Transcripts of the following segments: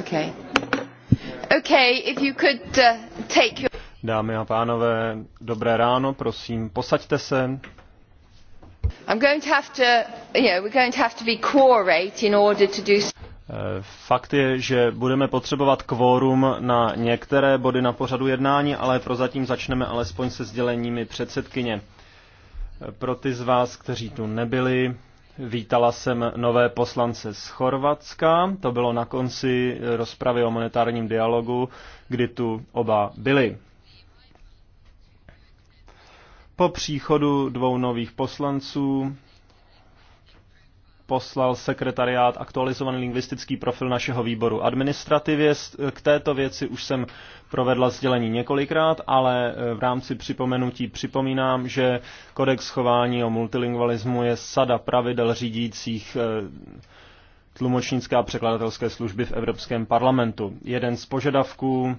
Uh, Dámy a pánové, dobré ráno, prosím, posaďte se. I'm going to have to, you know, we're going to have to be in order to do eh, Fakt je, že budeme potřebovat kvórum na některé body na pořadu jednání, ale prozatím začneme alespoň se sděleními předsedkyně. Eh, pro ty z vás, kteří tu nebyli, Vítala jsem nové poslance z Chorvatska, to bylo na konci rozpravy o monetárním dialogu, kdy tu oba byli. Po příchodu dvou nových poslanců poslal sekretariát aktualizovaný lingvistický profil našeho výboru administrativě. K této věci už jsem provedla sdělení několikrát, ale e, v rámci připomenutí připomínám, že kodex chování o multilingualismu je sada pravidel řídících e, tlumočnické a překladatelské služby v Evropském parlamentu. Jeden z požadavků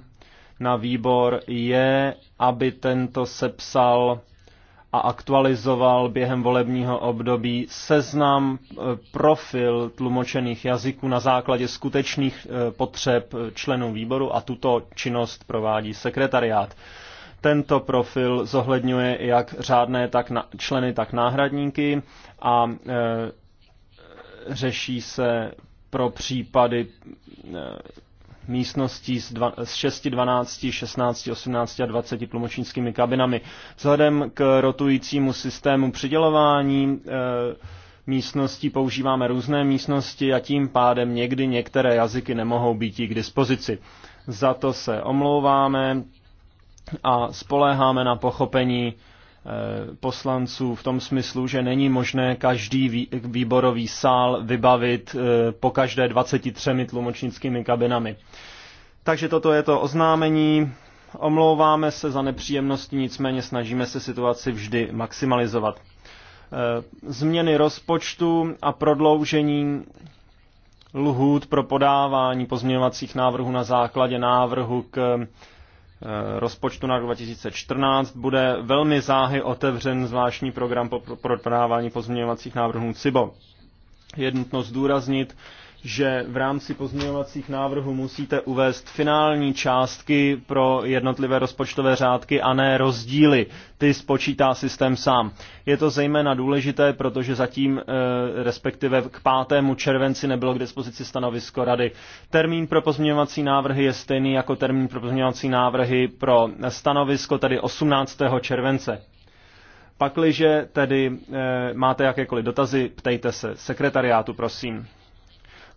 na výbor je, aby tento sepsal a aktualizoval během volebního období seznam e, profil tlumočených jazyků na základě skutečných e, potřeb členů výboru a tuto činnost provádí sekretariát. Tento profil zohledňuje jak řádné tak na, členy, tak náhradníky a e, řeší se pro případy e, místností s, dva, s 6, 12, 16, 18 a 20 tlumočnickými kabinami. Vzhledem k rotujícímu systému přidělování e, místností používáme různé místnosti a tím pádem někdy některé jazyky nemohou být k dispozici. Za to se omlouváme a spoléháme na pochopení Eh, poslanců v tom smyslu, že není možné každý výborový sál vybavit eh, po každé 23 tlumočnickými kabinami. Takže toto je to oznámení. Omlouváme se za nepříjemnosti, nicméně snažíme se situaci vždy maximalizovat. Eh, změny rozpočtu a prodloužení lhůt pro podávání pozměňovacích návrhů na základě návrhu k Eh, rozpočtu na rok 2014 bude velmi záhy otevřen zvláštní program pro podávání pozměňovacích návrhů CIBO. Je nutno zdůraznit, že v rámci pozměňovacích návrhů musíte uvést finální částky pro jednotlivé rozpočtové řádky a ne rozdíly. Ty spočítá systém sám. Je to zejména důležité, protože zatím, eh, respektive k 5. červenci nebylo k dispozici stanovisko rady. Termín pro pozměňovací návrhy je stejný jako termín pro pozměňovací návrhy pro stanovisko, tedy 18. července. Pakliže tedy e, máte jakékoliv dotazy, ptejte se. Sekretariátu, prosím.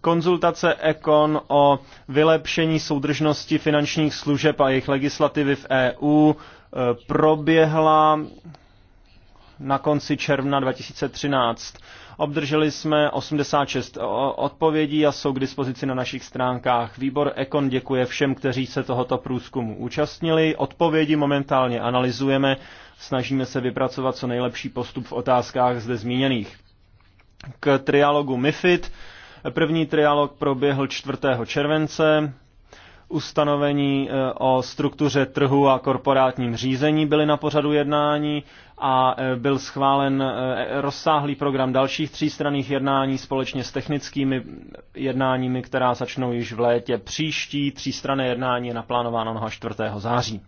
Konzultace Econ o vylepšení soudržnosti finančních služeb a jejich legislativy v EU e, proběhla na konci června 2013. Obdrželi jsme 86 odpovědí a jsou k dispozici na našich stránkách. Výbor Econ děkuje všem, kteří se tohoto průzkumu účastnili. Odpovědi momentálně analyzujeme, snažíme se vypracovat co nejlepší postup v otázkách zde zmíněných. K trialogu MIFID První trialog proběhl 4. července. Ustanovení eh, o struktuře trhu a korporátním řízení byly na pořadu jednání a eh, byl schválen eh, rozsáhlý program dalších třístranných jednání společně s technickými jednáními, která začnou již v létě. Příští třístranné jednání je naplánováno na 4. září.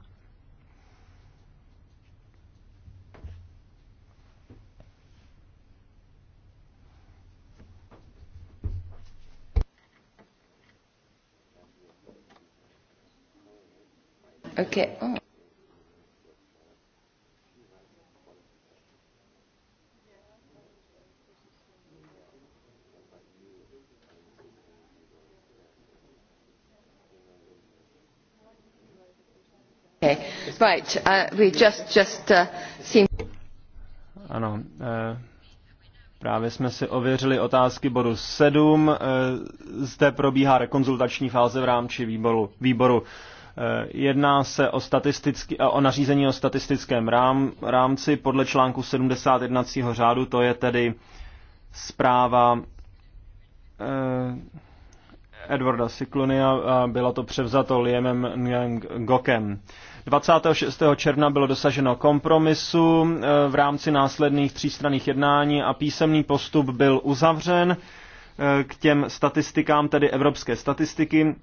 Okay. Oh. Right, uh, we just, just, uh, seem... Ano, eh, právě jsme si ověřili otázky bodu 7. Eh, zde probíhá rekonzultační fáze v rámci výboru. výboru. Eh, jedná se o, eh, o nařízení o statistickém rám, rámci podle článku 70 jednacího řádu, to je tedy zpráva eh, Edwarda Siklunia a bylo to převzato Liemem Gokem. 26. června bylo dosaženo kompromisu eh, v rámci následných třístranných jednání a písemný postup byl uzavřen k těm statistikám, tedy evropské statistiky,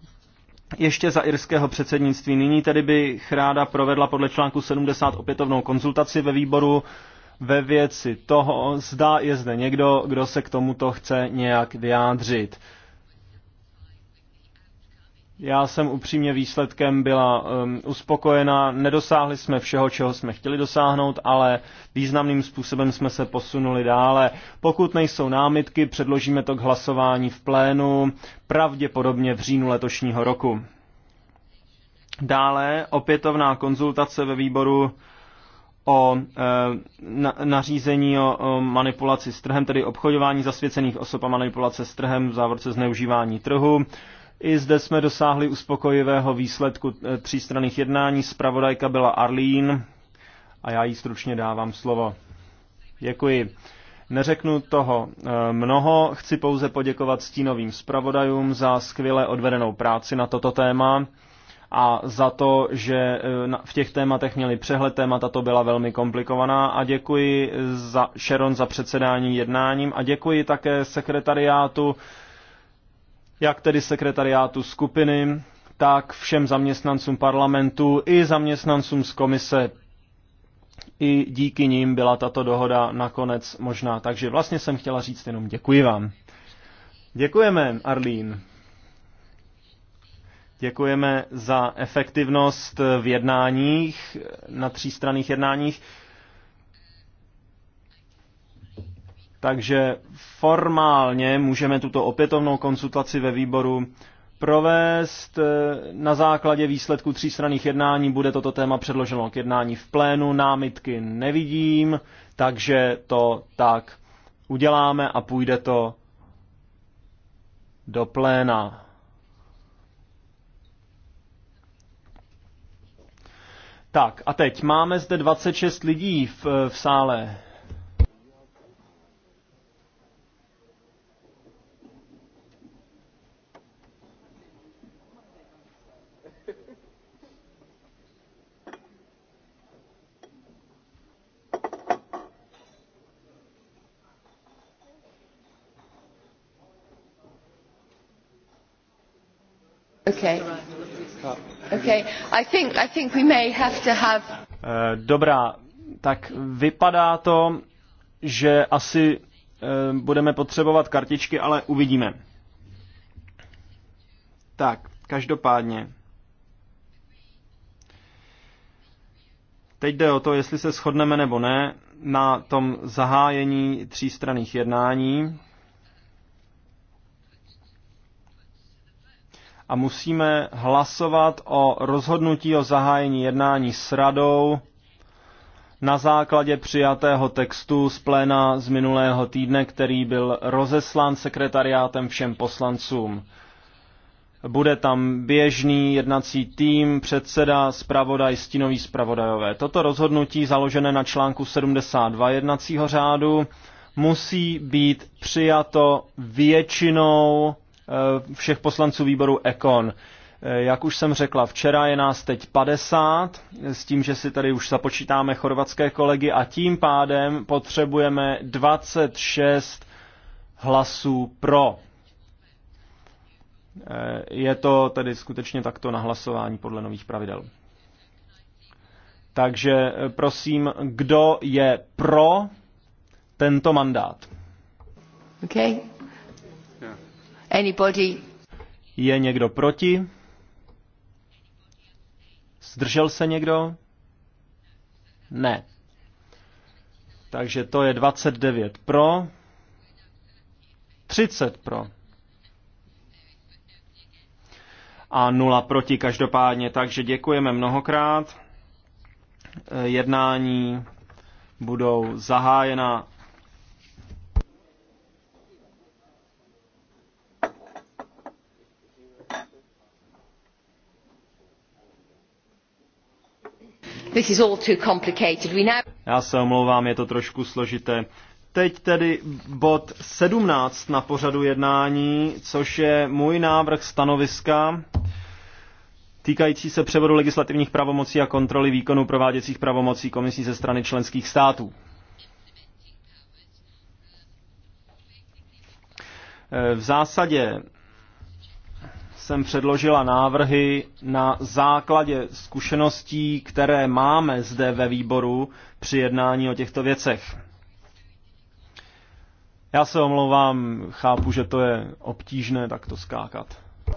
ještě za irského předsednictví. Nyní tedy bych ráda provedla podle článku 70 opětovnou konzultaci ve výboru ve věci toho, zda je zde někdo, kdo se k tomuto chce nějak vyjádřit. Já jsem upřímně výsledkem byla um, uspokojena. Nedosáhli jsme všeho, čeho jsme chtěli dosáhnout, ale významným způsobem jsme se posunuli dále. Pokud nejsou námitky, předložíme to k hlasování v plénu, pravděpodobně v říjnu letošního roku. Dále opětovná konzultace ve výboru o e, na, nařízení o, o manipulaci s trhem, tedy obchodování zasvěcených osob a manipulace s trhem v závorce zneužívání trhu. I zde jsme dosáhli uspokojivého výsledku eh, třístranných jednání. Spravodajka byla Arlín a já jí stručně dávám slovo. Děkuji. Neřeknu toho eh, mnoho, chci pouze poděkovat stínovým zpravodajům za skvěle odvedenou práci na toto téma a za to, že eh, v těch tématech měli přehled, témata to byla velmi komplikovaná a děkuji za Sharon za předsedání jednáním a děkuji také sekretariátu jak tedy sekretariátu skupiny, tak všem zaměstnancům parlamentu i zaměstnancům z komise. I díky nim byla tato dohoda nakonec možná. Takže vlastně jsem chtěla říct jenom děkuji vám. Děkujeme, Arlín. Děkujeme za efektivnost v jednáních, na třístranných jednáních. Takže formálně můžeme tuto opětovnou konsultaci ve výboru provést. Na základě výsledku třístranných jednání bude toto téma předloženo k jednání v plénu. Námitky nevidím, takže to tak uděláme a půjde to do pléna. Tak a teď máme zde 26 lidí v, v sále. Okay. Okay. I think, I think we may have to have... Eh, dobrá, tak vypadá to, že asi eh, budeme potřebovat kartičky, ale uvidíme. Tak, každopádně. Teď jde o to, jestli se shodneme nebo ne na tom zahájení třístranných jednání. a musíme hlasovat o rozhodnutí o zahájení jednání s radou na základě přijatého textu z pléna z minulého týdne, který byl rozeslán sekretariátem všem poslancům. Bude tam běžný jednací tým, předseda, zpravodaj, stínový zpravodajové. Toto rozhodnutí, založené na článku 72 jednacího řádu, musí být přijato většinou Eh, všech poslanců výboru Ekon. Eh, jak už jsem řekla, včera je nás teď 50, s tím, že si tady už započítáme chorvatské kolegy a tím pádem potřebujeme 26 hlasů pro. Eh, je to tedy skutečně takto na hlasování podle nových pravidel. Takže prosím, kdo je pro tento mandát? Okay. Anybody? Je někdo proti? Zdržel se někdo? Ne. Takže to je 29 pro, 30 pro. A nula proti každopádně, takže děkujeme mnohokrát. Jednání budou zahájena Já se omlouvám, je to trošku složité. Teď tedy bod 17 na pořadu jednání, což je můj návrh stanoviska týkající se převodu legislativních pravomocí a kontroly výkonu prováděcích pravomocí komisí ze strany členských států. V zásadě jsem předložila návrhy na základě zkušeností, které máme zde ve výboru při jednání o těchto věcech. Já se omlouvám, chápu, že to je obtížné takto skákat.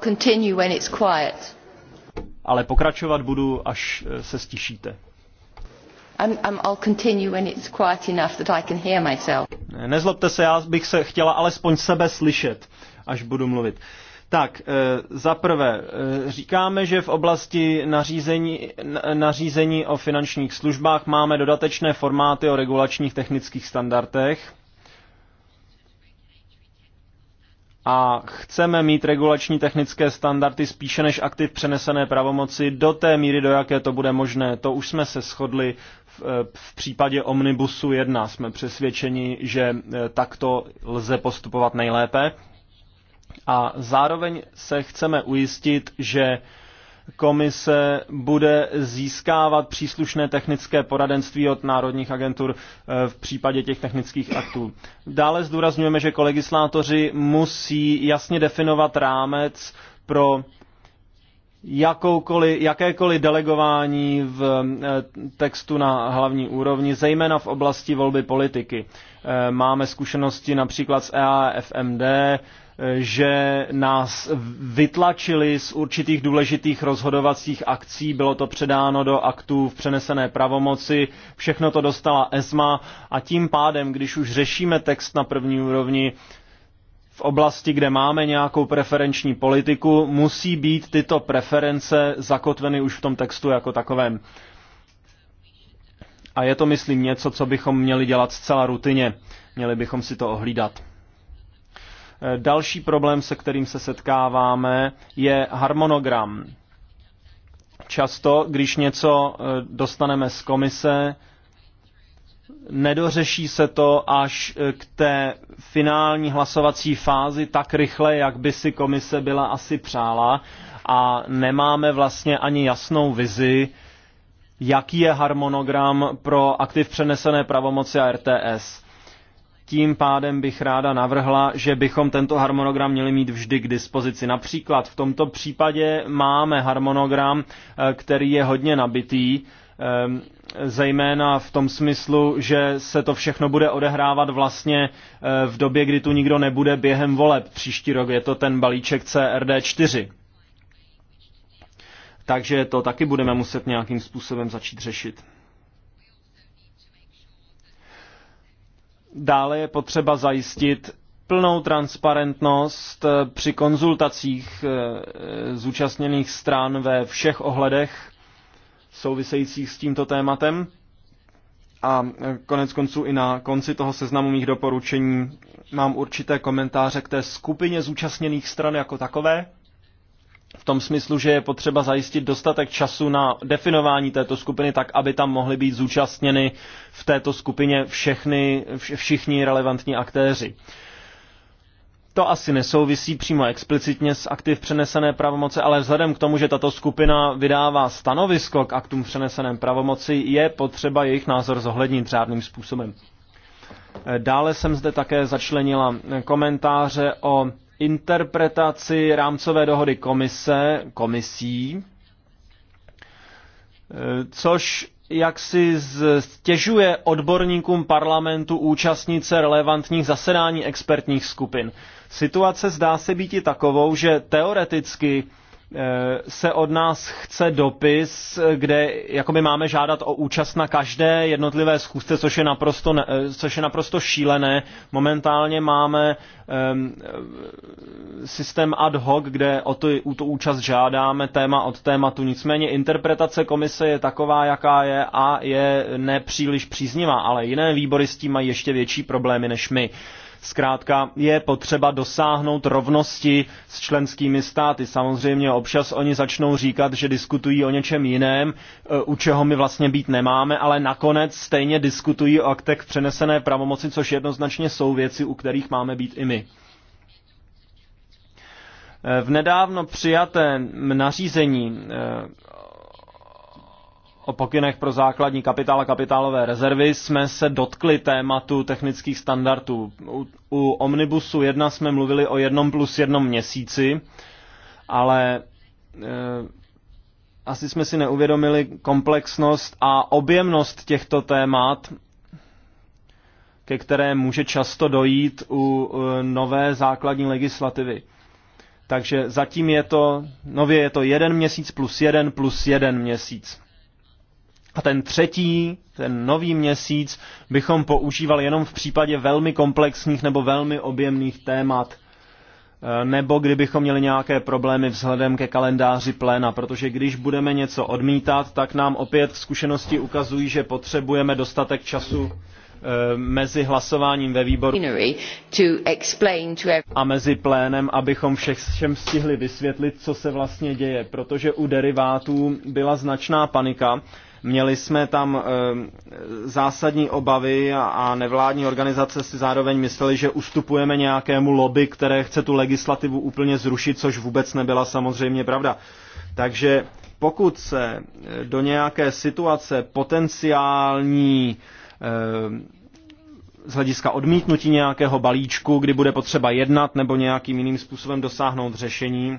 Continue when it's quiet. Ale pokračovat budu, až eh, se stišíte. Nezlobte se, já bych se chtěla alespoň sebe slyšet, až budu mluvit. Tak, eh, za prvé, eh, říkáme, že v oblasti nařízení, nařízení o finančních službách máme dodatečné formáty o regulačních technických standardech a chceme mít regulační technické standardy spíše než aktiv přenesené pravomoci do té míry, do jaké to bude možné. To už jsme se shodli v, eh, v případě Omnibusu 1. Jsme přesvědčeni, že takto lze postupovat nejlépe a zároveň se chceme ujistit, že komise bude získávat příslušné technické poradenství od národních agentur eh, v případě těch technických aktů. Dále zdůrazňujeme, že kolegislátoři musí jasně definovat rámec pro jakékoliv delegování v eh, textu na hlavní úrovni, zejména v oblasti volby politiky. Eh, máme zkušenosti například z EAFMD, že nás vytlačili z určitých důležitých rozhodovacích akcí, bylo to předáno do aktů v přenesené pravomoci, všechno to dostala ESMA a tím pádem, když už řešíme text na první úrovni, v oblasti, kde máme nějakou preferenční politiku, musí být tyto preference zakotveny už v tom textu jako takovém. A je to, myslím, něco, co bychom měli dělat zcela rutině. Měli bychom si to ohlídat. Eh, další problém, se kterým se setkáváme, je harmonogram. Často, když něco eh, dostaneme z komise, nedořeší se to až eh, k té finální hlasovací fázi tak rychle, jak by si komise byla asi přála a nemáme vlastně ani jasnou vizi, jaký je harmonogram pro aktiv přenesené pravomoci a RTS. Tím pádem bych ráda navrhla, že bychom tento harmonogram měli mít vždy k dispozici. Například v tomto případě máme harmonogram, eh, který je hodně nabitý, eh, zejména v tom smyslu, že se to všechno bude odehrávat vlastně eh, v době, kdy tu nikdo nebude během voleb. Příští rok je to ten balíček CRD4. Takže to taky budeme muset nějakým způsobem začít řešit. Dále je potřeba zajistit plnou transparentnost eh, při konzultacích eh, eh, zúčastněných stran ve všech ohledech souvisejících s tímto tématem. A konec konců i na konci toho seznamu mých doporučení mám určité komentáře k té skupině zúčastněných stran jako takové tom smyslu, že je potřeba zajistit dostatek času na definování této skupiny tak, aby tam mohly být zúčastněny v této skupině všechny, všichni relevantní aktéři. To asi nesouvisí přímo explicitně s aktiv přenesené pravomoci, ale vzhledem k tomu, že tato skupina vydává stanovisko k aktům přenesené pravomoci, je potřeba jejich názor zohlednit řádným způsobem. Dále jsem zde také začlenila komentáře o interpretaci rámcové dohody komise, komisí, eh, což jak si stěžuje odborníkům parlamentu účastnice relevantních zasedání expertních skupin. Situace zdá se být i takovou, že teoreticky Eh, se od nás chce dopis, eh, kde jakoby máme žádat o účast na každé jednotlivé schůzce, což je naprosto, eh, což je naprosto šílené. Momentálně máme um, systém ad hoc, kde o tu, u tu účast žádáme téma od tématu. Nicméně interpretace komise je taková, jaká je a je nepříliš příznivá, ale jiné výbory s tím mají ještě větší problémy než my. Uh, Zkrátka je potřeba dosáhnout rovnosti s členskými státy. Samozřejmě občas oni začnou říkat, že diskutují o něčem jiném, eh, u čeho my vlastně být nemáme, ale nakonec stejně diskutují o aktech přenesené pravomoci, což jednoznačně jsou věci, u kterých máme být i my. Eh, v nedávno přijatém nařízení eh, o pokynech pro základní kapitál a kapitálové rezervy jsme se dotkli tématu technických standardů. U, u Omnibusu 1 jsme mluvili o jednom plus jednom měsíci, ale e, asi jsme si neuvědomili komplexnost a objemnost těchto témat, ke které může často dojít u e, nové základní legislativy. Takže zatím je to, nově je to jeden měsíc plus jeden plus jeden měsíc. A ten třetí, ten nový měsíc, bychom používali jenom v případě velmi komplexních nebo velmi objemných témat, e, nebo kdybychom měli nějaké problémy vzhledem ke kalendáři pléna, protože když budeme něco odmítat, tak nám opět zkušenosti ukazují, že potřebujeme dostatek času e, mezi hlasováním ve výboru a mezi plénem, abychom všech, všem stihli vysvětlit, co se vlastně děje, protože u derivátů byla značná panika Měli jsme tam eh, zásadní obavy a nevládní organizace si zároveň mysleli, že ustupujeme nějakému lobby, které chce tu legislativu úplně zrušit, což vůbec nebyla samozřejmě pravda. Takže pokud se eh, do nějaké situace potenciální eh, z hlediska odmítnutí nějakého balíčku, kdy bude potřeba jednat nebo nějakým jiným způsobem dosáhnout řešení,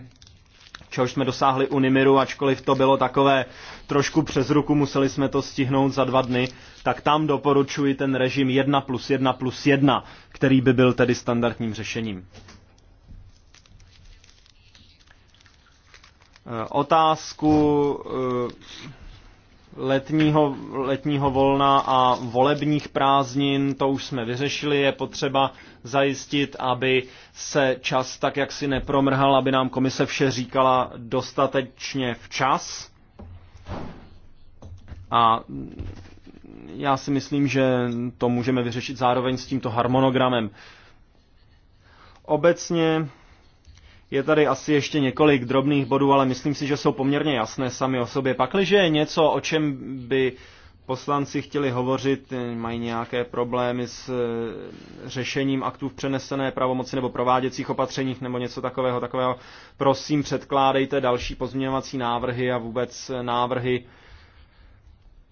čehož jsme dosáhli u Nimiru, ačkoliv to bylo takové trošku přes ruku, museli jsme to stihnout za dva dny, tak tam doporučuji ten režim 1 plus 1 plus 1, který by byl tedy standardním řešením. Eh, otázku eh, letního, letního volna a volebních prázdnin, to už jsme vyřešili, je potřeba zajistit, aby se čas tak jak si nepromrhal, aby nám komise vše říkala dostatečně včas. A já si myslím, že to můžeme vyřešit zároveň s tímto harmonogramem. Obecně je tady asi ještě několik drobných bodů, ale myslím si, že jsou poměrně jasné sami o sobě. Pakliže je něco, o čem by poslanci chtěli hovořit, eh, mají nějaké problémy s eh, řešením aktů v přenesené pravomoci nebo prováděcích opatřeních nebo něco takového, takového, prosím předkládejte další pozměňovací návrhy a vůbec eh, návrhy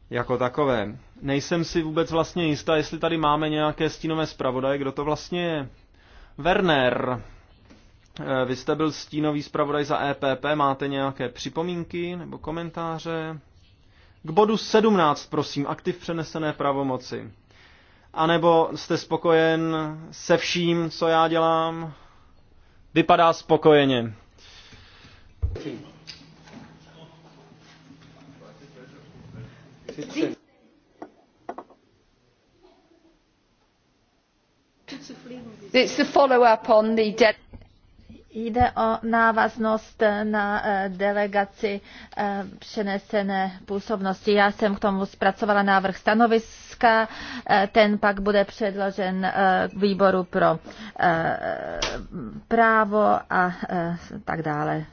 jako takové. Nejsem si vůbec vlastně jistá, jestli tady máme nějaké stínové zpravodaje, kdo to vlastně je. Werner, Eh, vy jste byl stínový zpravodaj za EPP, máte nějaké připomínky nebo komentáře? K bodu 17, prosím, aktiv přenesené pravomoci. A nebo jste spokojen se vším, co já dělám? Vypadá spokojeně. It's a follow-up on the dead. Jde o návaznost na eh, delegaci eh, přenesené působnosti. Já jsem k tomu zpracovala návrh stanoviska, eh, ten pak bude předložen výboru pro právo a tak dále.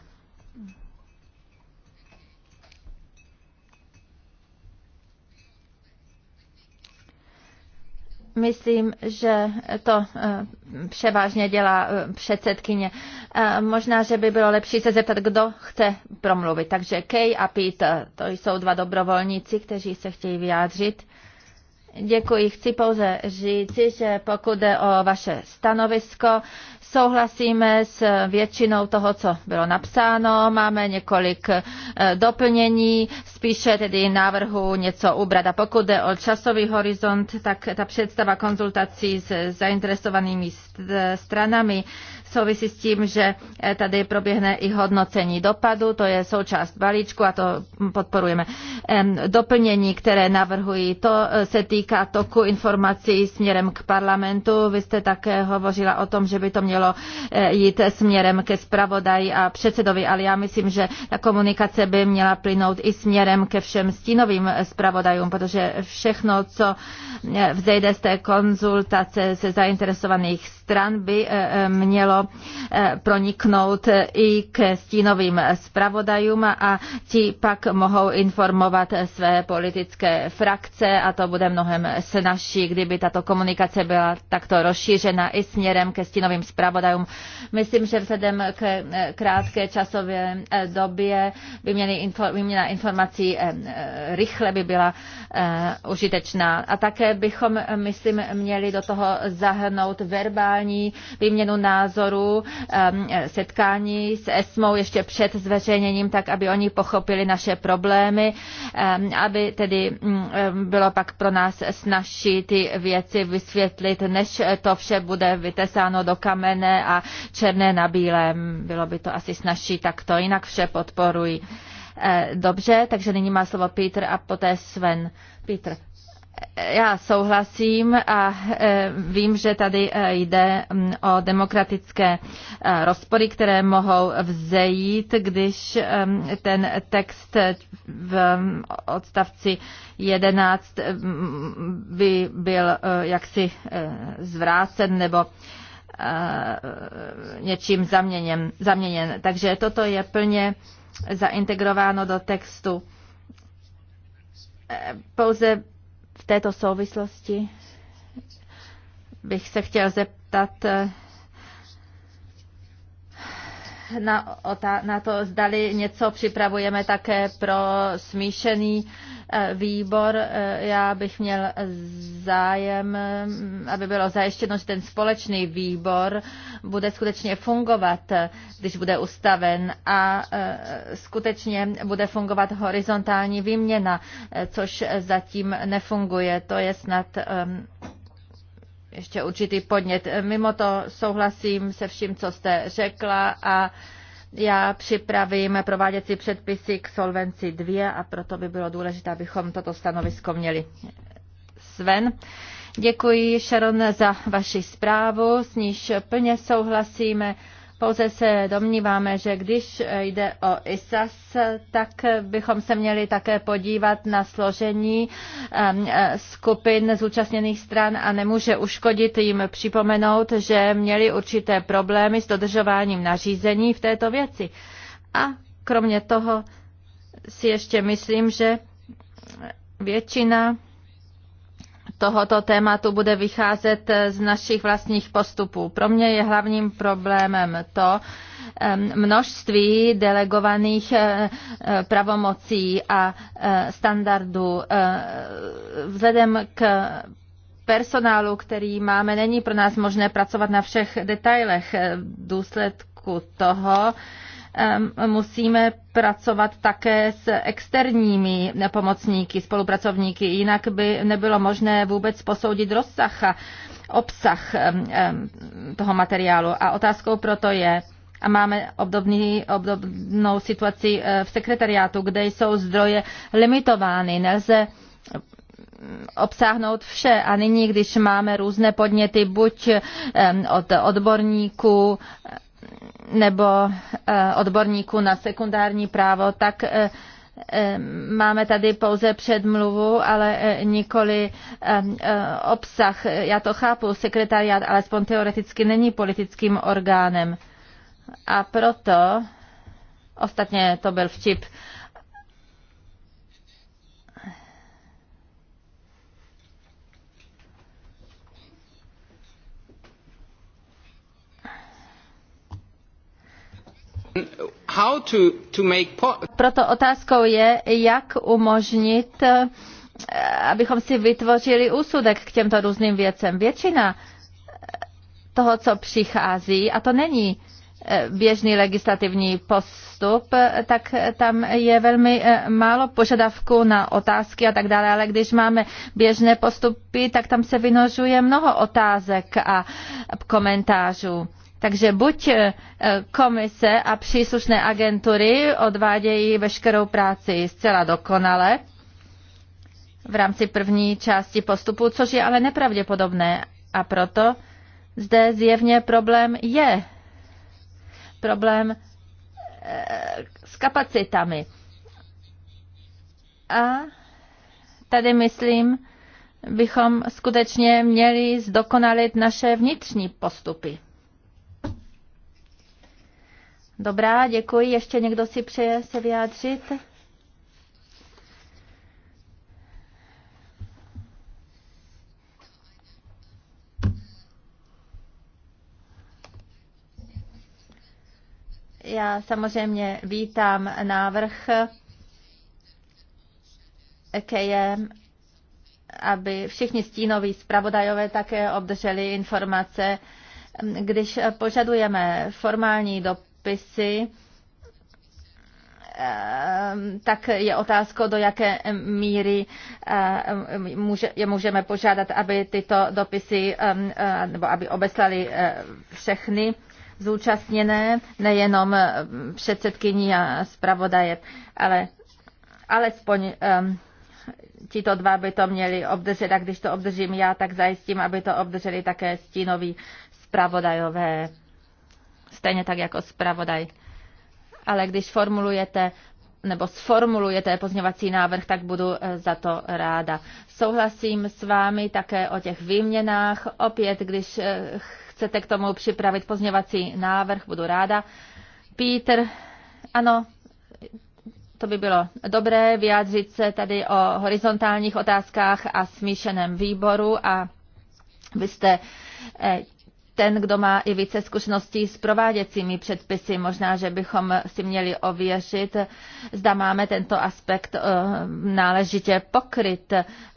Myslím, že to eh, převážně dělá eh, předsedkyně. Eh, možná, že by bylo lepší se zeptat, kdo chce promluvit. Takže Kay a Peter, to jsou dva dobrovolníci, kteří se chtějí vyjádřit. Děkuji. Chci pouze říci, že pokud jde o vaše stanovisko, souhlasíme s většinou toho, co bylo napsáno. Máme několik eh, doplnění, spíše tedy návrhu něco ubrat. A pokud jde o časový horizont, tak ta představa konzultací s zainteresovanými E, stranami. Souvisí s tím, že e, tady proběhne i hodnocení dopadu, to je součást balíčku a to podporujeme. Doplnění, které navrhují, to e, se týká toku informací směrem k parlamentu. Vy jste také hovořila o tom, že by to mělo jít směrem ke zpravodaji a předsedovi, ale já myslím, že ta komunikace by měla plynout i směrem ke všem stínovým zpravodajům, protože všechno, co vzejde z té konzultace se zainteresovaných stran by eh, eh, mělo eh, proniknout i k stínovým zpravodajům a ti pak mohou informovat své politické frakce a to bude mnohem snažší, kdyby tato komunikace byla takto rozšířena i směrem ke stínovým zpravodajům. Myslím, že vzhledem k krátké časové době výměna informací rychle by byla užitečná. A také bychom, myslím, měli do toho zahrnout verbální setkání, výměnu názorů, setkání s ESMou ještě před zveřejněním, tak aby oni pochopili naše problémy, aby tedy mm, bylo pak pro nás snažší ty věci vysvětlit, než to vše bude vytesáno do kamene a černé na bílém. Bylo by to asi snažší takto, jinak vše podporuji. E, dobře, takže nyní má slovo Petr a poté Sven. Petr. Já souhlasím a e, vím, že tady e, jde o demokratické e, rozpory, které mohou vzejít, když ten text v odstavci 11 by byl jaksi zvrácen nebo něčím zaměněn. zaměněn. Takže toto je plně zaintegrováno do textu pouze v této souvislosti bych se chtěl zeptat, eh, na, na to, zdali něco připravujeme také pro smíšený e, výbor. E, já bych měl zájem, mm, aby bylo zajištěno, že ten společný výbor bude skutečně fungovat, e, když bude ustaven a skutečně bude fungovat horizontální výměna, což zatím nefunguje. To je snad ještě určitý podnět. Mimo to souhlasím se vším, co jste řekla a já připravím prováděcí předpisy k Solvenci 2 a proto by bylo důležité, abychom toto stanovisko měli. Sven. Děkuji, Sharon, za vaši zprávu, s níž plně souhlasíme pouze se domníváme, že když jde o ISAS, tak bychom se měli také podívat na složení um, skupin zúčastněných stran a nemůže uškodit jim připomenout, že měli určité problémy s dodržováním nařízení v této věci. A kromě toho si ještě myslím, že většina tohoto tématu bude vycházet z našich vlastních postupů. Pro mě je hlavním problémem to, množství delegovaných eh, eh, pravomocí a eh, standardů. Vzhledem k personálu, který máme, není pro nás možné pracovat na všech detailech. důsledku toho musíme pracovat také s externími pomocníky, spolupracovníky, jinak by nebylo možné vůbec posoudit rozsah a obsah toho materiálu. A otázkou proto je, a máme obdobný, obdobnou situaci eh, v sekretariátu, kde jsou zdroje limitovány. Nelze mm, obsáhnout vše. A nyní, když máme různé podněty, buď od odborníků, nebo eh, odborníků na sekundární právo, tak eh, eh, máme tady pouze předmluvu, ale nikoli obsah. Já to chápu, sekretariát alespoň teoreticky není politickým orgánem. A proto, ostatně to byl vtip, Proto otázkou je, jak umožnit, eh, abychom si vytvořili úsudek k těmto různým věcem. Většina eh, toho, co přichází, a to není eh, běžný legislativní postup, tak tam je velmi málo požadavků na otázky a tak dále, ale když máme běžné postupy, tak tam se vynožuje mnoho otázek a komentářů. Takže buď eh, komise a příslušné agentury odvádějí veškerou práci zcela dokonale v rámci první části postupu, což je ale nepravděpodobné. A proto zde zjevně problém je. Problém eh, s kapacitami. A tady myslím, bychom skutečně měli zdokonalit naše vnitřní postupy. Dobrá, děkuji. Ještě někdo si přeje se vyjádřit? Já samozřejmě vítám návrh KM, aby všichni stínoví zpravodajové také obdrželi informace. Když požadujeme formální do dopisy, ehm, tak je otázkou, do jaké míry ehm, je můžeme požádat, aby tyto dopisy, ehm, eh, nebo aby obeslali eh, všechny zúčastněné, nejenom předsedkyní a zpravodaje, ale alespoň tito dva by to měli obdržet a když to obdržím já, tak zajistím, aby to obdrželi také stínoví zpravodajové stejně tak jako zpravodaj. Ale když formulujete nebo sformulujete pozměňovací návrh, tak budu eh, za to ráda. Souhlasím s vámi také o těch výměnách. Opět, když eh, chcete k tomu připravit pozměňovací návrh, budu ráda. Pítr, ano, to by bylo dobré vyjádřit se tady o horizontálních otázkách a smíšeném výboru a vy jste eh, ten, kdo má i více zkušeností s prováděcími předpisy. Možná, že bychom si měli ověřit, zda máme tento aspekt eh, náležitě pokryt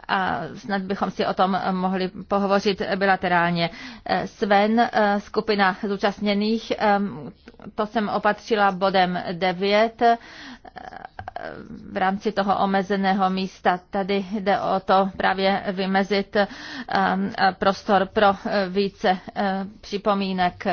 a snad bychom si o tom mohli pohovořit bilaterálně. Eh, Sven, eh, skupina zúčastněných, to jsem opatřila bodem 9 v rámci toho omezeného místa. Tady jde o to právě vymezit eh, eh, prostor pro eh, více připomínek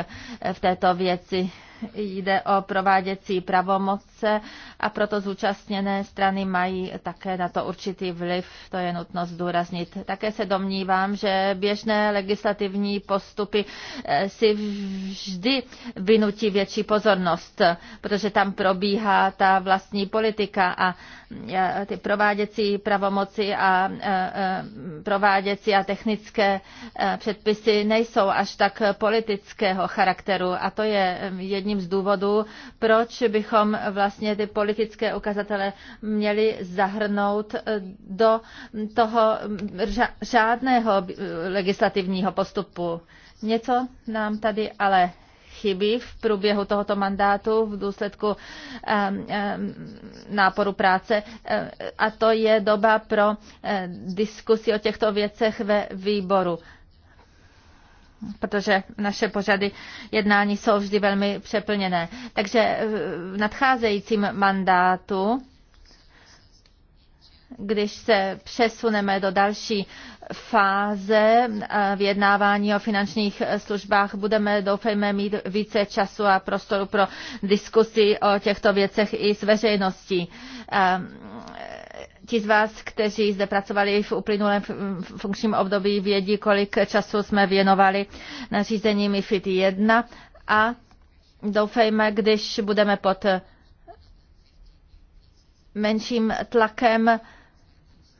v této věci jde o prováděcí pravomoce a proto zúčastněné strany mají také na to určitý vliv, to je nutno zdůraznit. Také se domnívám, že běžné legislativní postupy eh, si vždy vynutí větší pozornost, protože tam probíhá ta vlastní politika a eh, ty prováděcí pravomoci a eh, prováděcí a technické předpisy nejsou až tak politického charakteru a to je jedním jedním z důvodů, proč bychom vlastně ty politické ukazatele měli zahrnout eh, do toho žádného mm, legislativního postupu. Něco nám tady ale chybí v průběhu tohoto mandátu v důsledku um, um, náporu práce. Eh, a to je doba pro eh, diskusi o těchto věcech ve výboru protože naše pořady jednání jsou vždy velmi přeplněné. Takže v nadcházejícím mandátu, když se přesuneme do další fáze eh, vyjednávání o finančních službách budeme, doufejme, mít více času a prostoru pro diskusi o těchto věcech i s veřejností. Eh, Ti z vás, kteří zde pracovali v uplynulém funkčním období, vědí, kolik času jsme věnovali řízení MIFID 1 a doufejme, když budeme pod menším tlakem,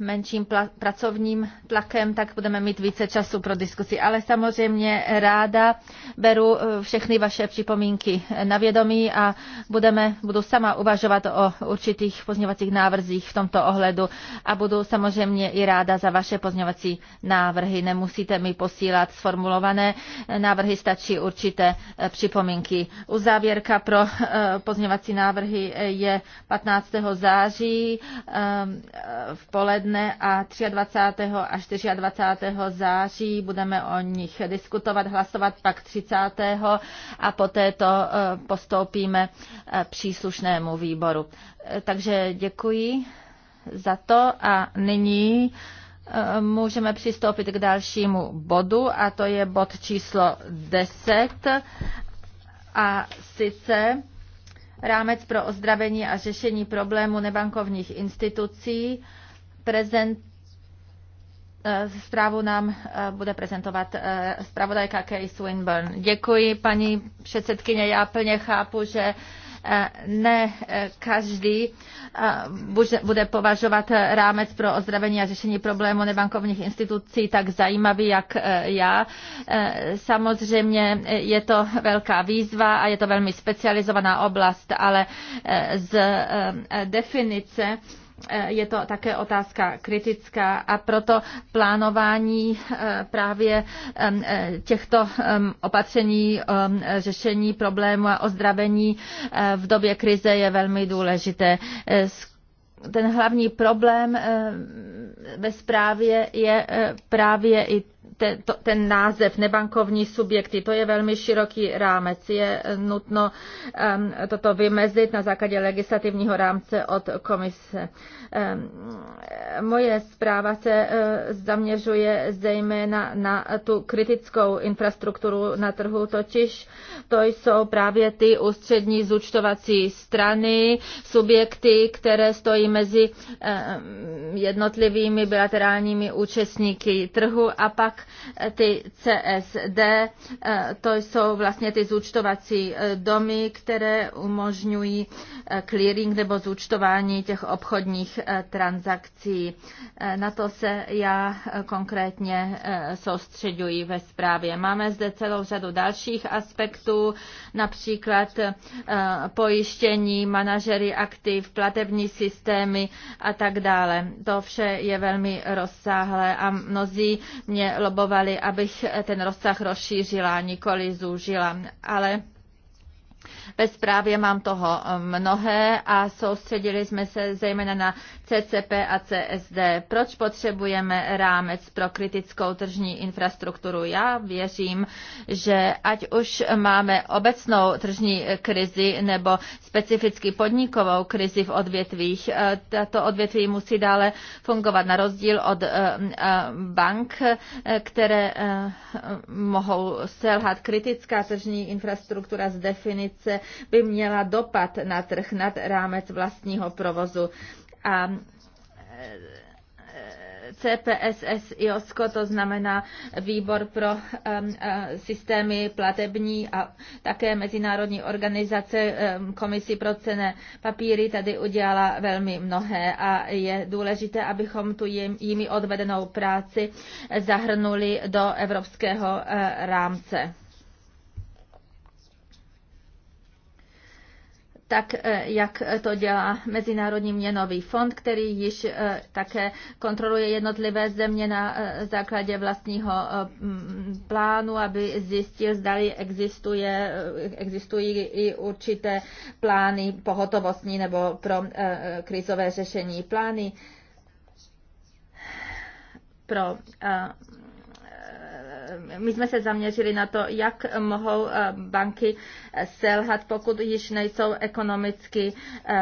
menším pracovním tlakem, tak budeme mít více času pro diskusi. Ale samozřejmě ráda beru eh, všechny vaše připomínky na vědomí a budeme, budu sama uvažovat o určitých pozměňovacích návrzích v tomto ohledu a budu samozřejmě i ráda za vaše pozměňovací návrhy. Nemusíte mi posílat sformulované návrhy, stačí určité eh, připomínky. Uzávěrka pro eh, pozměňovací návrhy je 15. září v poledne dne a 23. a 24. září budeme o nich diskutovat, hlasovat pak 30. a poté to e, postoupíme e, příslušnému výboru. E, takže děkuji za to a nyní můžeme přistoupit k dalšímu bodu a to je bod číslo 10 a sice rámec pro ozdravení a řešení problému nebankovních institucí prezent, eh, Zprávu nám eh, bude prezentovat eh, zpravodajka Kay Swinburne. Děkuji, paní předsedkyně. Já plně chápu, že ne každý bude považovat rámec pro ozdravení a řešení problému nebankovních institucí tak zajímavý, jak já. Samozřejmě je to velká výzva a je to velmi specializovaná oblast, ale z definice Eh, je to také otázka kritická a proto plánování eh, právě eh, těchto opatření řešení problému a ozdravení v době krize je velmi důležité ten hlavní problém ve zprávě je právě i ten, to, ten název nebankovní subjekty, to je velmi široký rámec. Je nutno um, toto vymezit na základě legislativního rámce od komise. Um, moje zpráva se uh, zaměřuje zejména na tu kritickou infrastrukturu na trhu, totiž to jsou právě ty ústřední zúčtovací strany, subjekty, které stojí mezi um, jednotlivými bilaterálními účastníky trhu a pak ty CSD, eh, to jsou vlastně ty zúčtovací eh, domy, které umožňují eh, clearing nebo zúčtování těch obchodních transakcí. Na to se já konkrétně soustředuji ve zprávě. Máme zde celou řadu dalších aspektů, například pojištění, manažery aktiv, platební systémy a tak dále. To vše je velmi rozsáhlé a mnozí mě lobovali, abych ten rozsah rozšířila, nikoli zúžila, ale ve zprávě mám toho eh, mnohé a soustředili jsme se zejména na CCP a CSD. Proč potřebujeme rámec pro kritickou tržní infrastrukturu? Já věřím, že ať už máme obecnou tržní krizi nebo specificky podnikovou krizi v odvětvích, eh, tato odvětví musí dále fungovat na rozdíl od eh, bank, které mohou selhat kritická tržní infrastruktura z definice směrnice by měla dopad na trh nad rámec vlastního provozu. A e, e, CPSS IOSCO, to znamená Výbor pro um, systémy platební a také Mezinárodní organizace um, Komisi pro cené papíry tady udělala velmi mnohé a je důležité, abychom tu jim, jimi odvedenou práci zahrnuli do evropského uh, rámce. tak eh, jak to dělá Mezinárodní měnový fond, který již eh, také kontroluje jednotlivé země na eh, základě vlastního mm, plánu, aby zjistil, zdali existuje, existují i určité plány pohotovostní nebo pro krizové řešení. Plány pro my jsme se zaměřili na to, jak mohou eh, banky selhat, pokud již nejsou ekonomicky eh,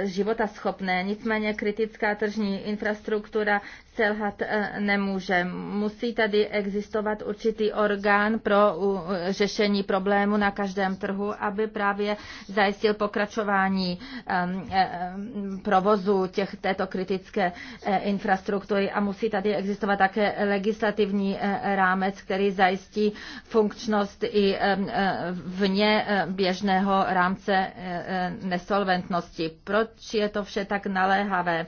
eh, života schopné. Nicméně kritická tržní infrastruktura selhat nemůže. Musí tady existovat určitý orgán pro řešení problému na každém trhu, aby právě zajistil pokračování ehm, ehm, provozu těch, této kritické infrastruktury a musí tady existovat také legislativní rámec který zajistí funkčnost i eh, eh, vně eh, běžného rámce nesolventnosti. Proč je to vše tak naléhavé?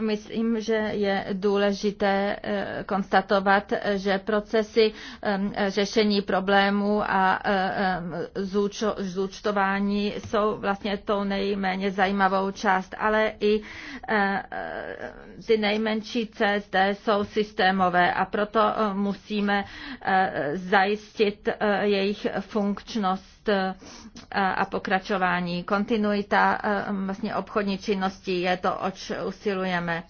Myslím, že je důležité eh, konstatovat, že procesy eh, řešení problémů a eh, zúčtování jsou vlastně tou nejméně zajímavou část, ale i ty nejmenší CSD jsou systémové a proto musíme zajistit jejich funkčnost Eh, a pokračování. Kontinuita eh, vlastně obchodní činnosti je to, oč usilujeme.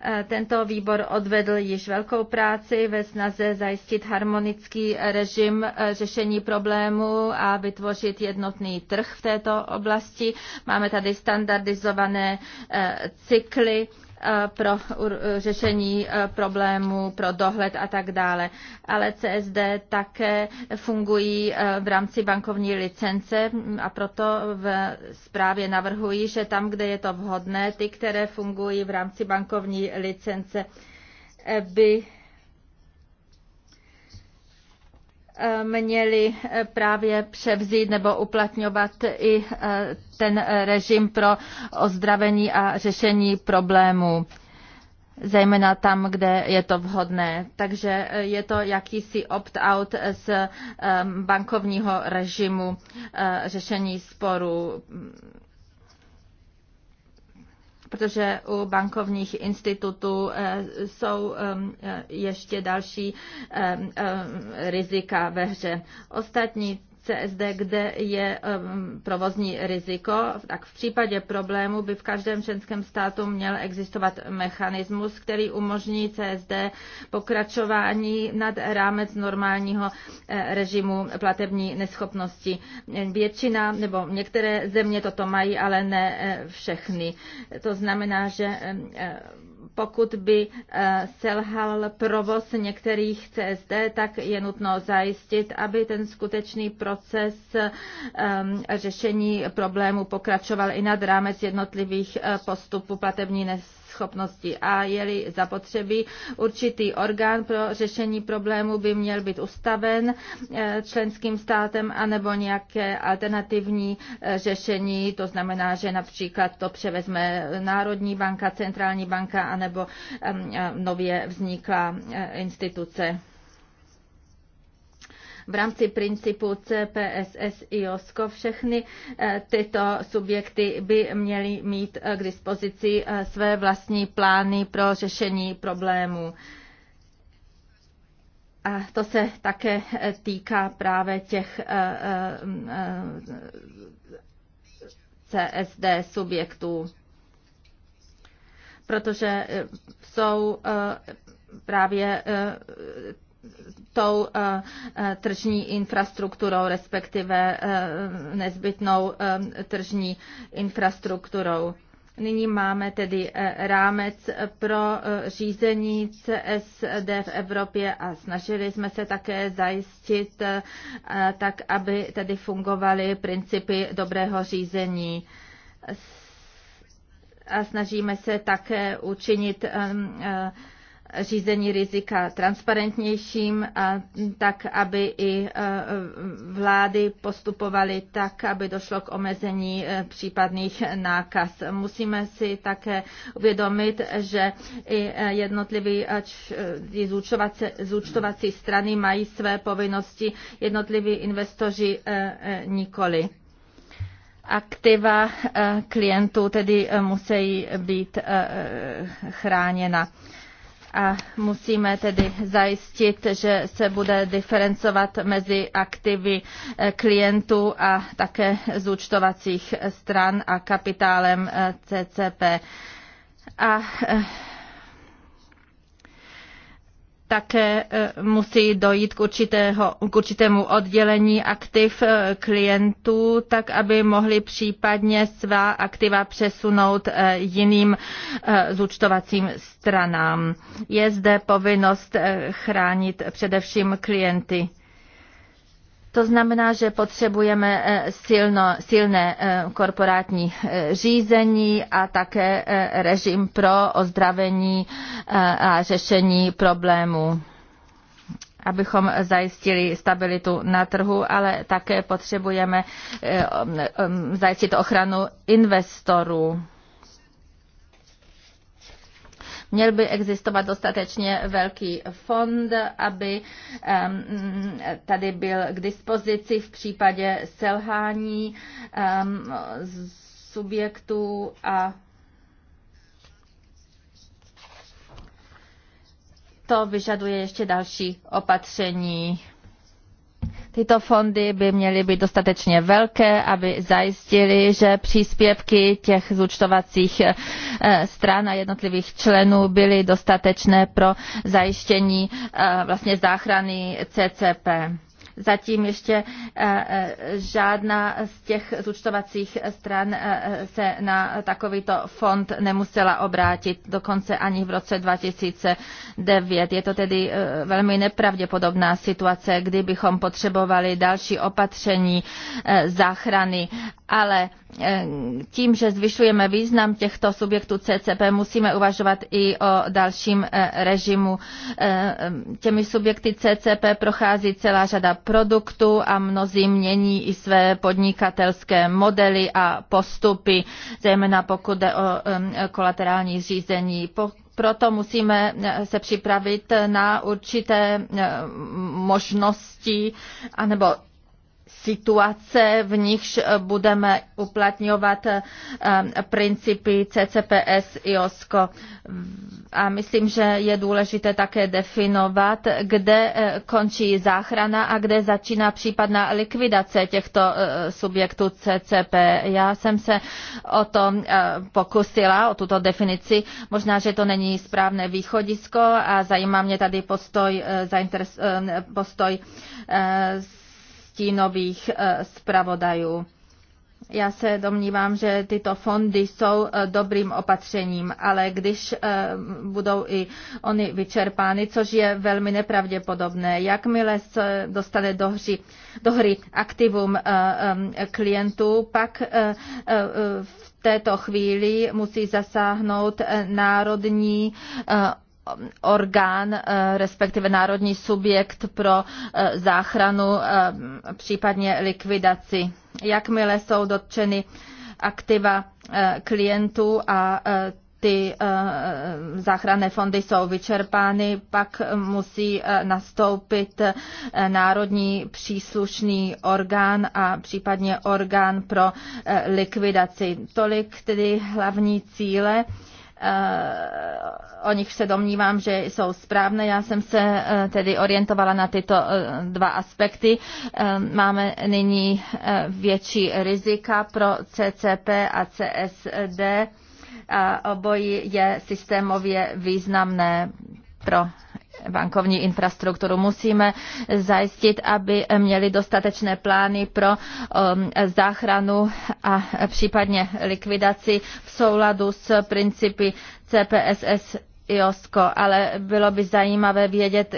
Eh, tento výbor odvedl již velkou práci ve snaze zajistit harmonický režim řešení problému a vytvořit jednotný trh v této oblasti. Máme tady standardizované cykly Eh, pro eh, řešení eh, problémů, pro dohled a tak dále. Ale CSD také fungují v rámci bankovní licence a proto v zprávě navrhuji, že tam, kde je to vhodné, ty, které fungují v rámci bankovní licence, by měli eh, právě převzít nebo uplatňovat i eh, ten eh, režim pro ozdravení a řešení problémů zejména tam, kde je to vhodné. Takže je to jakýsi opt-out z bankovního režimu řešení sporů protože u bankovních institutů eh, jsou ehm, eh, ještě další ehm, ehm, rizika ve hře. Ostatní CSD, kde je um, provozní riziko, tak v případě problému by v každém členském státu měl existovat mechanismus, který umožní CSD pokračování nad rámec normálního eh, režimu platební neschopnosti. Většina nebo některé země toto mají, ale ne eh, všechny. To znamená, že eh, pokud by eh, selhal provoz některých CSD, tak je nutno zajistit, aby ten skutečný proces eh, řešení problému pokračoval i nad rámec jednotlivých eh, postupů platební nes schopnosti a je-li zapotřebí určitý orgán pro řešení problému by měl být ustaven eh, členským státem anebo nějaké alternativní eh, řešení, to znamená, že například to převezme Národní banka, Centrální banka anebo eh, nově vzniklá instituce v rámci principu CPSS IOSCO všechny eh, tyto subjekty by měly mít eh, k dispozici eh, své vlastní plány pro řešení problémů. A to se také týká právě těch CSD subjektů, protože jsou právě tou eh, eh, tržní infrastrukturou, respektive eh, nezbytnou tržní infrastrukturou. Nyní máme tedy rámec pro řízení CSD v Evropě a snažili jsme se také zajistit tak, aby tedy fungovaly principy dobrého řízení a snažíme se také učinit řízení rizika transparentnějším, a tak aby i e, vlády postupovaly tak, aby došlo k omezení e, případných nákaz. Musíme si také uvědomit, že i e, jednotlivé zúčtovací strany mají své povinnosti, jednotliví investoři nikoli aktiva klientů tedy musí být chráněna a musíme tedy zajistit, že se bude diferencovat mezi aktivy eh, klientů a také zúčtovacích stran a kapitálem eh, CCP. A eh, také e, musí dojít k, určitého, k určitému oddělení aktiv e, klientů, tak aby mohli případně svá aktiva přesunout e, jiným zúčtovacím stranám. Je zde povinnost chránit především klienty. To znamená, že potřebujeme eh, silno, silné eh, korporátní eh, řízení a také režim pro ozdravení a řešení problémů abychom zajistili stabilitu na trhu, ale také potřebujeme zajistit ochranu investorů. Měl by existovat dostatečně velký fond, aby tady byl k dispozici v případě selhání subjektů a to vyžaduje ještě další opatření Tyto fondy by měly být dostatečně velké, aby zajistili, že příspěvky těch zúčtovacích eh, stran a jednotlivých členů byly dostatečné pro zajištění eh, vlastně záchrany CCP. Zatím ještě eh, eh, žádná z těch zúčtovacích stran eh, se na takovýto fond nemusela obrátit, dokonce ani v roce 2009. Je to tedy velmi nepravděpodobná situace, kdybychom potřebovali další opatření záchrany, ale tím, že zvyšujeme význam těchto subjektů CCP, musíme uvažovat i o dalším eh, režimu. Eh, eh, těmi subjekty CCP prochází celá řada produktů a mnozí mění i své podnikatelské modely a postupy, zejména pokud jde o kolaterální řízení proto musíme se připravit na určité možnosti anebo situace, v nichž eh, budeme uplatňovat eh, principy CCPS IOSCO. A myslím, že je důležité také definovat, kde eh, končí záchrana a kde začíná případná likvidace těchto subjektů CCP. Já jsem se o to pokusila, o tuto definici. Možná, že to není správné východisko a zajímá mě tady postoj, postoj nových eh, zpravodajů. Já se domnívám, že tyto fondy jsou eh, dobrým opatřením, ale když eh, budou i oni vyčerpány, což je velmi nepravděpodobné, jakmile se dostane do hry, do hry aktivum klientů, pak v této chvíli musí zasáhnout národní orgán, eh, respektive národní subjekt pro eh, záchranu, eh, případně likvidaci. Jakmile jsou dotčeny aktiva klientů a ty záchranné fondy jsou vyčerpány, pak musí nastoupit národní příslušný orgán a případně orgán pro likvidaci. Tolik tedy hlavní cíle Eh, o nich se domnívám, že jsou správné. Já jsem se eh, tedy orientovala na tyto eh, dva aspekty. Máme nyní větší rizika pro CCP a CSD. A obojí je systémově významné pro bankovní infrastrukturu. Musíme zajistit, aby měli dostatečné plány pro um, záchranu a případně likvidaci v souladu s principy CPSS Josko, ale bylo by zajímavé vědět,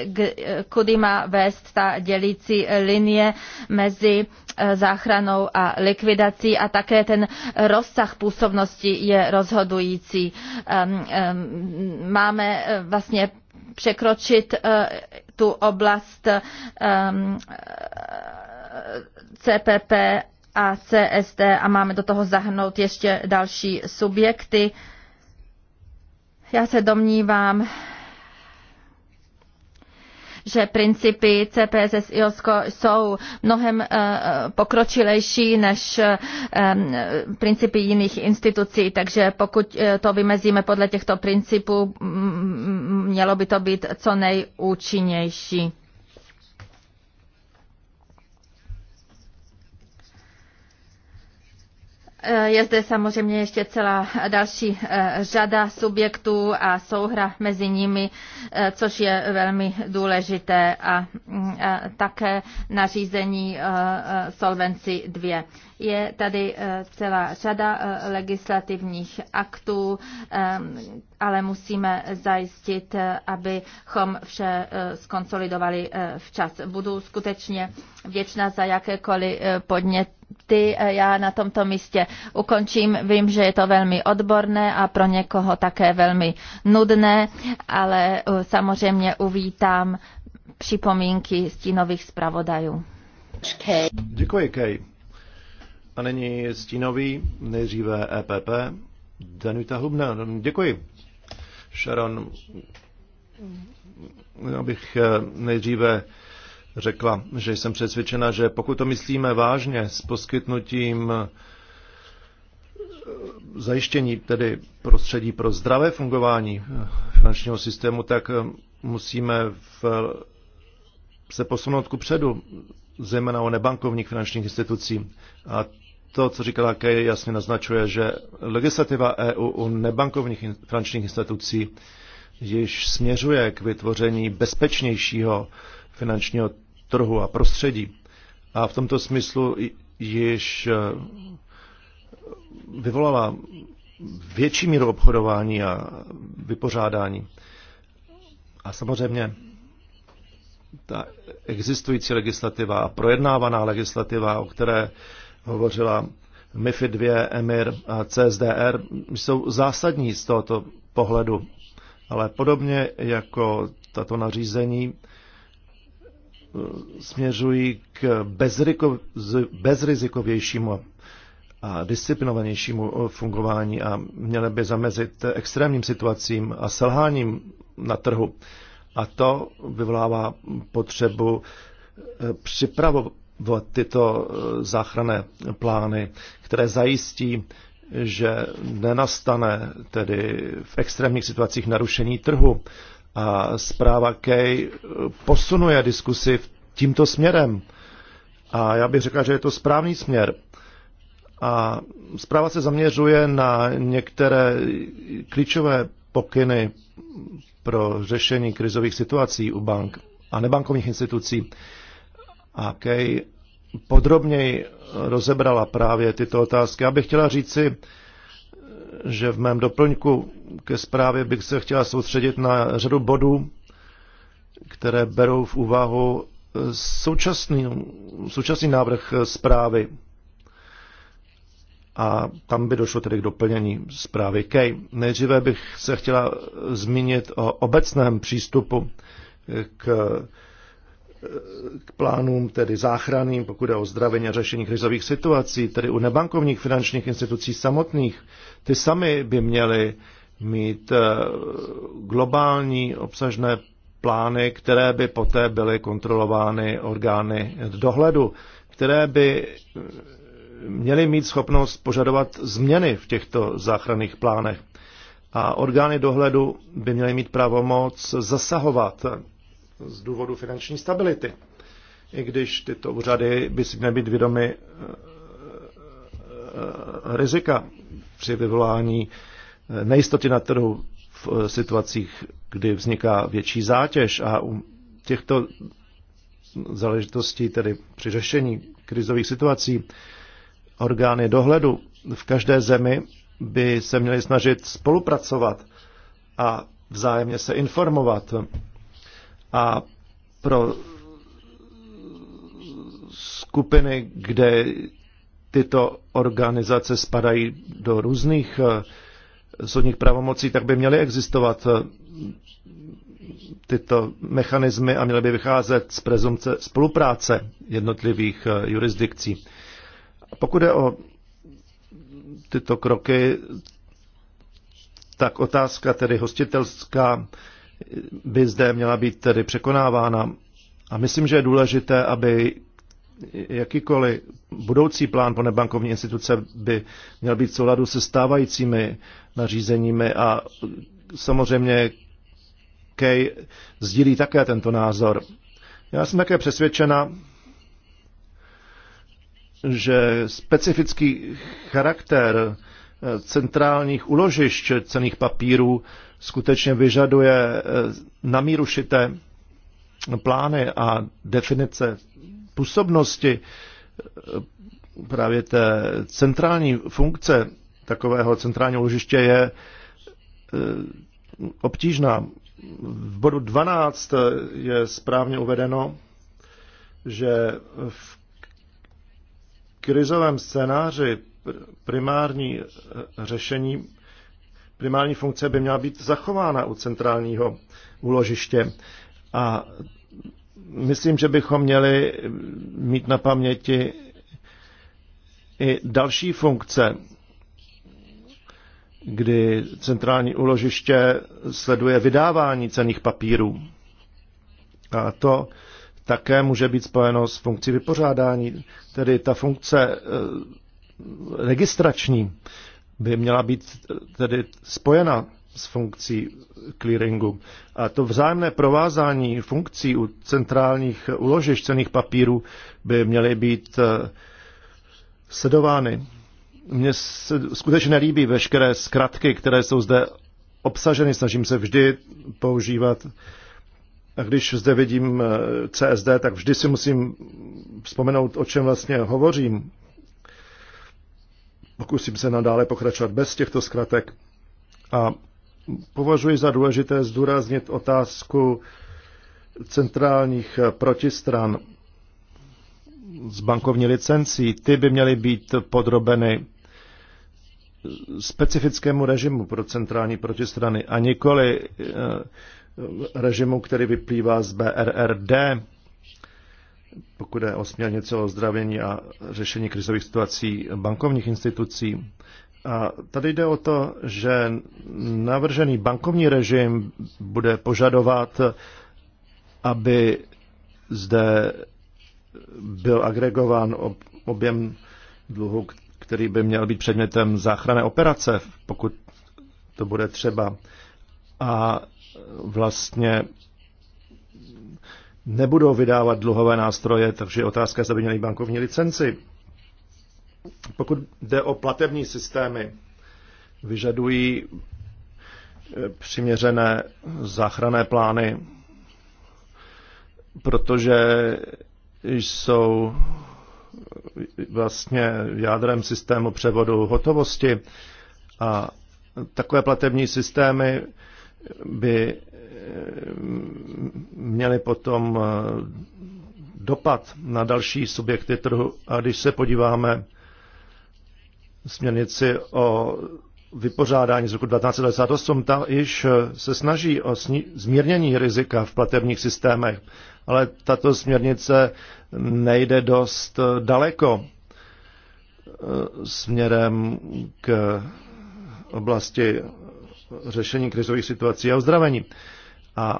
kudy má vést ta dělící linie mezi eh, záchranou a likvidací a také ten rozsah působnosti je rozhodující. Ehm, ehm, máme eh, vlastně překročit eh, tu oblast ehm, eh, CPP a CSD a máme do toho zahrnout ještě další subjekty. Já se domnívám, že principy CPSS IOSCO jsou mnohem eh, pokročilejší než eh, eh, principy jiných institucí, takže pokud to vymezíme podle těchto principů, mělo by to být co nejúčinnější. Eh, je zde samozřejmě ještě celá další eh, řada subjektů a souhra mezi nimi, eh, což je velmi důležité a mm, také nařízení Solvency 2. Je tady eh, celá řada eh, legislativních aktů, ehm, ale musíme zajistit, eh, abychom vše skonsolidovali včas. Budu skutečně věčná za jakékoliv podněty. Já na tomto místě ukončím. Vím, že je to velmi odborné a pro někoho také velmi nudné, ale samozřejmě uvítám připomínky stínových zpravodajů. Děkuji, Kej. A nyní stínový, nejdříve EPP, Danuta Hubner. Děkuji. Sharon, abych eh, nejdříve řekla, že jsem přesvědčena, že pokud to myslíme vážně s poskytnutím eh, zajištění tedy prostředí pro zdravé fungování eh, finančního systému, tak musíme v, se posunout ku předu, zejména o nebankovních finančních institucí. A to, co říkala Kay, jasně naznačuje, že legislativa EU u nebankovních finančních institucí již směřuje k vytvoření bezpečnějšího finančního trhu a prostředí. A v tomto smyslu již eh, vyvolala větší míru obchodování a vypořádání. A samozřejmě ta existující legislativa a projednávaná legislativa, o které hovořila MIFID 2, EMIR a CSDR, jsou zásadní z tohoto pohledu. Ale podobně jako tato nařízení eh, směřují k bezriko, bezrizikovějšímu a disciplinovanějšímu eh, fungování a měly by zamezit extrémním situacím a selháním na trhu. A to vyvolává potřebu eh, připravo, tyto eh, záchranné plány, které zajistí, že nenastane tedy v extrémních situacích narušení trhu. A zpráva Kej eh, posunuje diskusi tímto směrem. A já bych řekl, že je to správný směr. A zpráva se zaměřuje na některé klíčové pokyny pro řešení krizových situací u bank a nebankovních institucí. A Kej podrobněji rozebrala právě tyto otázky. Já bych chtěla říci, že v mém doplňku ke zprávě bych se chtěla soustředit na řadu bodů, které berou v úvahu současný, současný návrh zprávy. A tam by došlo tedy k doplnění zprávy K. Nejdříve bych se chtěla zmínit o obecném přístupu k k plánům, tedy záchranným, pokud je o zdravení a řešení krizových situací, tedy u nebankovních finančních institucí samotných, ty sami by měly mít eh, globální obsažné plány, které by poté byly kontrolovány orgány dohledu, které by eh, měly mít schopnost požadovat změny v těchto záchranných plánech. A orgány dohledu by měly mít pravomoc zasahovat z důvodu finanční stability. I když tyto úřady by si měly být vědomy eh, eh, rizika při vyvolání eh, nejistoty na trhu v situacích, kdy vzniká větší zátěž a u těchto záležitostí, tedy při řešení krizových situací, orgány dohledu v každé zemi by se měly snažit spolupracovat a vzájemně se informovat a pro skupiny, kde tyto organizace spadají do různých eh, soudních pravomocí, tak by měly existovat eh, tyto mechanismy a měly by vycházet z prezumce spolupráce jednotlivých eh, jurisdikcí. Pokud je o tyto kroky, tak otázka tedy hostitelská by zde měla být tedy překonávána. A myslím, že je důležité, aby jakýkoliv budoucí plán pro nebankovní instituce by měl být v souladu se stávajícími nařízeními a samozřejmě Kej sdílí také tento názor. Já jsem také přesvědčena, že specifický charakter centrálních uložišť cených papírů skutečně vyžaduje eh, namírušité plány a definice působnosti eh, právě té centrální funkce takového centrálního ložiště je eh, obtížná. V bodu 12 je správně uvedeno, že v krizovém scénáři primární řešení primární funkce by měla být zachována u centrálního úložiště. A myslím, že bychom měli mít na paměti i další funkce, kdy centrální úložiště sleduje vydávání cených papírů. A to také může být spojeno s funkcí vypořádání, tedy ta funkce eh, registrační by měla být tedy spojena s funkcí clearingu. A to vzájemné provázání funkcí u centrálních uložišť cených papírů by měly být eh, sledovány. Mně se skutečně nelíbí veškeré zkratky, které jsou zde obsaženy, snažím se vždy používat. A když zde vidím eh, CSD, tak vždy si musím vzpomenout, o čem vlastně hovořím. Pokusím se nadále pokračovat bez těchto zkratek. A považuji za důležité zdůraznit otázku centrálních protistran z bankovní licencí. Ty by měly být podrobeny specifickému režimu pro centrální protistrany a nikoli eh, režimu, který vyplývá z BRRD, pokud je o směrnice o zdravění a řešení krizových situací bankovních institucí. A tady jde o to, že navržený bankovní režim bude požadovat, aby zde byl agregován objem dluhu, který by měl být předmětem záchranné operace, pokud to bude třeba. A vlastně nebudou vydávat dluhové nástroje, takže otázka, zda by měli bankovní licenci. Pokud jde o platební systémy, vyžadují eh, přiměřené záchranné plány, protože jsou eh, vlastně jádrem systému převodu hotovosti a takové platební systémy by měly potom eh, dopad na další subjekty trhu. A když se podíváme směrnici o vypořádání z roku 1998, ta již eh, se snaží o sni- zmírnění rizika v platebních systémech, ale tato směrnice nejde dost eh, daleko směrem k oblasti řešení krizových situací a uzdravení. A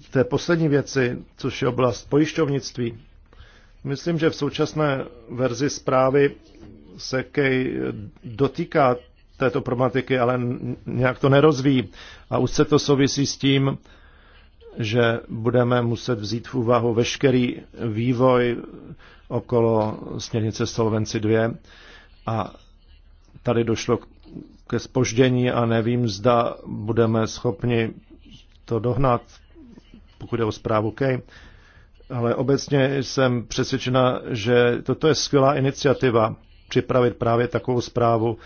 v té poslední věci, což je oblast pojišťovnictví, myslím, že v současné verzi zprávy se Kej dotýká této problematiky, ale nějak to nerozvíjí. A už se to souvisí s tím, že budeme muset vzít v úvahu veškerý vývoj okolo směrnice Solvenci 2 a tady došlo k ke spoždění a nevím, zda budeme schopni to dohnat, pokud je o zprávu Kej. Ale obecně jsem přesvědčena, že toto je skvělá iniciativa připravit právě takovou zprávu,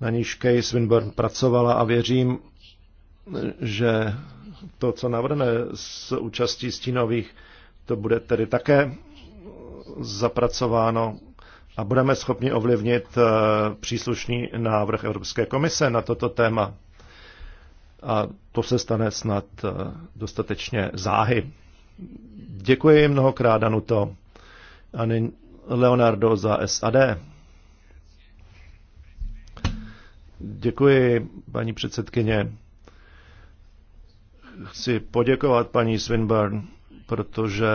na níž Kay Swinburne pracovala a věřím, že to, co navrhne s účastí stínových, to bude tedy také zapracováno a budeme schopni ovlivnit eh, příslušný návrh Evropské komise na toto téma. A to se stane snad eh, dostatečně záhy. Děkuji mnohokrát, Danuto. A Leonardo za SAD. Děkuji, paní předsedkyně. Chci poděkovat paní Swinburne, protože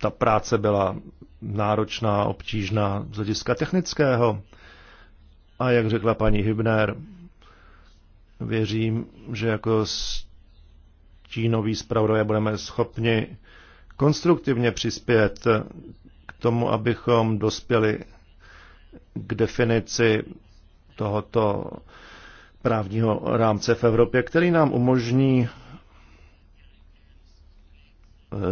ta práce byla náročná, obtížná z hlediska technického. A jak řekla paní Hybner, věřím, že jako stínový zpravodaj budeme schopni konstruktivně přispět k tomu, abychom dospěli k definici tohoto právního rámce v Evropě, který nám umožní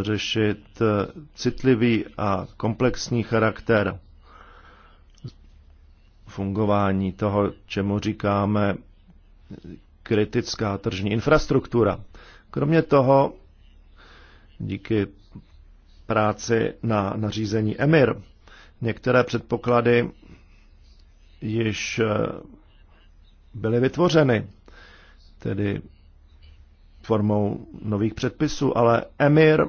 řešit eh, citlivý a komplexní charakter fungování toho, čemu říkáme kritická tržní infrastruktura. Kromě toho, díky práci na nařízení EMIR, některé předpoklady již eh, byly vytvořeny, tedy formou nových předpisů, ale emir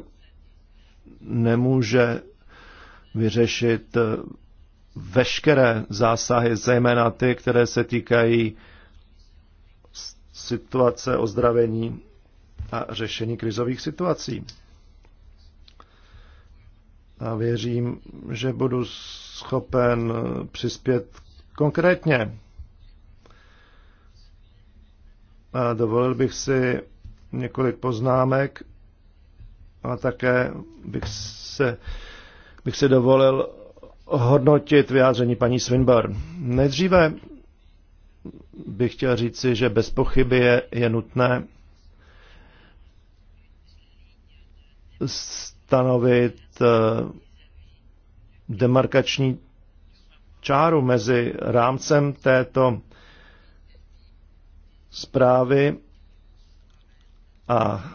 nemůže vyřešit eh, veškeré zásahy, zejména ty, které se týkají situace ozdravení a řešení krizových situací. A věřím, že budu schopen eh, přispět konkrétně. A dovolil bych si několik poznámek a také bych se, bych se dovolil hodnotit vyjádření paní Swinburne. Nejdříve bych chtěl říci, že bez pochyby je, je nutné stanovit eh, demarkační čáru mezi rámcem této zprávy a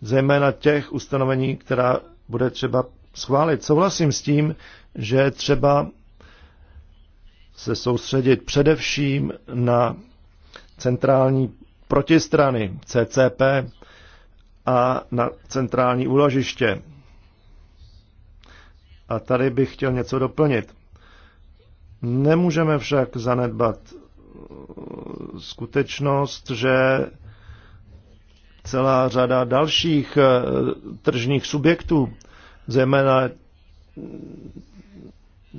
zejména těch ustanovení, která bude třeba schválit. Souhlasím s tím, že třeba se soustředit především na centrální protistrany CCP a na centrální úložiště. A tady bych chtěl něco doplnit. Nemůžeme však zanedbat skutečnost, že celá řada dalších eh, tržních subjektů, zejména mm,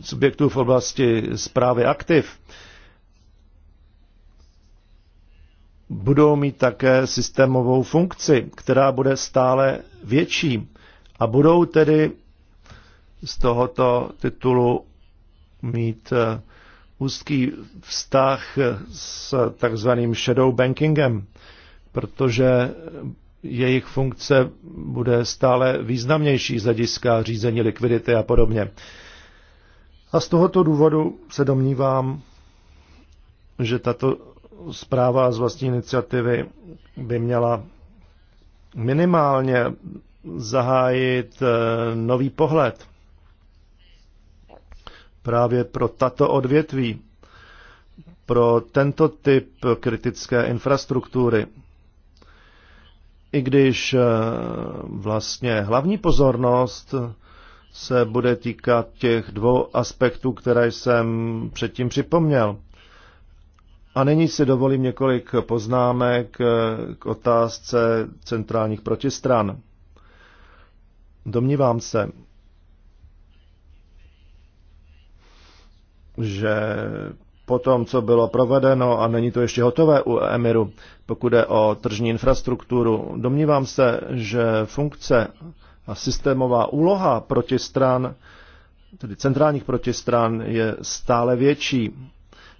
subjektů v oblasti zprávy aktiv, budou mít také systémovou funkci, která bude stále větší a budou tedy z tohoto titulu mít eh, úzký vztah s takzvaným shadow bankingem protože jejich funkce bude stále významnější z hlediska řízení likvidity a podobně. A z tohoto důvodu se domnívám, že tato zpráva z vlastní iniciativy by měla minimálně zahájit eh, nový pohled právě pro tato odvětví, pro tento typ kritické infrastruktury i když eh, vlastně hlavní pozornost se bude týkat těch dvou aspektů, které jsem předtím připomněl. A nyní si dovolím několik poznámek eh, k otázce centrálních protistran. Domnívám se, že po tom, co bylo provedeno a není to ještě hotové u Emiru, pokud je o tržní infrastrukturu, domnívám se, že funkce a systémová úloha protistran, tedy centrálních protistran, je stále větší.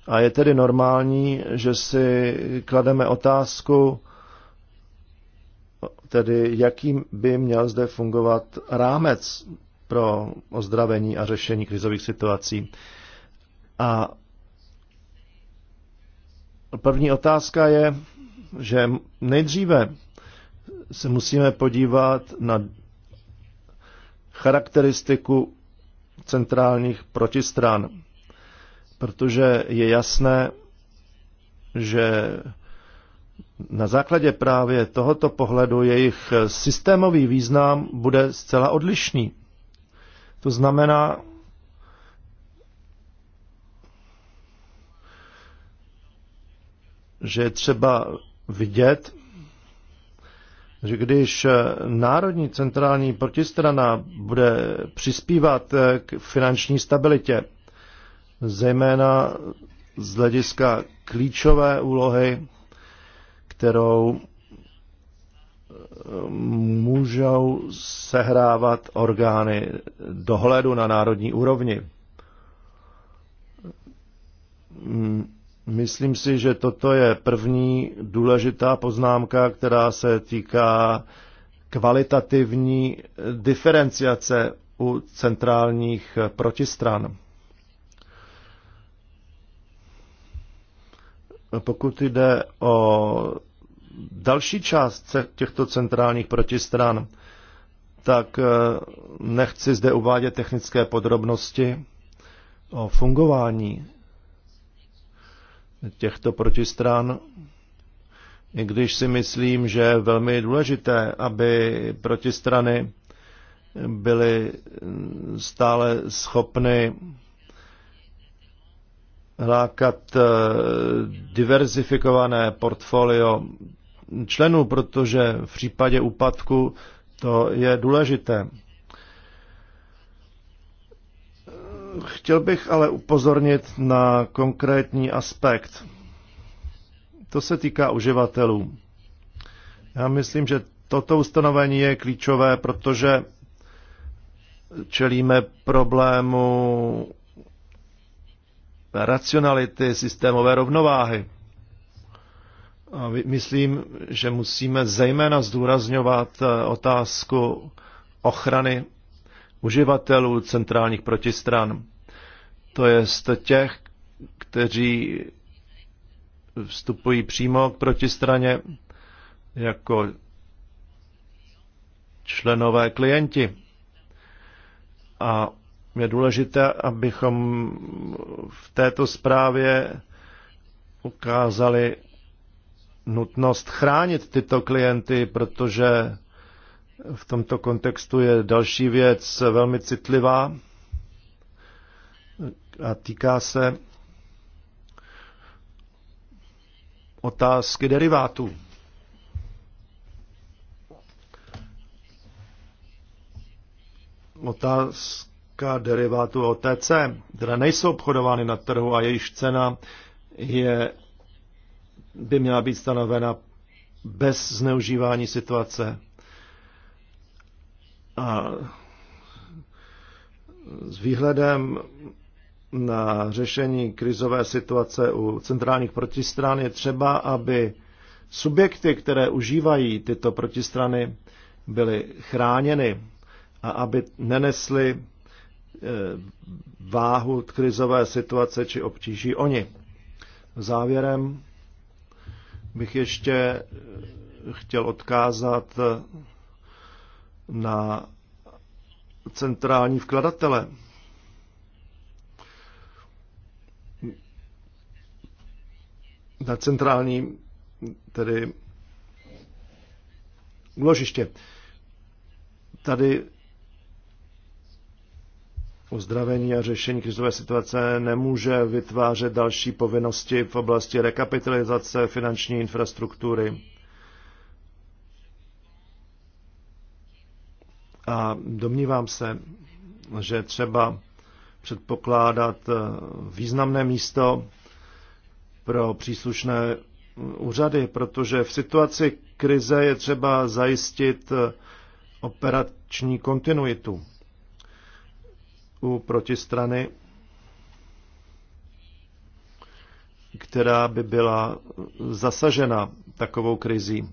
A je tedy normální, že si klademe otázku, tedy jakým by měl zde fungovat rámec pro ozdravení a řešení krizových situací. A První otázka je, že nejdříve se musíme podívat na charakteristiku centrálních protistran, protože je jasné, že na základě právě tohoto pohledu jejich systémový význam bude zcela odlišný. To znamená, že je třeba vidět, že když Národní centrální protistrana bude přispívat k finanční stabilitě, zejména z hlediska klíčové úlohy, kterou můžou sehrávat orgány dohledu na národní úrovni. Myslím si, že toto je první důležitá poznámka, která se týká kvalitativní diferenciace u centrálních protistran. Pokud jde o další část těchto centrálních protistran, tak eh, nechci zde uvádět technické podrobnosti o fungování těchto protistran, i když si myslím, že je velmi důležité, aby protistrany byly stále schopny lákat eh, diverzifikované portfolio členů, protože v případě úpadku to je důležité. Chtěl bych ale upozornit na konkrétní aspekt. To se týká uživatelů. Já myslím, že toto ustanovení je klíčové, protože čelíme problému racionality systémové rovnováhy. A myslím, že musíme zejména zdůrazňovat eh, otázku ochrany uživatelů centrálních protistran, to je z těch, kteří vstupují přímo k protistraně jako členové klienti. A je důležité, abychom v této zprávě ukázali nutnost chránit tyto klienty, protože v tomto kontextu je další věc velmi citlivá a týká se otázky derivátů. Otázka derivátů OTC, které nejsou obchodovány na trhu a jejich cena je, by měla být stanovena bez zneužívání situace a s výhledem na řešení krizové situace u centrálních protistran je třeba, aby subjekty, které užívají tyto protistrany, byly chráněny a aby nenesly eh, váhu krizové situace či obtíží oni. Závěrem bych ještě chtěl odkázat na centrální vkladatele. Na centrální, tedy úložiště. Tady uzdravení a řešení krizové situace nemůže vytvářet další povinnosti v oblasti rekapitalizace finanční infrastruktury. A domnívám se, že třeba předpokládat eh, významné místo pro příslušné úřady, protože v situaci krize je třeba zajistit eh, operační kontinuitu u protistrany, která by byla zasažena takovou krizí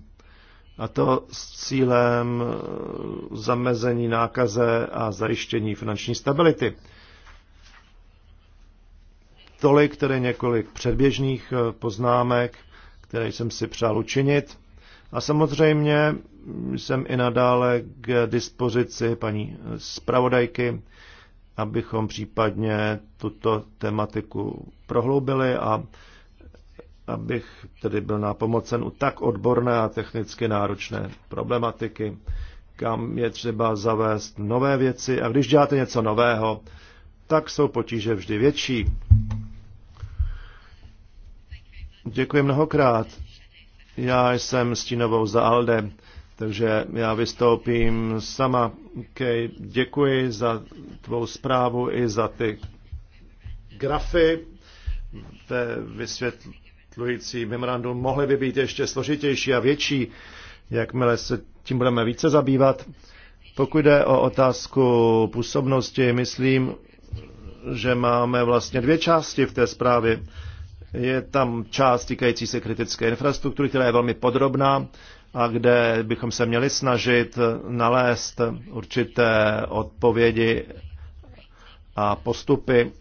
a to s cílem eh, zamezení nákaze a zajištění finanční stability. Tolik tedy několik předběžných eh, poznámek, které jsem si přál učinit. A samozřejmě jsem i nadále k dispozici paní eh, zpravodajky, abychom případně tuto tematiku prohloubili a abych tedy byl nápomocen u tak odborné a technicky náročné problematiky, kam je třeba zavést nové věci a když děláte něco nového, tak jsou potíže vždy větší. Děkuji mnohokrát. Já jsem stínovou za Alde, takže já vystoupím sama. Kej, děkuji za tvou zprávu i za ty grafy ve vysvětlení Dlující memorandum mohly by být ještě složitější a větší, jakmile se tím budeme více zabývat. Pokud jde o otázku působnosti, myslím, že máme vlastně dvě části v té zprávě. Je tam část týkající se kritické infrastruktury, která je velmi podrobná a kde bychom se měli snažit nalézt určité odpovědi a postupy,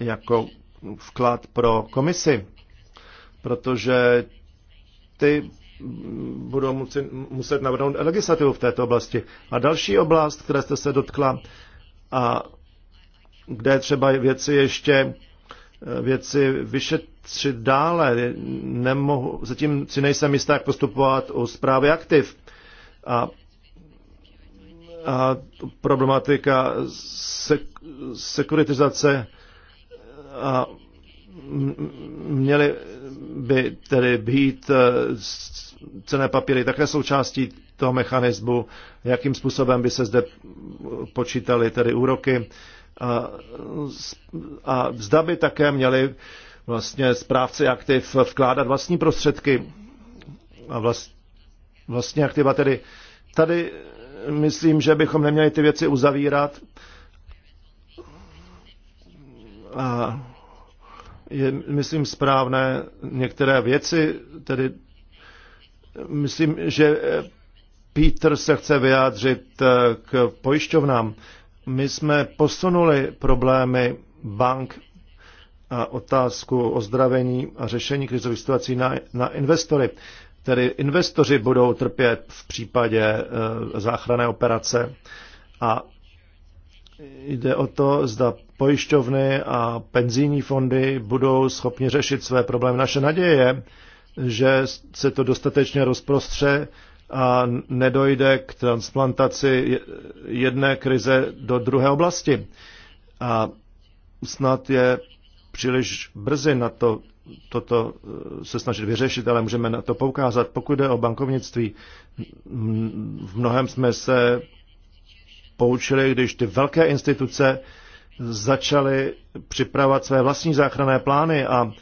jako vklad pro komisi, protože ty budou muset, muset navrhnout legislativu v této oblasti. A další oblast, které jste se dotkla, a kde je třeba věci ještě věci vyšetřit dále. Nemohu, zatím si nejsem jistá, jak postupovat u zprávy aktiv. A, a problematika sek, sekuritizace a měly by tedy být eh, cené papíry také součástí toho mechanismu, jakým způsobem by se zde počítaly tedy úroky a, a zda by také měli vlastně správci aktiv vkládat vlastní prostředky a vlast, vlastní aktiva tedy. Tady myslím, že bychom neměli ty věci uzavírat, a je, myslím, správné některé věci, tedy myslím, že Peter se chce vyjádřit eh, k pojišťovnám. My jsme posunuli problémy bank a otázku ozdravení a řešení krizových situací na, na investory. Tedy investoři budou trpět v případě e, záchranné operace a jde o to, zda pojišťovny a penzijní fondy budou schopni řešit své problémy. Naše naděje je, že se to dostatečně rozprostře a nedojde k transplantaci jedné krize do druhé oblasti. A snad je příliš brzy na to, toto eh, se snažit vyřešit, ale můžeme na to poukázat. Pokud jde o bankovnictví, v mnohem jsme se poučili, když ty velké instituce začaly připravovat své vlastní záchranné plány a,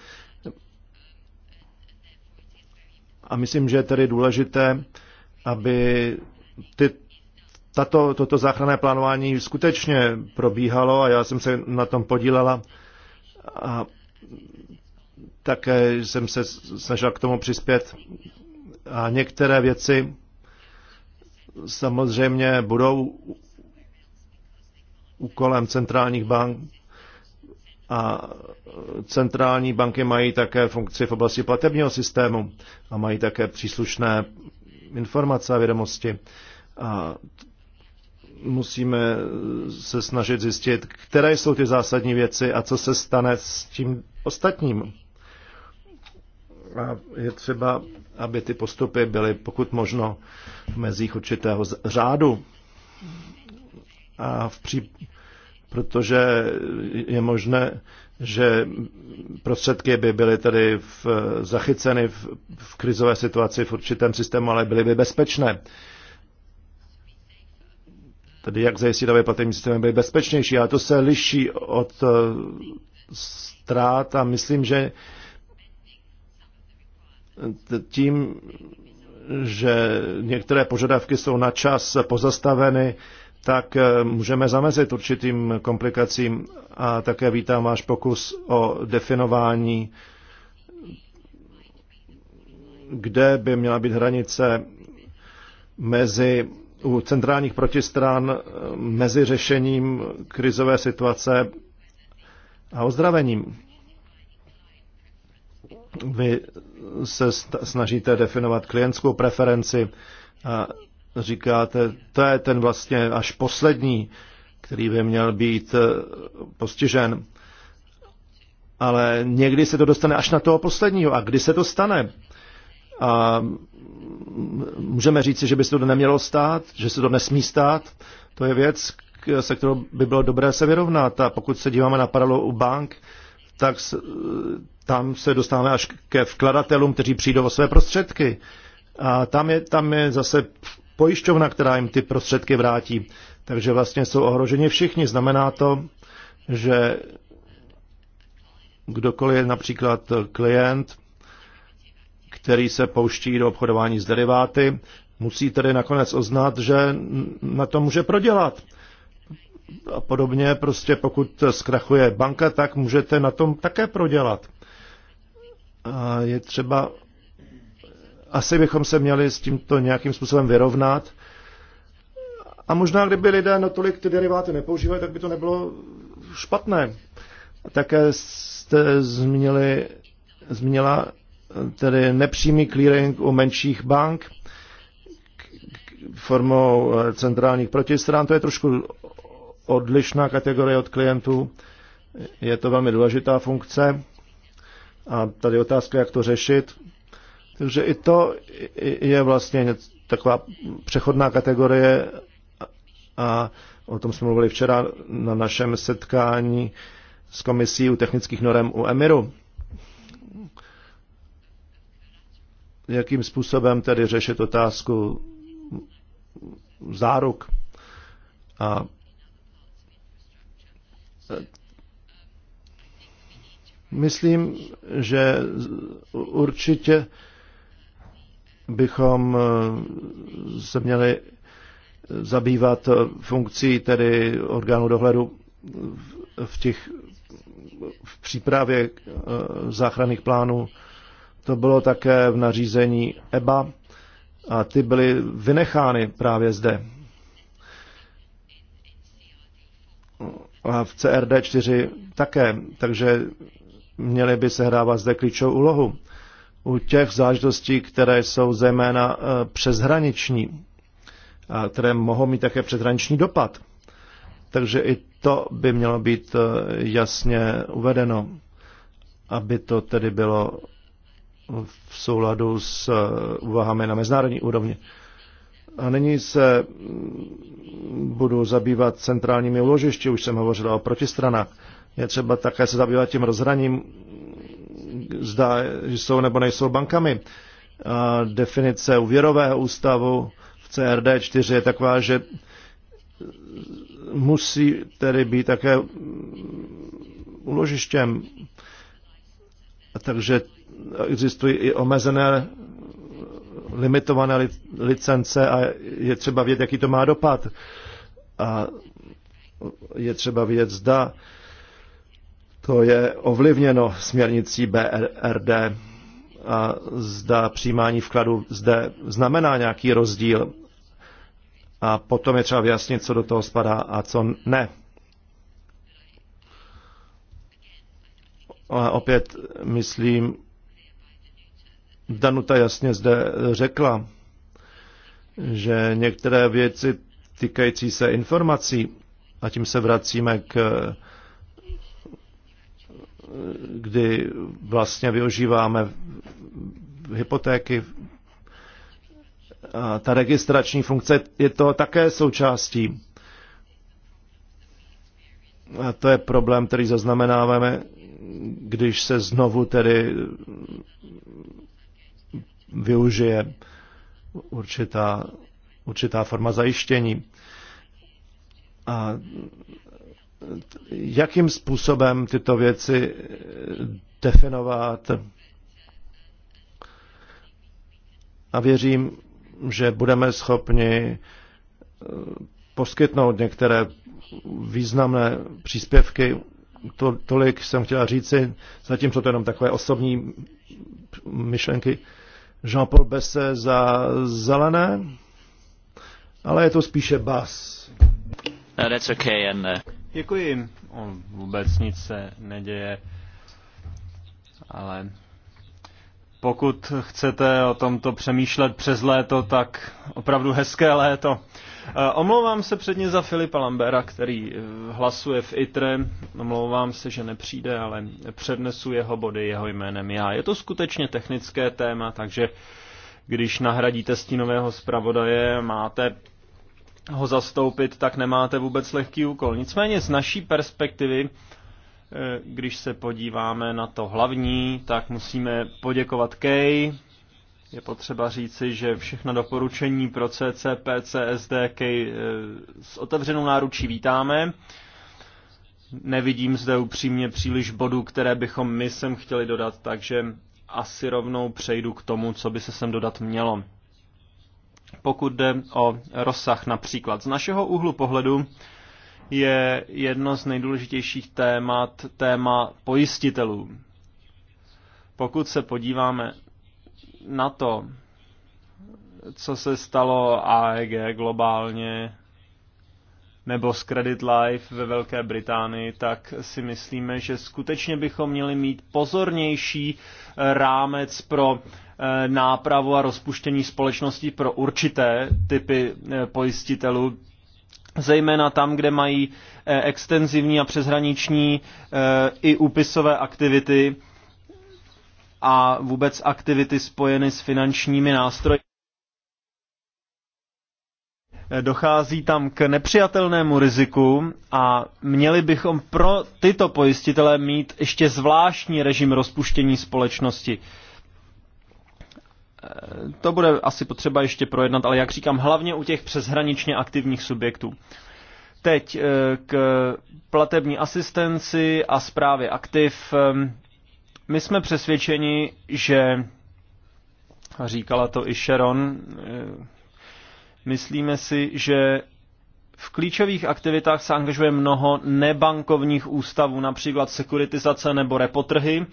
a myslím, že je tedy důležité, aby ty, tato, toto záchranné plánování skutečně probíhalo a já jsem se na tom podílela a také jsem se snažil k tomu přispět. A některé věci samozřejmě budou úkolem centrálních bank a centrální banky mají také funkci v oblasti platebního systému a mají také příslušné informace a vědomosti. A musíme se snažit zjistit, které jsou ty zásadní věci a co se stane s tím ostatním. A je třeba, aby ty postupy byly pokud možno v mezích určitého řádu a v pří... protože je možné, že prostředky by byly tedy v, zachyceny v, v krizové situaci v určitém systému, ale byly by bezpečné. Tedy jak zajistit, aby platební systémy byly bezpečnější. Ale to se liší od eh, ztrát a myslím, že tím, že některé požadavky jsou na čas pozastaveny, tak eh, můžeme zamezit určitým komplikacím a také vítám váš pokus o definování, kde by měla být hranice mezi u centrálních protistran eh, mezi řešením krizové situace a ozdravením. Vy se snažíte definovat klientskou preferenci a říkáte, to je ten vlastně až poslední, který by měl být eh, postižen. Ale někdy se to dostane až na toho posledního. A kdy se to stane? A můžeme říci, že by se to nemělo stát, že se to nesmí stát. To je věc, se kterou by bylo dobré se vyrovnat. A pokud se díváme na paralelu u bank, tak tam se dostáváme až ke vkladatelům, kteří přijdou o své prostředky. A tam je, tam je zase pojišťovna, která jim ty prostředky vrátí. Takže vlastně jsou ohroženi všichni. Znamená to, že kdokoliv je například klient, který se pouští do obchodování s deriváty, musí tedy nakonec oznat, že na to může prodělat. A podobně prostě pokud zkrachuje banka, tak můžete na tom také prodělat. A je třeba asi bychom se měli s tímto nějakým způsobem vyrovnat. A možná, kdyby lidé natolik ty deriváty nepoužívali, tak by to nebylo špatné. také jste zmínili, zmínila tedy nepřímý clearing u menších bank formou eh, centrálních protistran. To je trošku odlišná kategorie od klientů. Je to velmi důležitá funkce. A tady otázka, jak to řešit. Takže i to je vlastně taková přechodná kategorie a o tom jsme mluvili včera na našem setkání s komisí u technických norem u Emiru. Jakým způsobem tedy řešit otázku záruk a Myslím, že určitě bychom eh, se měli zabývat funkcí tedy orgánu dohledu v, těch, v přípravě eh, záchranných plánů. To bylo také v nařízení EBA a ty byly vynechány právě zde. A v CRD 4 také, takže měly by se hrávat zde klíčovou úlohu u těch záležitostí, které jsou zejména eh, přeshraniční a které mohou mít také přeshraniční dopad. Takže i to by mělo být eh, jasně uvedeno, aby to tedy bylo v souladu s eh, úvahami na mezinárodní úrovni. A nyní se mm, budu zabývat centrálními úložišti, už jsem hovořil o protistranách. Je třeba také se zabývat tím rozhraním zda jsou nebo nejsou bankami. A definice úvěrového ústavu v CRD 4 je taková, že musí tedy být také uložištěm. Takže existují i omezené limitované licence a je třeba vědět, jaký to má dopad. A je třeba vědět, zda to je ovlivněno směrnicí BRD a zda přijímání vkladu zde znamená nějaký rozdíl a potom je třeba vyjasnit, co do toho spadá a co ne. A opět myslím, Danuta jasně zde řekla, že některé věci týkající se informací, a tím se vracíme k kdy vlastně využíváme hypotéky. A ta registrační funkce je to také součástí. A to je problém, který zaznamenáváme, když se znovu tedy využije určitá, určitá forma zajištění. A jakým způsobem tyto věci eh, definovat. A věřím, že budeme schopni eh, poskytnout některé významné příspěvky. To, tolik jsem chtěla říci, jsou to jenom takové osobní myšlenky. Jean-Paul Besse za zelené, ale je to spíše bas. No, that's okay, and, uh... Děkuji. O, vůbec nic se neděje, ale pokud chcete o tomto přemýšlet přes léto, tak opravdu hezké léto. E, omlouvám se předně za Filipa Lambera, který e, hlasuje v ITRE. Omlouvám se, že nepřijde, ale přednesu jeho body jeho jménem já. Je to skutečně technické téma, takže když nahradíte stínového zpravodaje, máte ho zastoupit, tak nemáte vůbec lehký úkol. Nicméně z naší perspektivy, eh, když se podíváme na to hlavní, tak musíme poděkovat Kej. Je potřeba říci, že všechna doporučení pro CCP, CSD, Kej eh, s otevřenou náručí vítáme. Nevidím zde upřímně příliš bodů, které bychom my sem chtěli dodat, takže asi rovnou přejdu k tomu, co by se sem dodat mělo pokud jde o rozsah například. Z našeho úhlu pohledu je jedno z nejdůležitějších témat téma pojistitelů. Pokud se podíváme na to, co se stalo AEG globálně, nebo z Credit Life ve Velké Británii, tak si myslíme, že skutečně bychom měli mít pozornější rámec pro Eh, nápravu a rozpuštění společností pro určité typy eh, pojistitelů, zejména tam, kde mají eh, extenzivní a přeshraniční i úpisové aktivity a vůbec aktivity spojeny s finančními nástroji. Dochází tam k nepřijatelnému riziku a měli bychom pro tyto pojistitele mít ještě zvláštní režim rozpuštění společnosti to bude asi potřeba ještě projednat, ale jak říkám, hlavně u těch přeshraničně aktivních subjektů. Teď eh, k platební asistenci a zprávě aktiv. Ehm, my jsme přesvědčeni, že, a říkala to i Sharon, eh, myslíme si, že v klíčových aktivitách se angažuje mnoho nebankovních ústavů, například sekuritizace nebo repotrhy,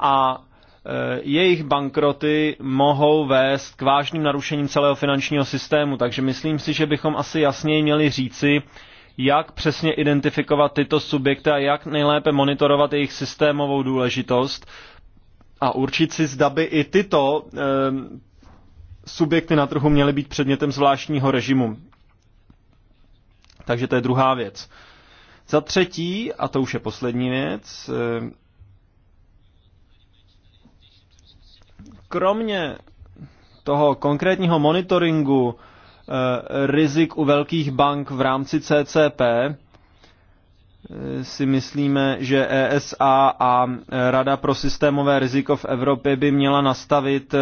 a Eh, jejich bankroty mohou vést k vážným narušením celého finančního systému, takže myslím si, že bychom asi jasněji měli říci, jak přesně identifikovat tyto subjekty a jak nejlépe monitorovat jejich systémovou důležitost a určit si, zda by i tyto e, subjekty na trhu měly být předmětem zvláštního režimu. Takže to je druhá věc. Za třetí, a to už je poslední věc, e, Kromě toho konkrétního monitoringu eh, rizik u velkých bank v rámci CCP eh, si myslíme, že ESA a Rada pro systémové riziko v Evropě by měla nastavit eh,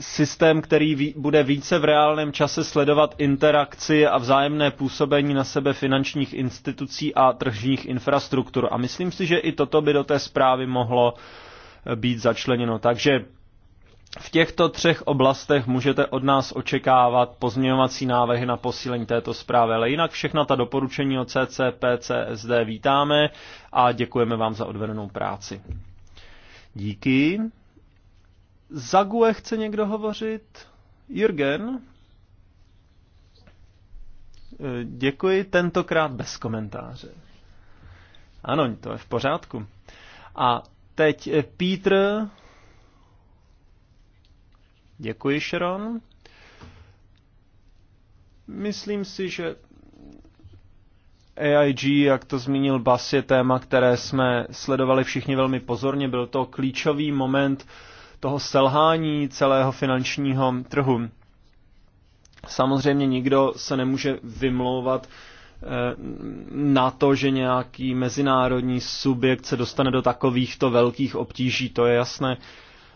systém, který bude více v reálném čase sledovat interakci a vzájemné působení na sebe finančních institucí a tržních infrastruktur. A myslím si, že i toto by do té zprávy mohlo být začleněno. Takže v těchto třech oblastech můžete od nás očekávat pozměňovací návrhy na posílení této zprávy, ale jinak všechna ta doporučení o CCP, CSD vítáme a děkujeme vám za odvedenou práci. Díky. Zague chce někdo hovořit? Jürgen? Děkuji, tentokrát bez komentáře. Ano, to je v pořádku. A Teď eh, Pítr. Děkuji, Sharon. Myslím si, že AIG, jak to zmínil Bas, je téma, které jsme sledovali všichni velmi pozorně. Byl to klíčový moment toho selhání celého finančního trhu. Samozřejmě nikdo se nemůže vymlouvat Eh, na to, že nějaký mezinárodní subjekt se dostane do takovýchto velkých obtíží, to je jasné.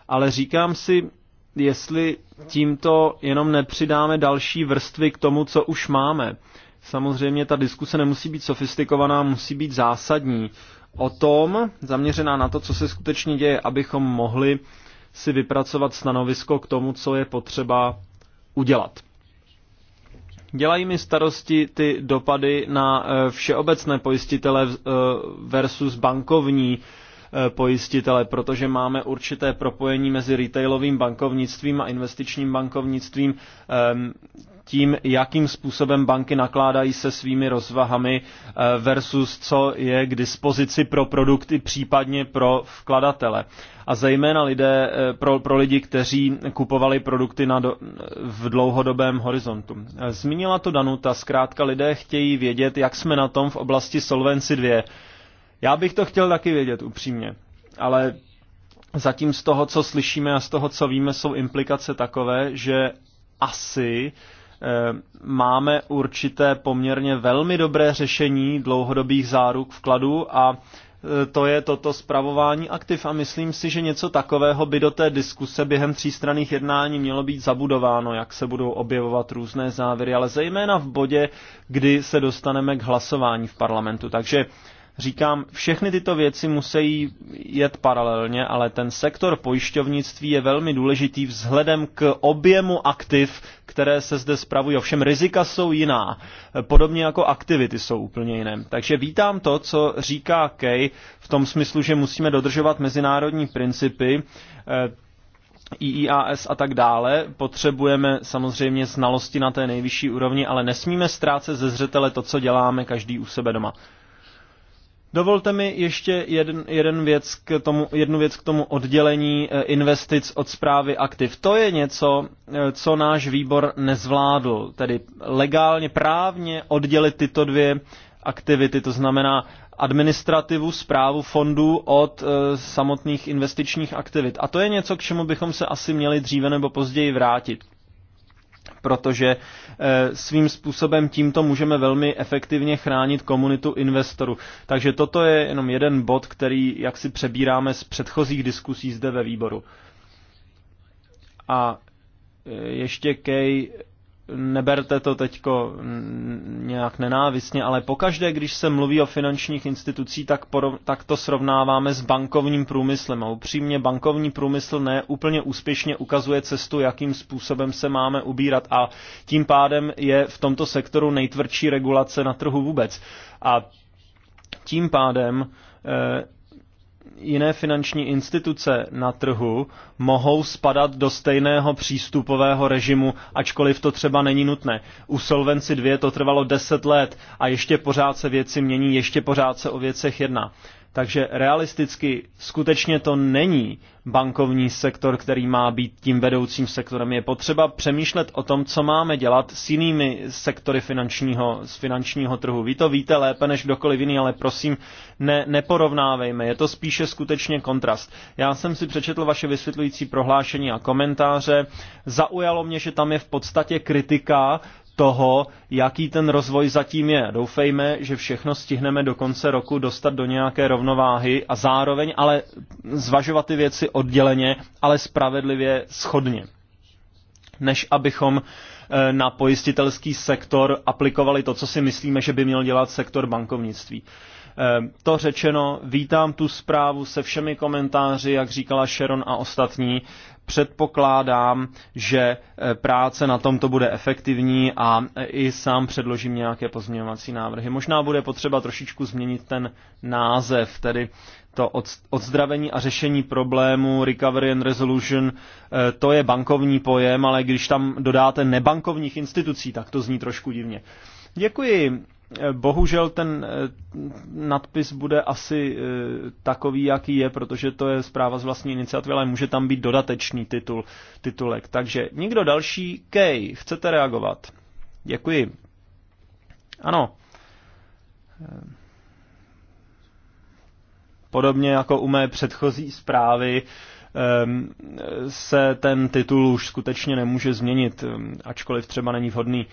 Ale říkám si, jestli tímto jenom nepřidáme další vrstvy k tomu, co už máme. Samozřejmě ta diskuse nemusí být sofistikovaná, musí být zásadní. O tom, zaměřená na to, co se skutečně děje, abychom mohli si vypracovat stanovisko k tomu, co je potřeba udělat. Dělají mi starosti ty dopady na eh, všeobecné pojistitele eh, versus bankovní eh, pojistitele, protože máme určité propojení mezi retailovým bankovnictvím a investičním bankovnictvím. Ehm, tím, jakým způsobem banky nakládají se svými rozvahami eh, versus co je k dispozici pro produkty, případně pro vkladatele. A zejména lidé, eh, pro, pro lidi, kteří kupovali produkty na do, eh, v dlouhodobém horizontu. Zmínila to Danuta, zkrátka lidé chtějí vědět, jak jsme na tom v oblasti Solvency 2. Já bych to chtěl taky vědět, upřímně. Ale zatím z toho, co slyšíme a z toho, co víme, jsou implikace takové, že asi uh, Eh, máme určité poměrně velmi dobré řešení dlouhodobých záruk vkladu a eh, to je toto spravování aktiv a myslím si, že něco takového by do té diskuse během třístranných jednání mělo být zabudováno, jak se budou objevovat různé závěry, ale zejména v bodě, kdy se dostaneme k hlasování v parlamentu. Takže říkám, všechny tyto věci musí jet paralelně, ale ten sektor pojišťovnictví je velmi důležitý vzhledem k objemu aktiv, které se zde spravují. Ovšem rizika jsou jiná, podobně jako aktivity jsou úplně jiné. Takže vítám to, co říká Kay v tom smyslu, že musíme dodržovat mezinárodní principy, eh, IIAS a tak dále. Potřebujeme samozřejmě znalosti na té nejvyšší úrovni, ale nesmíme ztrácet ze zřetele to, co děláme každý u sebe doma. Dovolte mi ještě jeden, jeden věc k tomu, jednu věc k tomu oddělení eh, investic od zprávy aktiv. To je něco, eh, co náš výbor nezvládl, tedy legálně, právně oddělit tyto dvě aktivity, to znamená administrativu, zprávu fondů od e, samotných investičních aktivit. A to je něco, k čemu bychom se asi měli dříve nebo později vrátit protože eh, svým způsobem tímto můžeme velmi efektivně chránit komunitu investorů. Takže toto je jenom jeden bod, který jak si přebíráme z předchozích diskusí zde ve výboru. A eh, ještě Kej neberte to teďko nějak nenávistně, ale pokaždé, když se mluví o finančních institucích, tak, porov, tak to srovnáváme s bankovním průmyslem. A upřímně bankovní průmysl ne úplně úspěšně ukazuje cestu, jakým způsobem se máme ubírat. A tím pádem je v tomto sektoru nejtvrdší regulace na trhu vůbec. A tím pádem Eh, jiné finanční instituce na trhu mohou spadat do stejného přístupového režimu, ačkoliv to třeba není nutné. U Solvency 2 to trvalo 10 let a ještě pořád se věci mění, ještě pořád se o věcech jedná. Takže realisticky skutečně to není bankovní sektor, který má být tím vedoucím sektorem. Je potřeba přemýšlet o tom, co máme dělat s jinými sektory finančního, z finančního trhu. Vy to víte lépe než kdokoliv jiný, ale prosím, ne, neporovnávejme. Je to spíše skutečně kontrast. Já jsem si přečetl vaše vysvětlující prohlášení a komentáře. Zaujalo mě, že tam je v podstatě kritika toho, jaký ten rozvoj zatím je. Doufejme, že všechno stihneme do konce roku dostat do nějaké rovnováhy a zároveň ale zvažovat ty věci odděleně, ale spravedlivě schodně. Než abychom eh, na pojistitelský sektor aplikovali to, co si myslíme, že by měl dělat sektor bankovnictví. Eh, to řečeno, vítám tu zprávu se všemi komentáři, jak říkala Sharon a ostatní. Předpokládám, že e, práce na tomto bude efektivní a e, i sám předložím nějaké pozměňovací návrhy. Možná bude potřeba trošičku změnit ten název, tedy to odzdravení a řešení problému, recovery and resolution, e, to je bankovní pojem, ale když tam dodáte nebankovních institucí, tak to zní trošku divně. Děkuji. Bohužel ten eh, nadpis bude asi eh, takový, jaký je, protože to je zpráva z vlastní iniciativy, ale může tam být dodatečný titul, titulek. Takže nikdo další, Kej, chcete reagovat? Děkuji. Ano. Eh, podobně jako u mé předchozí zprávy, se ten titul už skutečně nemůže změnit, ačkoliv třeba není vhodný.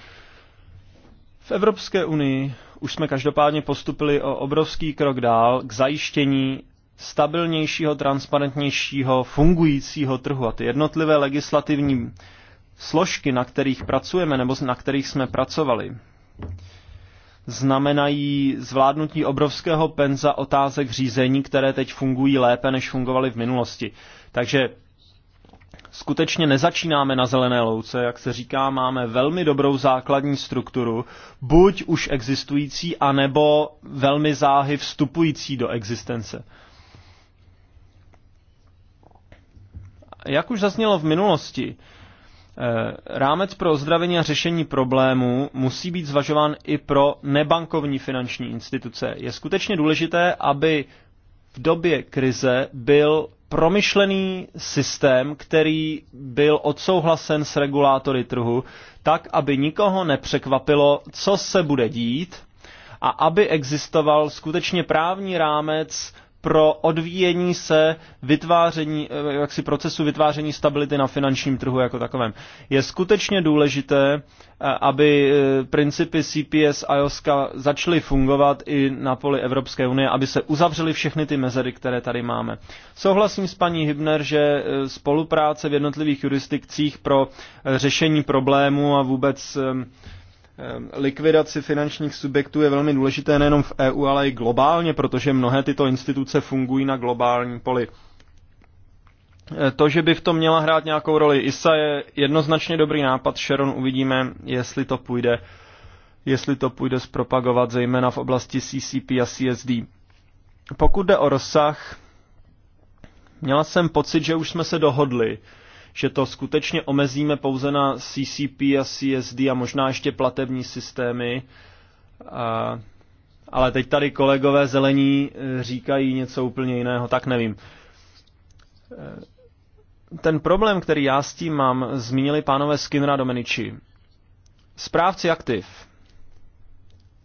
V Evropské unii už jsme každopádně postupili o obrovský krok dál k zajištění stabilnějšího, transparentnějšího, fungujícího trhu. A ty jednotlivé legislativní složky, na kterých pracujeme nebo na kterých jsme pracovali, znamenají zvládnutí obrovského penza otázek řízení, které teď fungují lépe, než fungovaly v minulosti. Takže skutečně nezačínáme na zelené louce, jak se říká, máme velmi dobrou základní strukturu, buď už existující, anebo velmi záhy vstupující do existence. Jak už zaznělo v minulosti, eh, rámec pro ozdravení a řešení problémů musí být zvažován i pro nebankovní finanční instituce. Je skutečně důležité, aby v době krize byl promyšlený systém, který byl odsouhlasen s regulátory trhu, tak, aby nikoho nepřekvapilo, co se bude dít a aby existoval skutečně právní rámec pro odvíjení se vytváření, eh, jaksi procesu vytváření stability na finančním trhu jako takovém. Je skutečně důležité, eh, aby eh, principy CPS a IOSCA začaly fungovat i na poli Evropské unie, aby se uzavřely všechny ty mezery, které tady máme. Souhlasím s paní Hybner, že spolupráce v jednotlivých jurisdikcích pro řešení problému a vůbec Ehm, likvidaci finančních subjektů je velmi důležité nejenom v EU, ale i globálně, protože mnohé tyto instituce fungují na globální poli. E, to, že by v tom měla hrát nějakou roli ISA, je jednoznačně dobrý nápad. Sharon uvidíme, jestli to půjde, jestli to půjde zpropagovat, zejména v oblasti CCP a CSD. Pokud jde o rozsah, měla jsem pocit, že už jsme se dohodli že to skutečně omezíme pouze na CCP a CSD a možná ještě platební systémy. A, ale teď tady kolegové zelení eh, říkají něco úplně jiného, tak nevím. Eh, ten problém, který já s tím mám, zmínili pánové Skinner a Domenici. Správci aktiv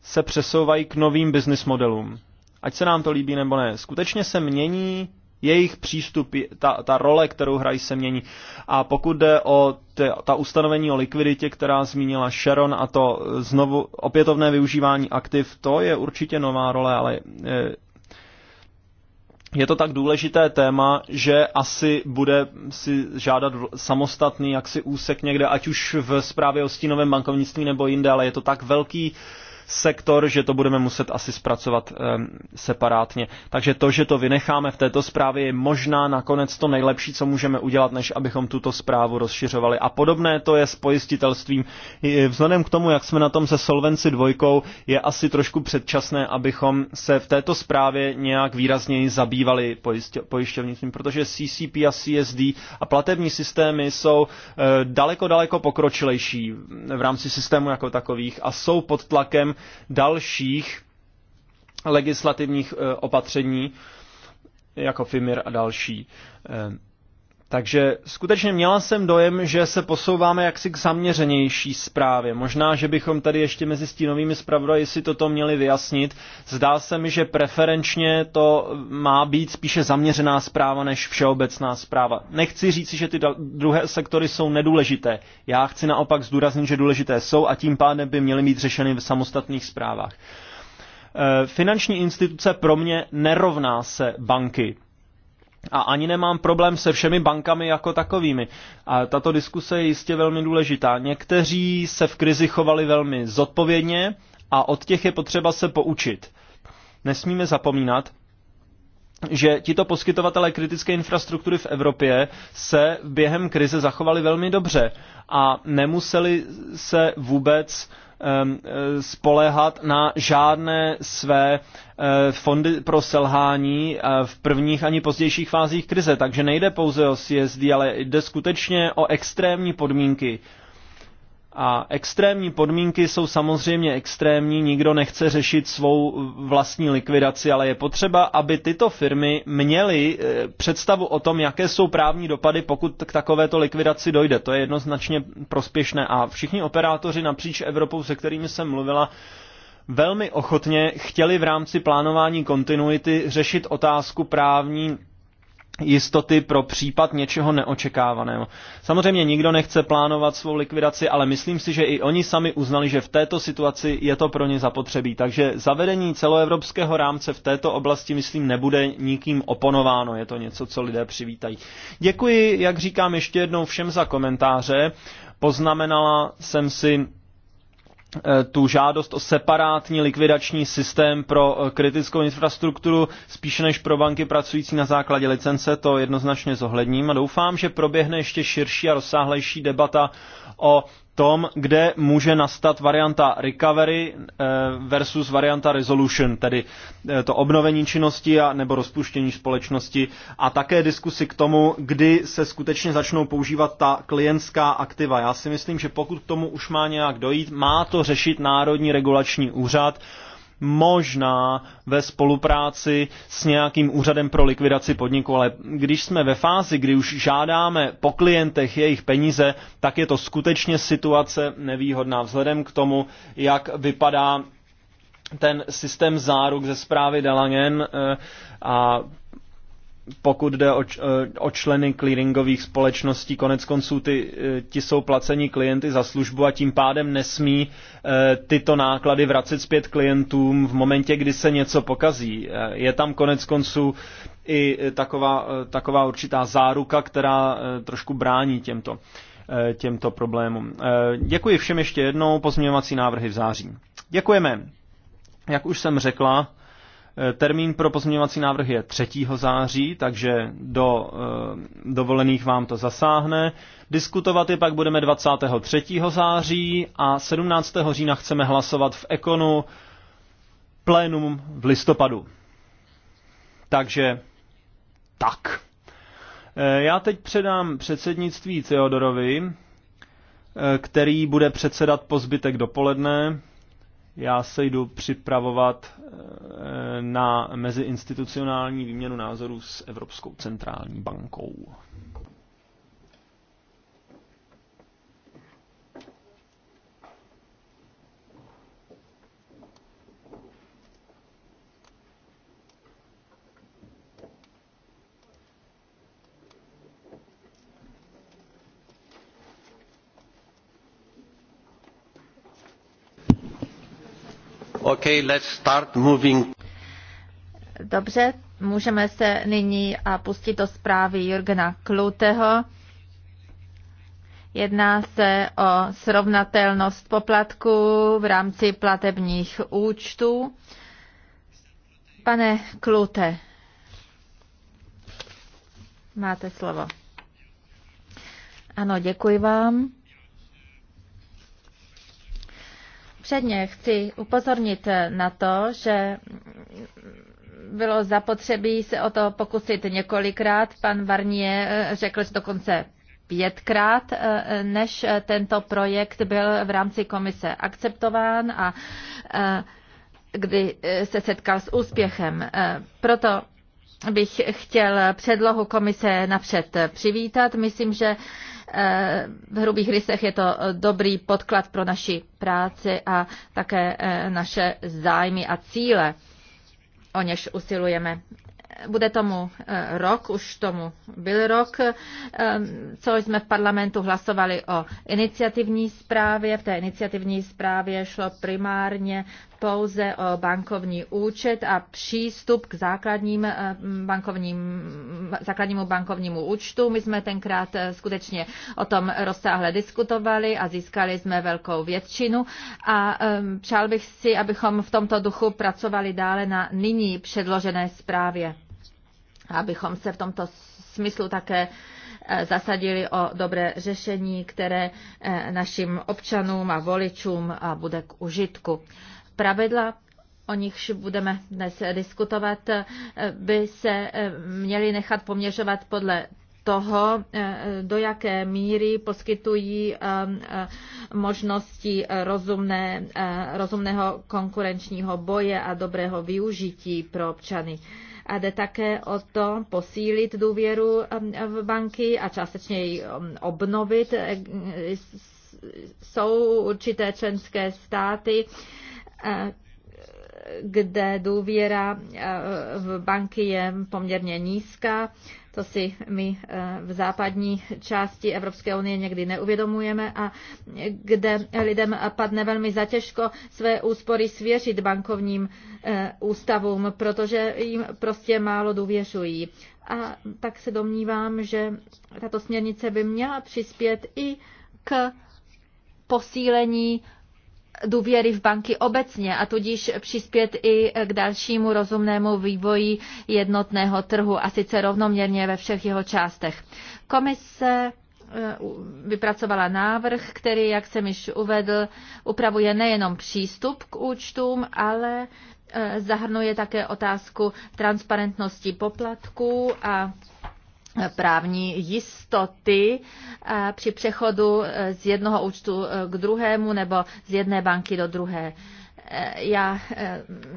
se přesouvají k novým business modelům. Ať se nám to líbí nebo ne. Skutečně se mění jejich přístup, ta, ta role, kterou hrají, se mění. A pokud jde o ty, ta ustanovení o likviditě, která zmínila Sharon a to znovu opětovné využívání aktiv, to je určitě nová role, ale eh, je to tak důležité téma, že asi bude si žádat samostatný jaksi úsek někde, ať už v zprávě o stínovém bankovnictví nebo jinde, ale je to tak velký sektor, že to budeme muset asi zpracovat eh, separátně. Takže to, že to vynecháme v této zprávě, je možná nakonec to nejlepší, co můžeme udělat, než abychom tuto zprávu rozšiřovali. A podobné to je s pojistitelstvím. Vzhledem k tomu, jak jsme na tom se Solvenci dvojkou, je asi trošku předčasné, abychom se v této zprávě nějak výrazněji zabývali pojišťovnictvím, protože CCP a CSD a platební systémy jsou eh, daleko, daleko pokročilejší v rámci systému jako takových a jsou pod tlakem dalších legislativních eh, opatření, jako FIMIR a další. Eh, takže skutečně měla jsem dojem, že se posouváme jaksi k zaměřenější zprávě. Možná, že bychom tady ještě mezi stínovými zpravodaji si toto měli vyjasnit. Zdá se mi, že preferenčně to má být spíše zaměřená zpráva než všeobecná zpráva. Nechci říci, že ty druhé sektory jsou nedůležité. Já chci naopak zdůraznit, že důležité jsou a tím pádem by měly být řešeny v samostatných zprávách. E, finanční instituce pro mě nerovná se banky a ani nemám problém se všemi bankami jako takovými. A tato diskuse je jistě velmi důležitá. Někteří se v krizi chovali velmi zodpovědně a od těch je potřeba se poučit. Nesmíme zapomínat, že tito poskytovatelé kritické infrastruktury v Evropě se během krize zachovali velmi dobře a nemuseli se vůbec uh, Ehm, eh, spolehat na žádné své eh, fondy pro selhání eh, v prvních ani pozdějších fázích krize. Takže nejde pouze o CSD, ale jde skutečně o extrémní podmínky, a extrémní podmínky jsou samozřejmě extrémní, nikdo nechce řešit svou vlastní likvidaci, ale je potřeba, aby tyto firmy měly eh, představu o tom, jaké jsou právní dopady, pokud k takovéto likvidaci dojde. To je jednoznačně prospěšné. A všichni operátoři napříč Evropou, se kterými jsem mluvila, velmi ochotně chtěli v rámci plánování kontinuity řešit otázku právní jistoty pro případ něčeho neočekávaného. Samozřejmě nikdo nechce plánovat svou likvidaci, ale myslím si, že i oni sami uznali, že v této situaci je to pro ně zapotřebí. Takže zavedení celoevropského rámce v této oblasti, myslím, nebude nikým oponováno. Je to něco, co lidé přivítají. Děkuji, jak říkám, ještě jednou všem za komentáře. Poznamenala jsem si Eh, tu žádost o separátní likvidační systém pro eh, kritickou infrastrukturu spíše než pro banky pracující na základě licence, to jednoznačně zohledním a doufám, že proběhne ještě širší a rozsáhlejší debata o tom, kde může nastat varianta recovery eh, versus varianta resolution, tedy eh, to obnovení činnosti a nebo rozpuštění společnosti a také diskusi k tomu, kdy se skutečně začnou používat ta klientská aktiva. Já si myslím, že pokud k tomu už má nějak dojít, má to řešit Národní regulační úřad, možná ve spolupráci s nějakým úřadem pro likvidaci podniku, ale když jsme ve fázi, kdy už žádáme po klientech jejich peníze, tak je to skutečně situace nevýhodná vzhledem k tomu, jak vypadá ten systém záruk ze zprávy Delangen eh, a pokud jde o, eh, o členy clearingových společností, konec konců ty, eh, ti jsou placení klienty za službu a tím pádem nesmí eh, tyto náklady vracet zpět klientům v momentě, kdy se něco pokazí. Je tam konec konců i taková, taková určitá záruka, která trošku brání těmto, těmto problémům. Děkuji všem ještě jednou, pozměňovací návrhy v září. Děkujeme. Jak už jsem řekla, Eh, termín pro pozměňovací návrh je 3. září, takže do eh, dovolených vám to zasáhne. Diskutovat je pak budeme 23. září a 17. října chceme hlasovat v Ekonu plénum v listopadu. Takže tak. Eh, já teď předám předsednictví Theodorovi, který bude předsedat po zbytek dopoledne. Já se jdu připravovat eh, na meziinstitucionální výměnu názorů s Evropskou centrální bankou. Okay, let's start moving. Dobře, můžeme se nyní a pustit do zprávy Jurgena Kluteho. Jedná se o srovnatelnost poplatků v rámci platebních účtů. Pane Klute, máte slovo. Ano, děkuji vám. Předně chci upozornit na to, že bylo zapotřebí se o to pokusit několikrát. Pan Barnier eh, řekl, že dokonce pětkrát, eh, než tento projekt byl v rámci komise akceptován a eh, kdy se setkal s úspěchem. Proto bych chtěl předlohu komise napřed přivítat. Myslím, že Eh, v hrubých rysech je to eh, dobrý podklad pro naši práci a také eh, naše zájmy a cíle, o něž usilujeme bude tomu rok, už tomu byl rok, co jsme v parlamentu hlasovali o iniciativní zprávě. V té iniciativní zprávě šlo primárně pouze o bankovní účet a přístup k základním eh, bankovním, základnímu bankovnímu účtu. My jsme tenkrát eh, skutečně o tom rozsáhle diskutovali a získali jsme velkou většinu a ehm, přál bych si, abychom v tomto duchu pracovali dále na nyní předložené zprávě, abychom se v tomto smyslu také eh, zasadili o dobré řešení, které našim občanům a voličům bude k užitku. Pravidla, o nichž budeme dnes diskutovat, eh, by se eh, měly nechat poměřovat podle toho, eh, do jaké míry poskytují možnosti rozumné, rozumného konkurenčního boje a dobrého využití pro občany. A jde také o to posílit důvěru v banky a částečně ji mm, obnovit. Jsou určité členské státy, kde důvěra eh, v banky je poměrně nízká. To si my eh, v západní části Evropské unie někdy neuvědomujeme a kde lidem padne velmi zatěžko své úspory svěřit bankovním eh, ústavům, protože jim prostě málo důvěřují. A tak se domnívám, že tato směrnice by měla přispět i k posílení důvěry v banky obecně a tudíž přispět i k dalšímu rozumnému vývoji jednotného trhu a sice rovnoměrně ve všech jeho částech. Komise eh, vypracovala návrh, který, jak jsem již uvedl, upravuje nejenom přístup k účtům, ale eh, zahrnuje také otázku transparentnosti poplatků a právní jistoty eh, při přechodu eh, z jednoho účtu eh, k druhému nebo z jedné banky do druhé. Já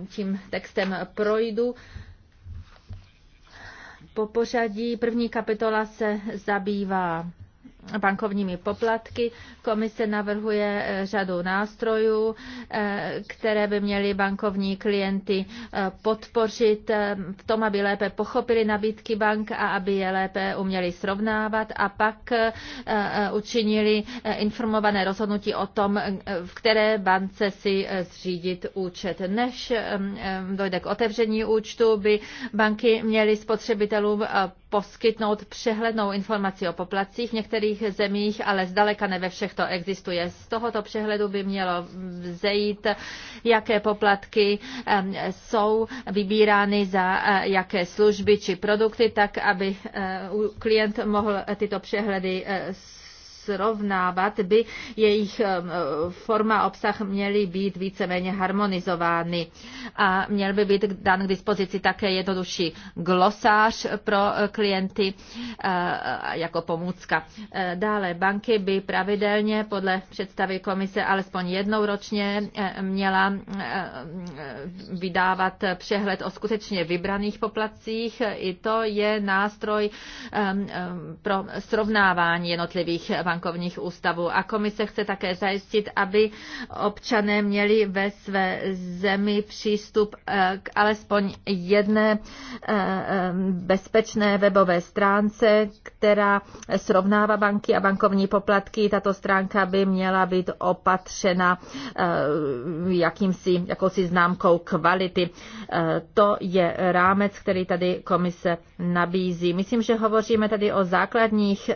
tím textem projdu. Po pořadí první kapitola se zabývá bankovními poplatky. Komise navrhuje eh, řadu nástrojů, eh, které by měly bankovní klienty eh, podpořit v tom, aby lépe pochopili nabídky bank a aby je lépe uměli srovnávat a pak učinili informované rozhodnutí o tom, v které bance si zřídit účet. Než dojde k otevření účtu, by banky měly spotřebitelům poskytnout přehlednou informaci o poplacích. V některých některých zemích, ale zdaleka ne ve všech to existuje. Z tohoto přehledu by mělo vzejít, jaké poplatky jsou vybírány za e, jaké služby či produkty, tak aby e, klient mohl tyto přehledy e, srovnávat, by jejich eh, forma a obsah měly být víceméně harmonizovány. A měl by být dan k dispozici také jednodušší glosář pro eh, klienty eh, jako pomůcka. Dále banky by pravidelně podle představy komise alespoň jednou ročně měla vydávat přehled o skutečně vybraných poplatcích. I to je nástroj pro srovnávání jednotlivých bank bankovních ústavů. A komise chce také zajistit, aby občané měli ve své zemi přístup eh, k alespoň jedné eh, eh, bezpečné webové stránce, která srovnává banky a bankovní poplatky. Tato stránka by měla být opatřena jakýmsi, jakousi známkou kvality. To je rámec, který tady komise nabízí. Myslím, že hovoříme tady o základních,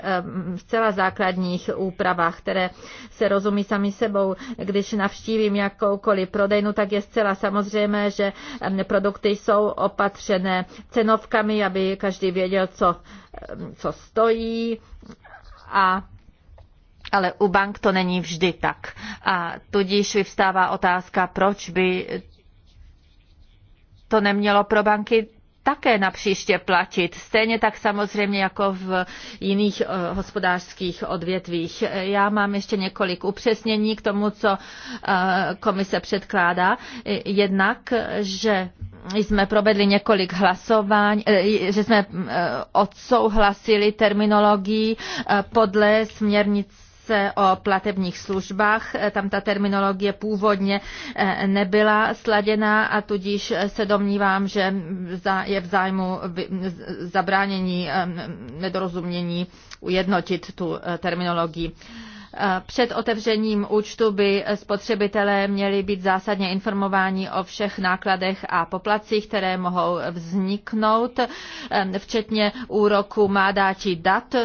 zcela základní právních úpravách, které se rozumí sami sebou. Když navštívím jakoukoliv prodejnu, tak je zcela samozřejmé, že produkty jsou opatřené cenovkami, aby každý věděl, co, co stojí. A ale u bank to není vždy tak. A tudíž vyvstává otázka, proč by to nemělo pro banky také na příště platit, stejně tak samozřejmě jako v jiných eh, hospodářských odvětvích. Já mám ještě několik upřesnění k tomu, co eh, komise předkládá. Jednak, že jsme provedli několik hlasování, eh, že jsme odsouhlasili terminologii podle směrnice se o platebních službách. Tam ta terminologie původně eh, nebyla sladěná a tudíž eh, se domnívám, že je v zájmu zabránění eh, nedorozumění ujednotit tu terminologii. Před otevřením účtu by spotřebitelé měli být zásadně informováni o všech nákladech a poplacích, které mohou vzniknout, včetně úroku má dáči dat,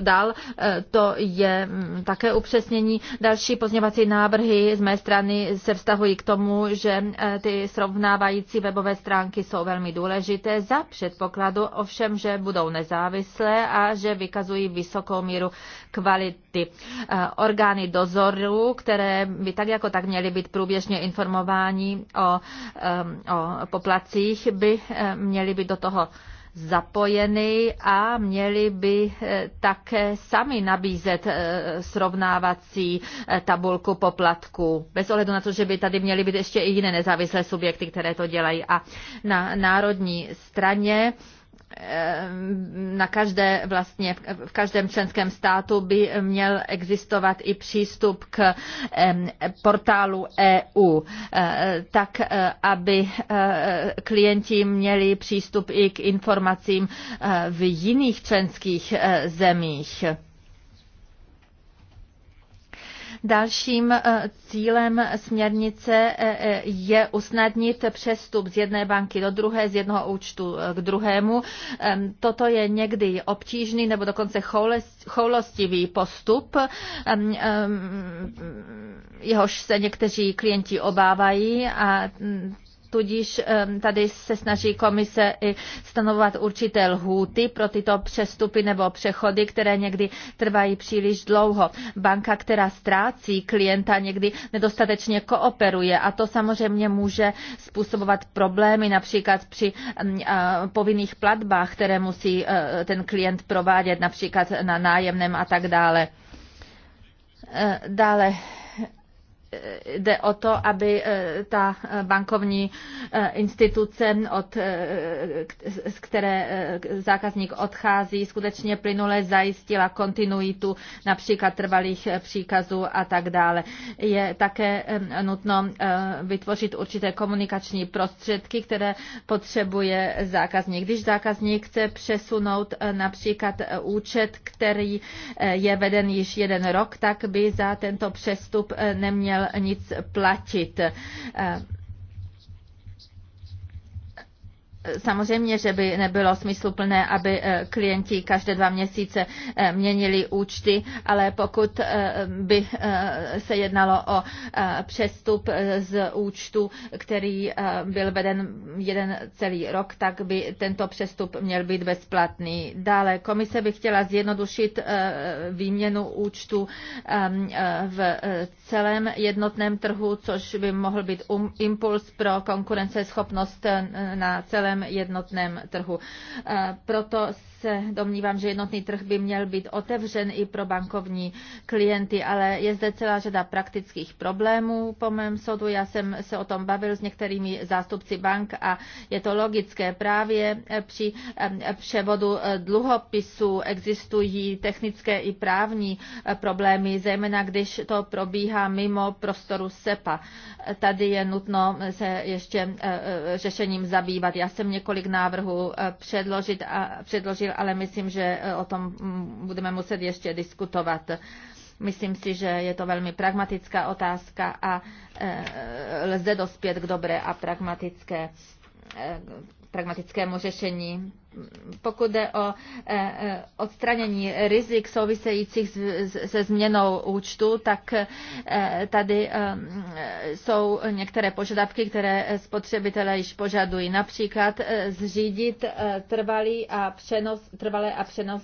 dal. E, to je mm, také upřesnění. Další pozněvací návrhy z mé strany se vztahují k tomu, že e, ty srovnávající webové stránky jsou velmi důležité za předpokladu ovšem, že budou nezávislé a že vykazují vysokou míru kvality orgány dozoru, které by tak jako tak měly být průběžně informováni o, o poplacích, by e, měly být do toho zapojeny a měli by e, také sami nabízet e, srovnávací tabulku poplatku. Bez ohledu na to, že by tady měly být ještě i jiné nezávislé subjekty, které to dělají. A na národní straně na každé vlastně v každém členském státu by měl existovat i přístup k portálu EU, eh, tak eh, aby eh, klienti měli přístup i k informacím v jiných členských zemích. Dalším eh, cílem směrnice eh, eh, je usnadnit přestup z jedné banky do druhé, z jednoho účtu k druhému. Toto je někdy obtížný nebo dokonce choulostivý postup, jehož se někteří klienti obávají a mm, tudíž tady se snaží komise i stanovat určité lhůty pro tyto přestupy nebo přechody, které někdy trvají příliš dlouho. Banka, která ztrácí klienta, někdy nedostatečně kooperuje a to samozřejmě může způsobovat problémy například při povinných platbách, které musí e, ten klient provádět například na nájemném a tak dále. E, dále Eh, jde o to, aby eh, ta eh, bankovní instituce, od, z které zákazník odchází, skutečně plynule zajistila kontinuitu například trvalých příkazů a tak dále. Je také nutno vytvořit určité komunikační prostředky, které potřebuje zákazník. Když zákazník chce přesunout například účet, který je veden již jeden rok, tak by za tento přestup neměl neměl nic platit. Samozřejmě, že by nebylo smysluplné, aby eh, klienti každé dva měsíce eh, měnili účty, ale pokud eh, by se jednalo o přestup z účtu, který byl veden jeden celý rok, tak by tento přestup měl být bezplatný. Dále komise by chtěla zjednodušit výměnu účtu ehm, v celém jednotném trhu, což by mohl být um, impuls pro konkurenceschopnost na celém celém jednotném trhu. Eh, proto se domnívám, že jednotný trh by měl být otevřen i pro bankovní klienty, ale je zde celá řada praktických problémů po mém soudu. Já jsem se o tom bavil s některými zástupci bank a je to logické. Právě při převodu eh, dluhopisů existují technické i právní eh, problémy, zejména když to probíhá mimo prostoru SEPA. Tady je nutno se ještě eh, řešením zabývat. Já jsem několik návrhů předložit a předložil předložil, ale myslím, že eh, o tom mm, budeme muset ještě diskutovat. Myslím si, že je to velmi pragmatická otázka a eh, lze dospět k dobré a pragmatické, eh, pragmatickému řešení pokud jde o eh, eh, odstranění rizik souvisejících se změnou účtu, tak eh, tady jsou některé požadavky, které spotřebitelé již požadují. Například zřídit trvalý a přenos, trvalé a přenos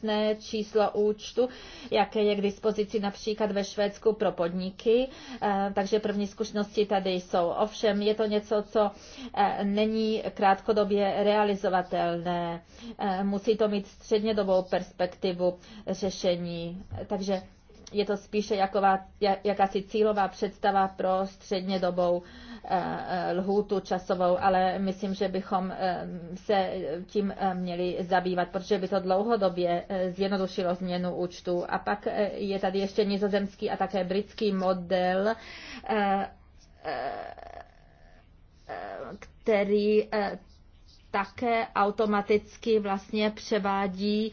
obecné číslo účtu, jaké je k dispozici například ve Švédsku pro podniky, eh, takže první zkušenosti tady jsou. Ovšem je to něco, co eh, není krátkodobě realizovatelné. Eh, musí to mít střednědobou perspektivu řešení. Takže je to spíše jaková, jakási cílová představa pro střednědobou eh, eh, lhůtu časovou, ale myslím, že bychom eh, se tím měli zabývat, protože by to dlouhodobě zjednodušilo změnu účtu. A pak je tady ještě nizozemský a také britský model, který také automaticky vlastně převádí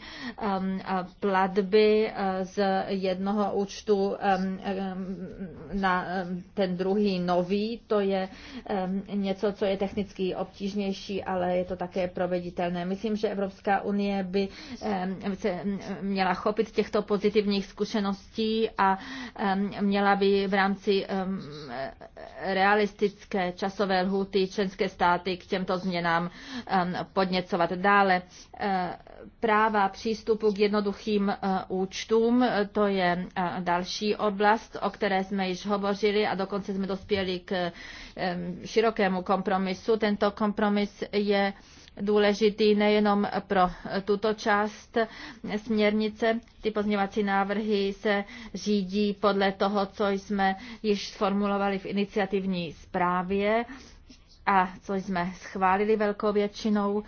um, platby uh, z jednoho účtu um, um, na ten druhý nový. To je něco, co je technicky obtížnější, ale je to také proveditelné. Myslím, že Evropská unie by se měla chopit těchto pozitivních zkušeností a měla by v rámci realistické časové lhuty členské státy k těmto změnám Um, podněcovat. Dále uh, práva přístupu k jednoduchým uh, účtům, uh, to je další oblast, o které jsme již hovořili a dokonce jsme dospěli k um, širokému kompromisu. Tento kompromis je důležitý nejenom pro tuto část směrnice. Ty pozměvací návrhy se řídí podle toho, co jsme již sformulovali v iniciativní zprávě a co jsme schválili velkou většinou,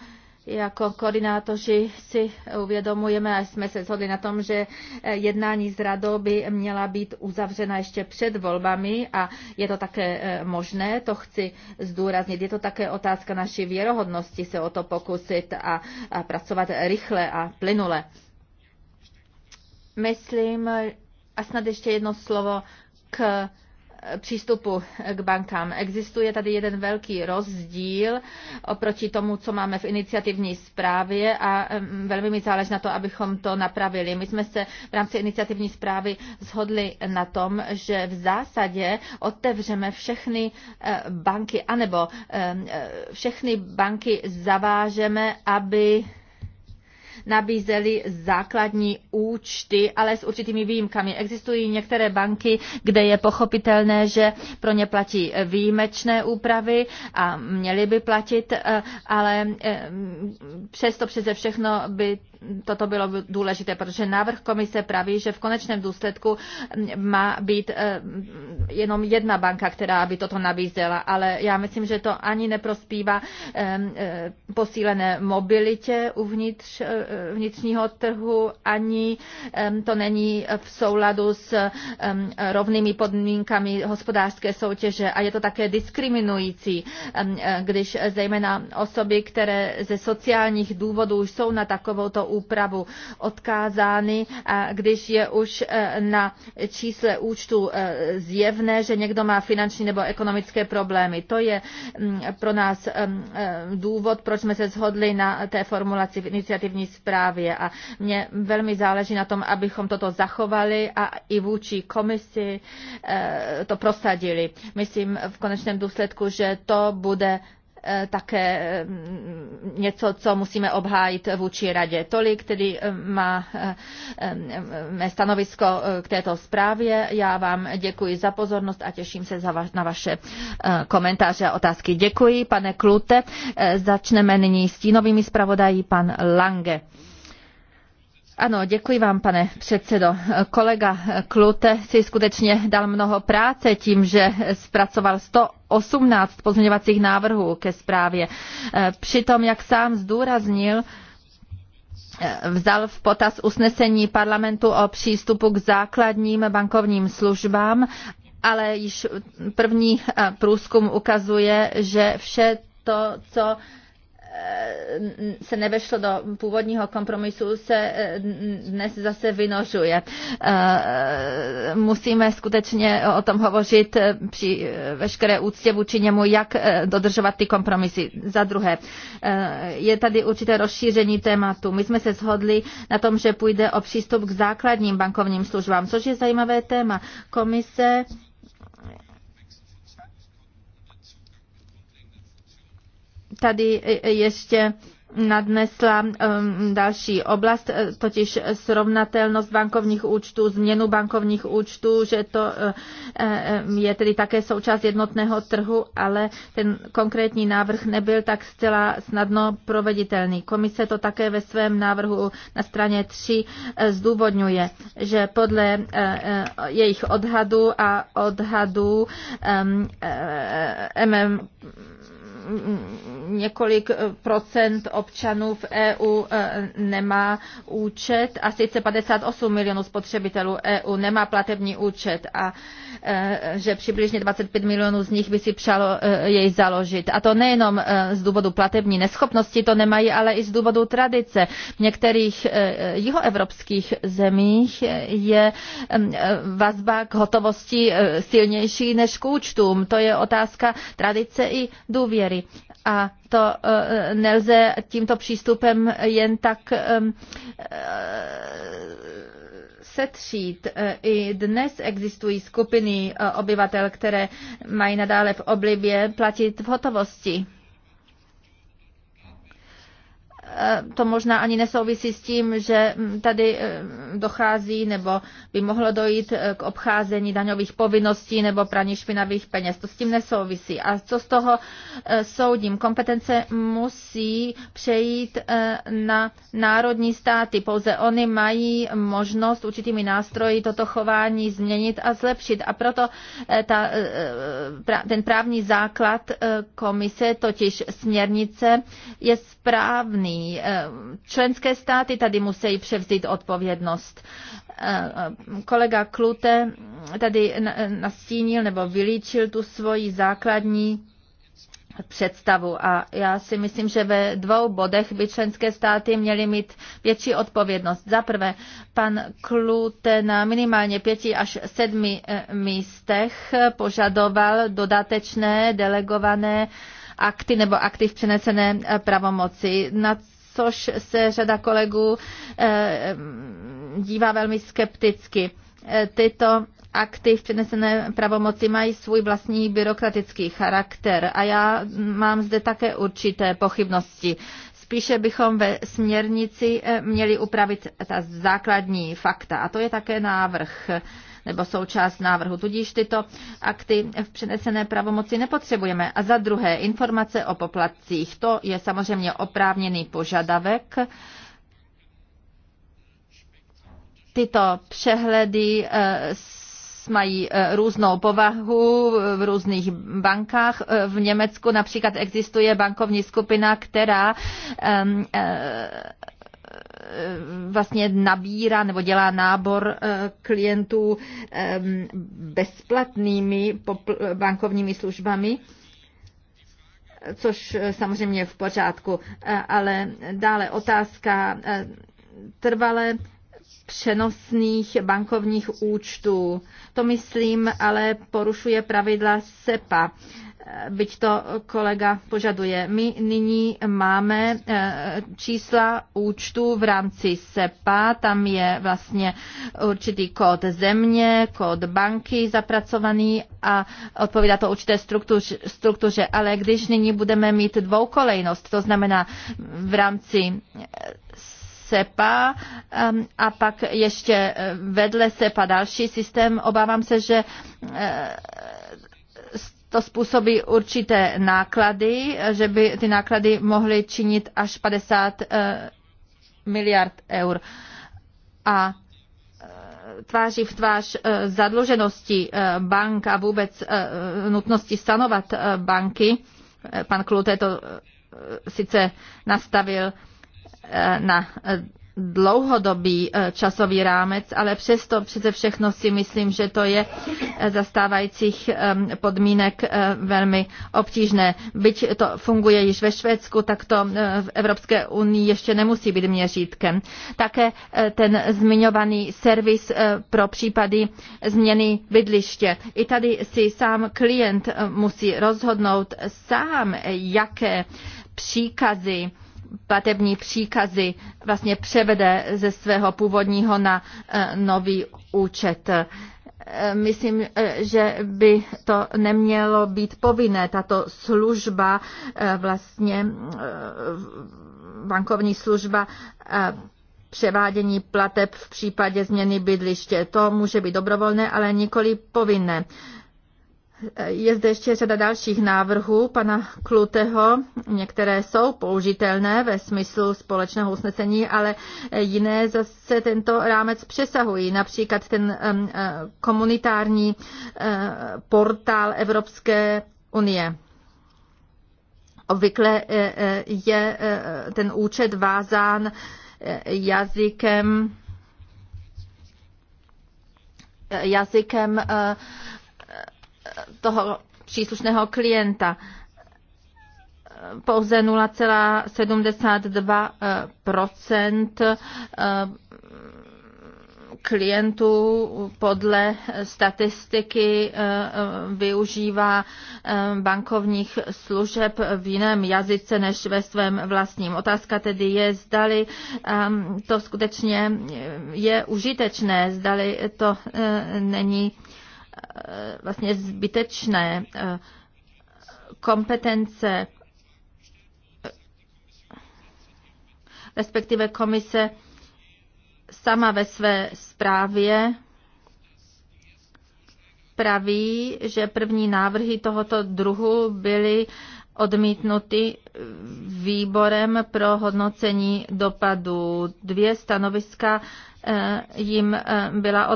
jako koordinátoři si uvědomujeme a jsme se shodli na tom, že eh, jednání s radou by měla být uzavřena ještě před volbami a je to také eh, možné, to chci zdůraznit. Je to také otázka naší věrohodnosti se o to pokusit a, a pracovat rychle a plynule. Myslím, a snad ještě jedno slovo k přístupu k bankám. Existuje tady jeden velký rozdíl oproti tomu, co máme v iniciativní zprávě a velmi mi záleží na to, abychom to napravili. My jsme se v rámci iniciativní zprávy shodli na tom, že v zásadě otevřeme všechny eh, banky, anebo eh, eh, všechny banky zavážeme, aby nabízeli základní účty, ale s určitými výjimkami. Existují některé banky, kde je pochopitelné, že pro ně platí výjimečné úpravy a měly by platit, eh, ale eh, přesto přeze všechno by toto bylo důležité, protože návrh komise praví, že v konečném důsledku má být eh, jenom jedna banka, která by toto nabízela, ale já myslím, že to ani neprospívá eh, eh, posílené mobilitě uvnitř vnitřního trhu, ani to není v souladu s rovnými podmínkami hospodářské soutěže a je to také diskriminující, když zejména osoby, které ze sociálních důvodů jsou na takovouto úpravu odkázány, když je už e, na čísle účtu e, zjevné, že někdo má finanční nebo ekonomické problémy. To je mm, pro nás e, důvod, proč jsme se shodli na té formulaci v iniciativní zprávě a mně velmi záleží na tom, abychom toto zachovali a i vůči komisi to prosadili. Myslím v konečném důsledku, že to bude Eh, také eh, něco, co musíme obhájit vůči radě. Tolik tedy eh, má mé stanovisko k této zprávě. Já vám děkuji za pozornost a těším se za vaš, na vaše komentáře a otázky. Děkuji, pane Klute. Začneme nyní s tínovými zpravodají, pan Lange. Ano, děkuji vám, pane předsedo. Kolega Klute si skutečně dal mnoho práce tím, že zpracoval 118 pozměňovacích návrhů ke zprávě. Přitom, jak sám zdůraznil, vzal v potaz usnesení parlamentu o přístupu k základním bankovním službám, ale již první průzkum ukazuje, že vše to, co Eh, se nevešlo do původního kompromisu, se eh, dnes zase vynožuje. Eh, musíme skutečně o tom hovořit při veškeré úctě vůči němu, jak dodržovat ty kompromisy. Za druhé, je tady určité rozšíření tématu. My jsme se shodli na tom, že půjde o přístup k základním bankovním službám, což je zajímavé téma. Komise tady ještě nadnesla um, další oblast, eh, totiž srovnatelnost bankovních účtů, změnu bankovních účtů, že to eh, eh, je tedy také součást jednotného trhu, ale ten konkrétní návrh nebyl tak zcela snadno proveditelný. Komise to také ve svém návrhu na straně 3 zdůvodňuje, že podle jejich odhadu a odhadu MM několik eh, procent občanů v EU eh, nemá účet a sice 58 milionů spotřebitelů EU nemá platební účet a eh, že přibližně 25 milionů z nich by si přálo jej založit. A to nejenom z důvodu platební neschopnosti to nemají, ale i z důvodu tradice. V některých jihoevropských zemích je vazba k hotovosti silnější než k účtům. To je otázka tradice i důvěry. A to eh, nelze tímto přístupem jen tak eh, eh, setřít. I dnes existují skupiny obyvatel, které mají nadále v oblibě platit v hotovosti. Eh, to možná ani nesouvisí s tím, že mm, tady eh, dochází nebo by mohlo dojít eh, k obcházení daňových povinností nebo praní špinavých peněz. To s tím nesouvisí. A co z toho soudím? Kompetence musí přejít na národní státy. Pouze oni mají možnost určitými nástroji toto chování změnit a zlepšit. A proto ta, ten právní základ komise, totiž směrnice, je správný Eh, členské státy tady musí převzít odpovědnost. Eh, eh, kolega Klute tady nastínil nebo vylíčil tu svoji základní představu a já si myslím, že ve dvou bodech by členské státy měly mít větší odpovědnost. Za prvé, pan Klute na minimálně pěti až sedmi místech požadoval dodatečné delegované uh, akty nebo akty v přenesené eh, pravomoci, na což se řada kolegů eh, dívá velmi skepticky. Eh, tyto akty v přenesené pravomoci mají svůj vlastní byrokratický charakter a já mám zde také určité pochybnosti. Spíše bychom ve směrnici měli upravit ta základní fakta a to je také návrh nebo součást návrhu. Tudíž tyto akty v přenesené pravomoci nepotřebujeme. A za druhé, informace o poplatcích. To je samozřejmě oprávněný požadavek tyto přehledy eh, mají eh, různou povahu v různých bankách. V Německu například existuje bankovní skupina, která eh, Eh, vlastně nabírá nebo dělá nábor eh, klientů eh, bezplatnými bankovními službami, což samozřejmě je v pořádku. Ale dále otázka trvale přenosných bankovních účtů. To myslím ale porušuje pravidla SEPA byť to kolega požaduje. My nyní máme eh, čísla účtu v rámci SEPA, tam je vlastně určitý kód země, kód banky zapracovaný a odpovídá to určité struktuře, ale když nyní budeme mít dvoukolejnost, to znamená v rámci eh, SEPA ehm, a pak ještě eh, vedle SEPA další systém, obávám se, že to způsobí určité náklady, že by ty náklady mohly činit až 50 eh, miliard eur. A eh, tváří v tvář eh, zadluženosti bank a vůbec nutnosti stanovat banky, pan Klute to sice nastavil na dlouhodobý eh, časový rámec, ale přesto přece všechno si myslím, že to je eh, stávajících ehm, podmínek eh, velmi obtížné. Byť to funguje již ve Švédsku, tak to v Evropské unii ještě nemusí být měřítkem. Také ten zmiňovaný servis pro případy změny bydliště. I tady si sám klient musí rozhodnout sám, jaké příkazy platební příkazy vlastně převede ze svého původního na eh, nový účet. Eh, myslím, eh, že by to nemělo být povinné, tato služba vlastně bankovní služba převádění plateb v případě změny bydliště. To může být dobrovolné, ale nikoli povinné. Je zde ještě řada dalších návrhů pana Kluteho. Některé jsou použitelné ve smyslu společného usnesení, ale jiné zase tento rámec přesahují. Například ten eh, eh, komunitární eh, portál Evropské unie. Obvykle je ten účet vázán jazykem jazykem toho příslušného klienta pouze 0,72 eh, klientů podle statistiky eh, využívá eh, bankovních služeb v jiném jazyce než ve svém vlastním. Otázka tedy je, zdali ehm, to skutečně je užitečné, zdali to není Eh, vlastně zbytečné eh, kompetence eh, respektive komise sama ve své zprávě praví, že první návrhy tohoto druhu byly odmítnuty výborem pro hodnocení dopadů. Dvě stanoviska Eh, jim eh, byla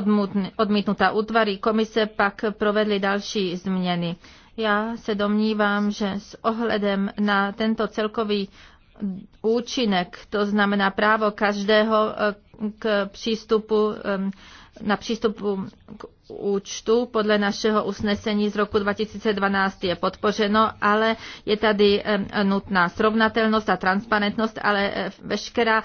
odmítnuta. Útvary komise pak provedly další změny. Já se domnívám, že s ohledem na tento celkový účinek, to znamená právo každého eh, k přístupu na přístupu k účtu podle našeho usnesení z roku 2012 je podpořeno, ale je tady nutná srovnatelnost a transparentnost, ale eh, veškerá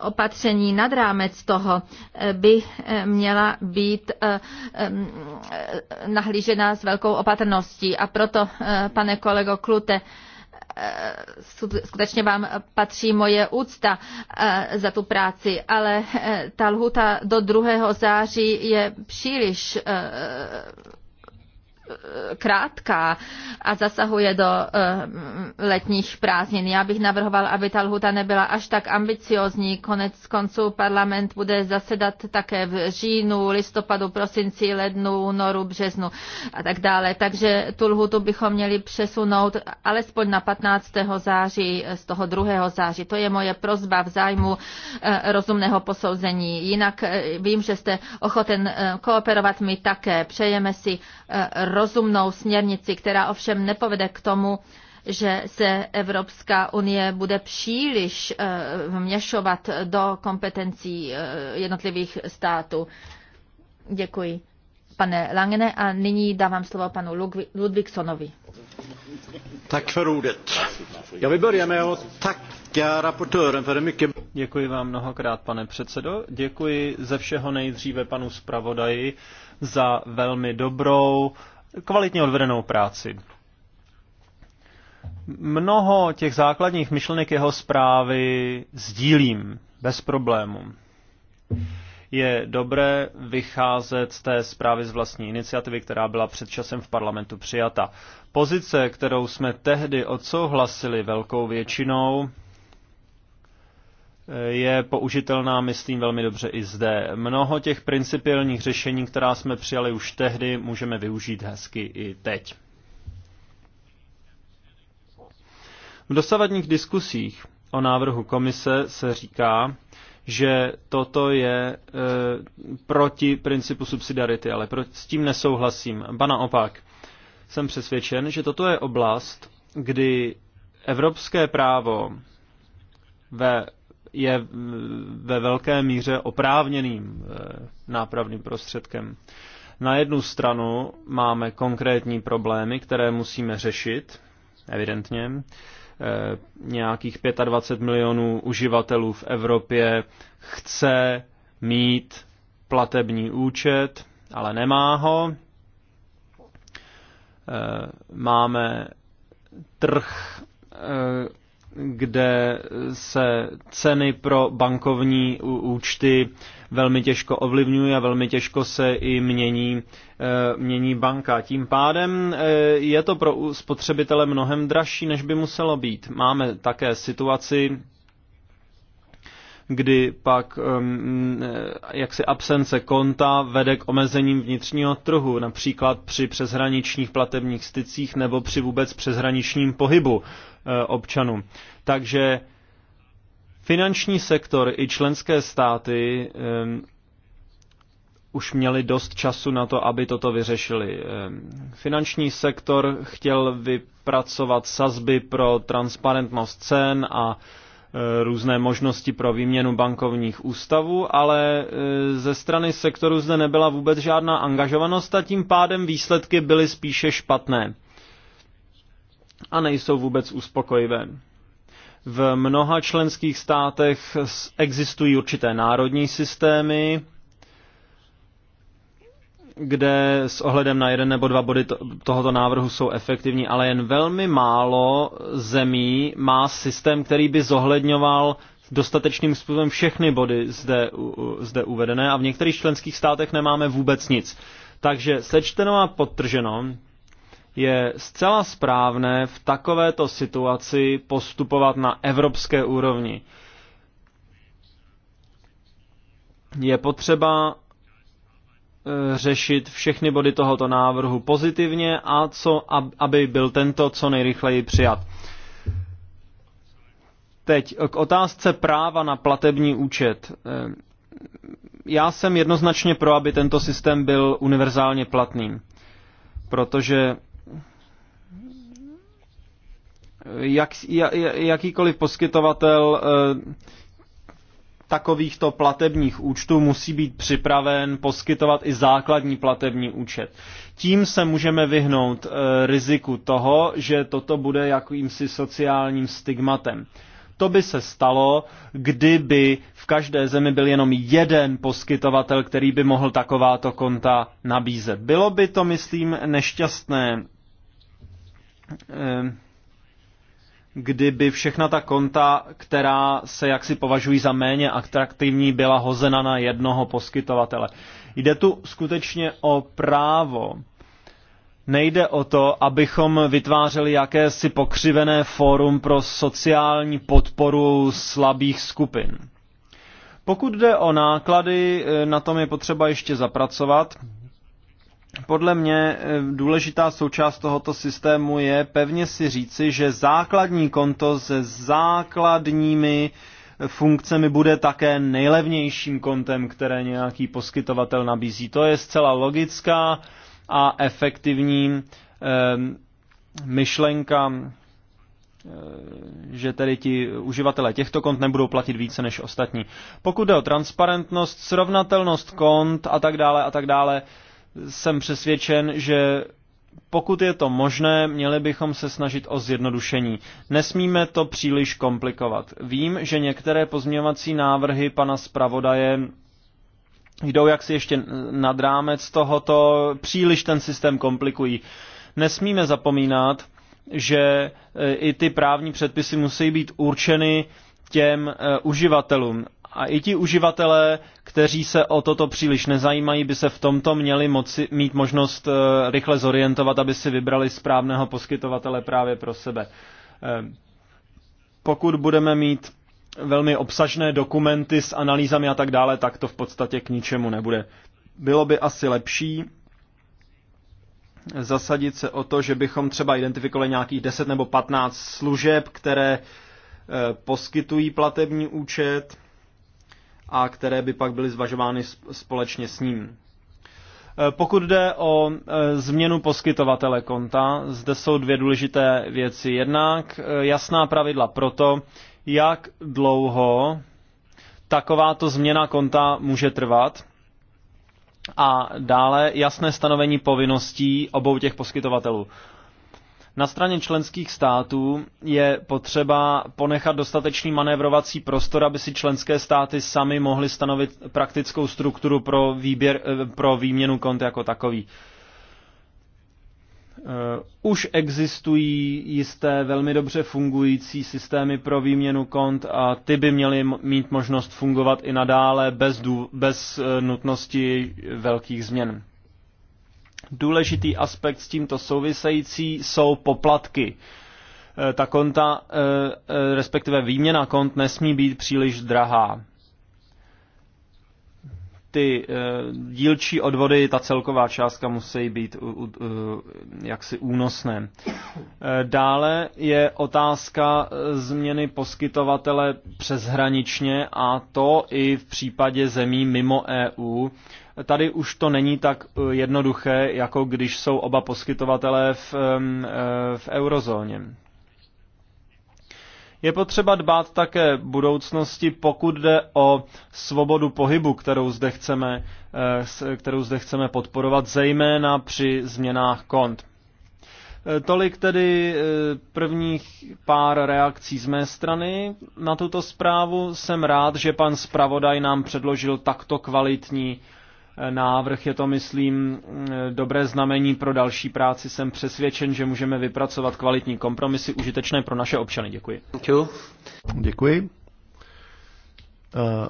opatření nad rámec toho eh, by eh, měla být nahlížena s velkou opatrností. A proto, pane kolego Klute, Eh, skutečně vám patří moje úcta eh, za tu práci, ale eh, ta lhuta do 2. září je příliš krátká a zasahuje do eh, letních prázdnin. Já bych navrhoval, aby ta lhuta nebyla až tak ambiciozní. Konec konců parlament bude zasedat také v říjnu, listopadu, prosinci, lednu, noru, březnu a tak dále. Takže tu lhutu bychom měli přesunout alespoň na 15. září z toho 2. září. To je moje prozba v zájmu eh, rozumného posouzení. Jinak eh, vím, že jste ochoten kooperovat my také. Přejeme si rozumnou směrnici, která ovšem nepovede k tomu, že se Evropská unie bude příliš eh, vměšovat do kompetencí eh, jednotlivých států. Děkuji, pane Langene, a nyní dávám slovo panu Ludvíksonovi. Tak för Já vyberujeme o tak. Děkuji vám mnohokrát, pane předsedo. Děkuji ze všeho nejdříve panu zpravodaji za velmi dobrou kvalitně odvedenou práci. Mnoho těch základních myšlenek jeho zprávy sdílím bez problému. Je dobré vycházet z té zprávy z vlastní iniciativy, která byla před časem v parlamentu přijata. Pozice, kterou jsme tehdy odsouhlasili velkou většinou, je použitelná, myslím, velmi dobře i zde. Mnoho těch principiálních řešení, která jsme přijali už tehdy, můžeme využít hezky i teď. V dosavadních diskusích o návrhu komise se říká, že toto je e, proti principu subsidiarity, ale pro, s tím nesouhlasím. Ba naopak, jsem přesvědčen, že toto je oblast, kdy evropské právo ve je ve velké míře oprávněným eh, nápravným prostředkem. Na jednu stranu máme konkrétní problémy, které musíme řešit, evidentně. Eh, nějakých 25 milionů uživatelů v Evropě chce mít platební účet, ale nemá ho. Eh, máme trh kde se ceny pro bankovní účty velmi těžko ovlivňují a velmi těžko se i mění, eh, mění banka. Tím pádem eh, je to pro spotřebitele mnohem dražší, než by muselo být. Máme také situaci, kdy pak jaksi absence konta vede k omezením vnitřního trhu, například při přeshraničních platebních stycích nebo při vůbec přeshraničním pohybu eh, občanů. Takže finanční sektor i členské státy už měli dost času na to, aby toto vyřešili. Finanční sektor chtěl vypracovat sazby pro transparentnost cen a Eh, různé možnosti pro výměnu bankovních ústavů, ale eh, ze strany sektoru zde nebyla vůbec žádná angažovanost a tím pádem výsledky byly spíše špatné a nejsou vůbec uspokojivé. V mnoha členských státech existují určité národní systémy, kde s ohledem na jeden nebo dva body tohoto návrhu jsou efektivní, ale jen velmi málo zemí má systém, který by zohledňoval dostatečným způsobem všechny body zde, zde uvedené a v některých členských státech nemáme vůbec nic. Takže sečteno a podtrženo je zcela správné v takovéto situaci postupovat na evropské úrovni. Je potřeba Eh, řešit všechny body tohoto návrhu pozitivně a co, aby byl tento co nejrychleji přijat. Teď k otázce práva na platební účet. Eh, já jsem jednoznačně pro, aby tento systém byl univerzálně platný, protože jak, jakýkoliv poskytovatel eh, takovýchto platebních účtů musí být připraven poskytovat i základní platební účet. Tím se můžeme vyhnout e, riziku toho, že toto bude jakýmsi sociálním stigmatem. To by se stalo, kdyby v každé zemi byl jenom jeden poskytovatel, který by mohl takováto konta nabízet. Bylo by to, myslím, nešťastné. E, kdyby všechna ta konta, která se jaksi považují za méně atraktivní, byla hozena na jednoho poskytovatele. Jde tu skutečně o právo. Nejde o to, abychom vytvářeli jakési pokřivené fórum pro sociální podporu slabých skupin. Pokud jde o náklady, eh, na tom je potřeba ještě zapracovat podle mě eh, důležitá součást tohoto systému je pevně si říci, že základní konto se základními eh, funkcemi bude také nejlevnějším kontem, které nějaký poskytovatel nabízí. To je zcela logická a efektivní ehm, myšlenka, eh, že tedy ti uživatelé těchto kont nebudou platit více než ostatní. Pokud jde o transparentnost, srovnatelnost kont a tak dále a tak dále, jsem přesvědčen, že pokud je to možné, měli bychom se snažit o zjednodušení. Nesmíme to příliš komplikovat. Vím, že některé pozměňovací návrhy pana zpravodaje jdou jaksi ještě nad rámec tohoto, příliš ten systém komplikují. Nesmíme zapomínat, že e, i ty právní předpisy musí být určeny těm e, uživatelům. A i ti uživatelé kteří se o toto příliš nezajímají, by se v tomto měli moci, mít možnost eh, rychle zorientovat, aby si vybrali správného poskytovatele právě pro sebe. Eh, pokud budeme mít velmi obsažné dokumenty s analýzami a tak dále, tak to v podstatě k ničemu nebude. Bylo by asi lepší zasadit se o to, že bychom třeba identifikovali nějakých 10 nebo 15 služeb, které eh, poskytují platební účet, a které by pak byly zvažovány společně s ním. E, pokud jde o e, změnu poskytovatele konta, zde jsou dvě důležité věci. Jednak e, jasná pravidla pro to, jak dlouho takováto změna konta může trvat a dále jasné stanovení povinností obou těch poskytovatelů. Na straně členských států je potřeba ponechat dostatečný manévrovací prostor, aby si členské státy sami mohly stanovit praktickou strukturu pro, výběr, eh, pro výměnu kont jako takový. Eh, už existují jisté velmi dobře fungující systémy pro výměnu kont a ty by měly mít možnost fungovat i nadále bez, bez eh, nutnosti velkých změn. Důležitý aspekt s tímto související jsou poplatky. E, ta konta, e, e, respektive výměna kont, nesmí být příliš drahá. Ty dílčí odvody, ta celková částka musí být jaksi únosné. Dále je otázka změny poskytovatele přeshraničně a to i v případě zemí mimo EU, Tady už to není tak eh, jednoduché, jako když jsou oba poskytovatelé v, eh, v eurozóně. Je potřeba dbát také budoucnosti, pokud jde o svobodu pohybu, kterou zde chceme, eh, kterou zde chceme podporovat, zejména při změnách kont. Tolik tedy prvních pár reakcí z mé strany na tuto zprávu. Jsem rád, že pan zpravodaj nám předložil takto kvalitní návrh. Je to, myslím, dobré znamení pro další práci. Jsem přesvědčen, že můžeme vypracovat kvalitní kompromisy užitečné pro naše občany. Děkuji. Děkuji. Děkuji. Eh,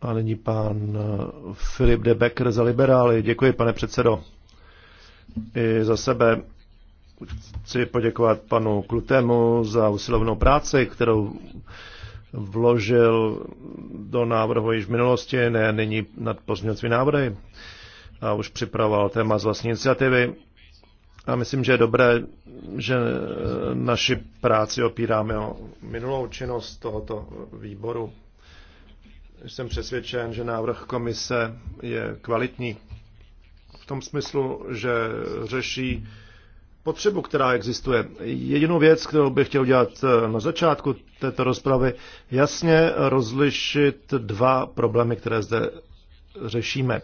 a nyní pan eh, Filip de Becker za liberály. Děkuji, pane předsedo. I za sebe chci poděkovat panu Klutemu za usilovnou práci, kterou vložil do návrhu již v minulosti, ne nyní nad pozměňovací návrhy a už připravoval téma z vlastní iniciativy. A myslím, že je dobré, že naši práci opíráme o minulou činnost tohoto výboru. Jsem přesvědčen, že návrh komise je kvalitní v tom smyslu, že řeší potřebu, která existuje. Jedinou věc, kterou bych chtěl dělat eh, na začátku této rozpravy, jasně rozlišit dva problémy, které zde řešíme.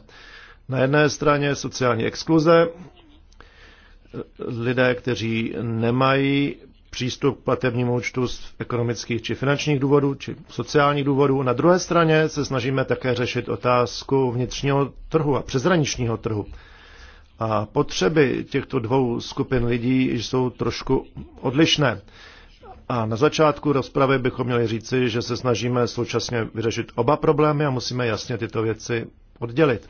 Na jedné straně sociální exkluze, eh, lidé, kteří nemají přístup k platebnímu účtu z ekonomických či finančních důvodů, či sociálních důvodů. Na druhé straně se snažíme také řešit otázku vnitřního trhu a přezraničního trhu. A potřeby těchto dvou skupin lidí jsou trošku odlišné. A na začátku rozpravy bychom měli říci, že se snažíme současně vyřešit oba problémy a musíme jasně tyto věci oddělit.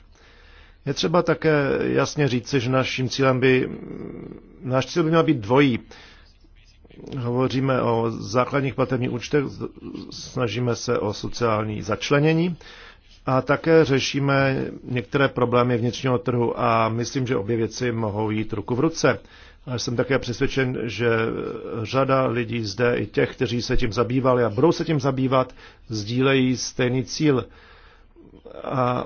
Je třeba také jasně říci, že naším cílem by, náš cíl by měl být dvojí. Hovoříme o základních platebních účtech, snažíme se o sociální začlenění a také řešíme některé problémy vnitřního trhu a myslím, že obě věci mohou jít ruku v ruce. A jsem také přesvědčen, že řada lidí zde, i těch, kteří se tím zabývali a budou se tím zabývat, sdílejí stejný cíl. A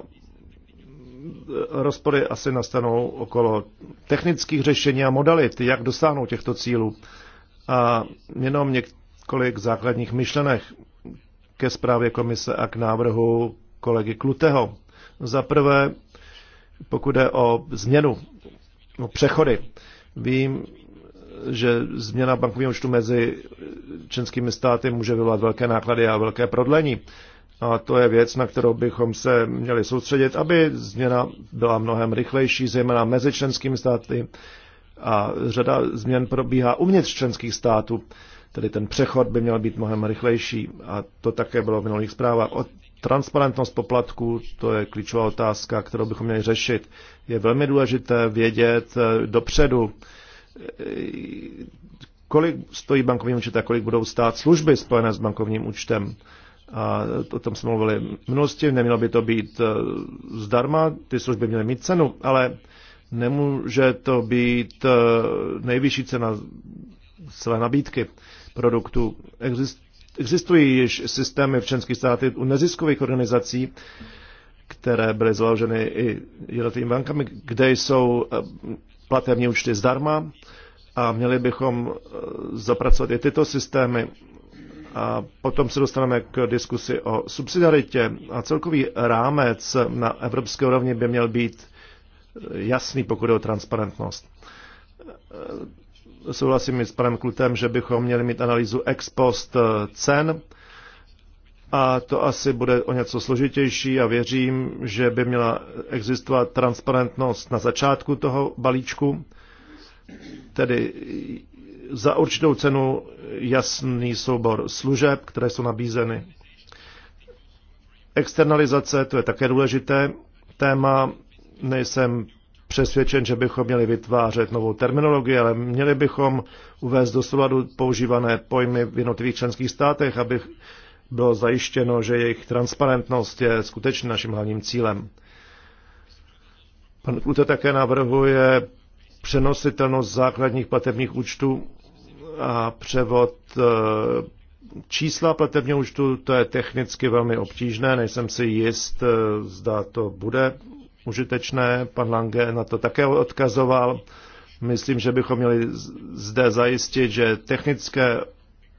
rozpory asi nastanou okolo technických řešení a modalit, jak dosáhnout těchto cílů. A jenom několik základních myšlenek ke zprávě komise a k návrhu kolegy Kluteho. Za prvé, pokud jde o změnu, o přechody, vím, že změna bankovního účtu mezi členskými státy může vyvolat velké náklady a velké prodlení. A to je věc, na kterou bychom se měli soustředit, aby změna byla mnohem rychlejší, zejména mezi členskými státy. A řada změn probíhá uvnitř členských států, tedy ten přechod by měl být mnohem rychlejší. A to také bylo v minulých zprávách. Transparentnost poplatků, to je klíčová otázka, kterou bychom měli řešit. Je velmi důležité vědět eh, dopředu, eh, kolik stojí bankovní účet a kolik budou stát služby spojené s bankovním účtem. A o tom jsme mluvili minulosti, nemělo by to být eh, zdarma, ty služby měly mít cenu, ale nemůže to být nejvyšší cena celé nabídky produktu. Exist, Existují již systémy v členských státech u neziskových organizací, které byly založeny i jednotlivými bankami, kde jsou eh, platební účty zdarma a měli bychom eh, zapracovat i tyto systémy. A potom se dostaneme k diskusi o subsidiaritě a celkový rámec na evropské úrovni by měl být eh, jasný, pokud je o transparentnost souhlasím s panem Klutem, že bychom měli mít analýzu ex post eh, cen a to asi bude o něco složitější a věřím, že by měla existovat transparentnost na začátku toho balíčku, tedy za určitou cenu jasný soubor služeb, které jsou nabízeny. Externalizace, to je také důležité téma, nejsem přesvědčen, že bychom měli vytvářet novou terminologii, ale měli bychom uvést do souladu používané pojmy v jednotlivých členských státech, aby bylo zajištěno, že jejich transparentnost je skutečně naším hlavním cílem. Pan Klute také navrhuje přenositelnost základních platebních účtů a převod e, čísla platebního účtu, to je technicky velmi obtížné, nejsem si jist, e, zda to bude užitečné. Pan Lange na to také odkazoval. Myslím, že bychom měli zde zajistit, že technické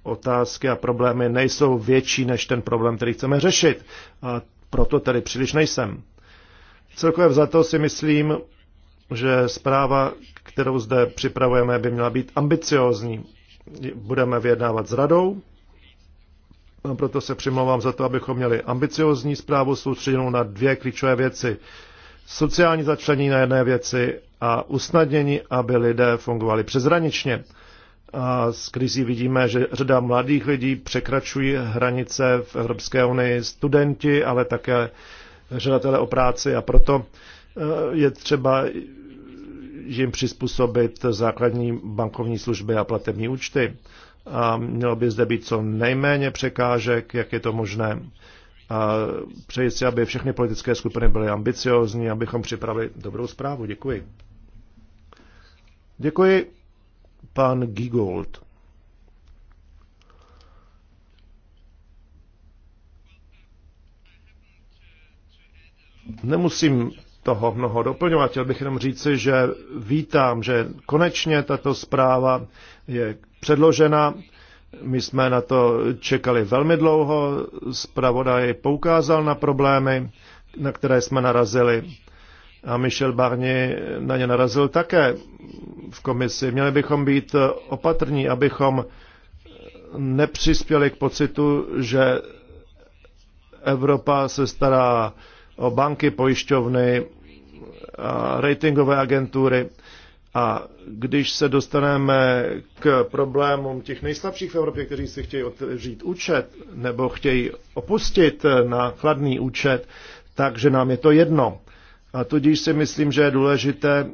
otázky a problémy nejsou větší než ten problém, který chceme řešit. A proto tady příliš nejsem. Celkově za to si myslím, že zpráva, kterou zde připravujeme, by měla být ambiciózní. Budeme vyjednávat s radou, a proto se přimlouvám za to, abychom měli ambiciózní zprávu soustředěnou na dvě klíčové věci sociální začlenění na jedné věci a usnadnění, aby lidé fungovali přezraničně. A z krizí vidíme, že řada mladých lidí překračují hranice v Evropské unii, studenti, ale také žadatelé o práci a proto e, je třeba jim přizpůsobit základní bankovní služby a platební účty. A mělo by zde být co nejméně překážek, jak je to možné a přeji si, aby všechny politické skupiny byly ambiciozní, abychom připravili dobrou zprávu. Děkuji. Děkuji, pan Gigold. Nemusím toho mnoho doplňovat. Chtěl bych jenom říci, že vítám, že konečně tato zpráva je předložena my jsme na to čekali velmi dlouho, zpravodaj poukázal na problémy, na které jsme narazili. A Michel Barnier na ně narazil také v komisi. Měli bychom být opatrní, abychom nepřispěli k pocitu, že Evropa se stará o banky, pojišťovny, a ratingové agentury a když se dostaneme k problémům těch nejslabších v Evropě, kteří si chtějí otevřít účet nebo chtějí opustit eh, na chladný účet, takže nám je to jedno. A tudíž si myslím, že je důležité,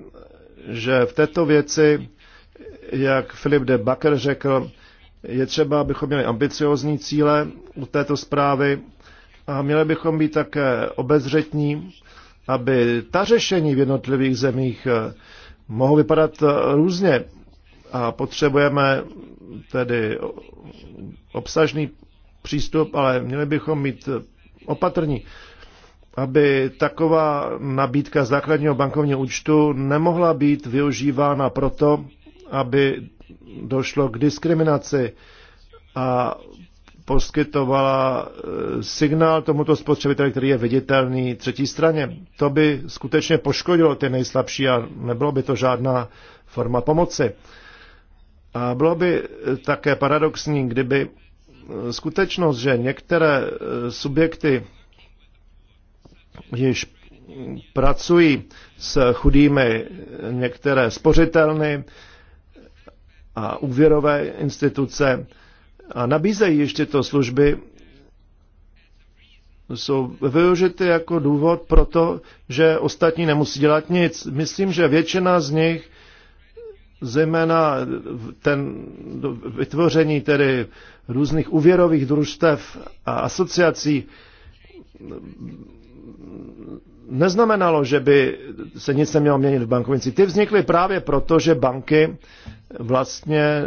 že v této věci, jak Filip de Bakker řekl, je třeba, abychom měli ambiciozní cíle u této zprávy a měli bychom být také obezřetní, aby ta řešení v jednotlivých zemích eh, mohou vypadat eh, různě a potřebujeme tedy obsažný přístup, ale měli bychom mít opatrní, aby taková nabídka základního bankovního účtu nemohla být využívána proto, aby došlo k diskriminaci a poskytovala eh, signál tomuto spotřebiteli, který je viditelný třetí straně. To by skutečně poškodilo ty nejslabší a nebylo by to žádná forma pomoci. A bylo by eh, také paradoxní, kdyby eh, skutečnost, že některé subjekty již pracují s chudými, některé spořitelny a úvěrové instituce, a nabízejí již tyto služby, jsou využity jako důvod pro to, že ostatní nemusí dělat nic. Myslím, že většina z nich, zejména ten vytvoření tedy různých úvěrových družstev a asociací, neznamenalo, že by se nic nemělo měnit v bankovnici. Ty vznikly právě proto, že banky vlastně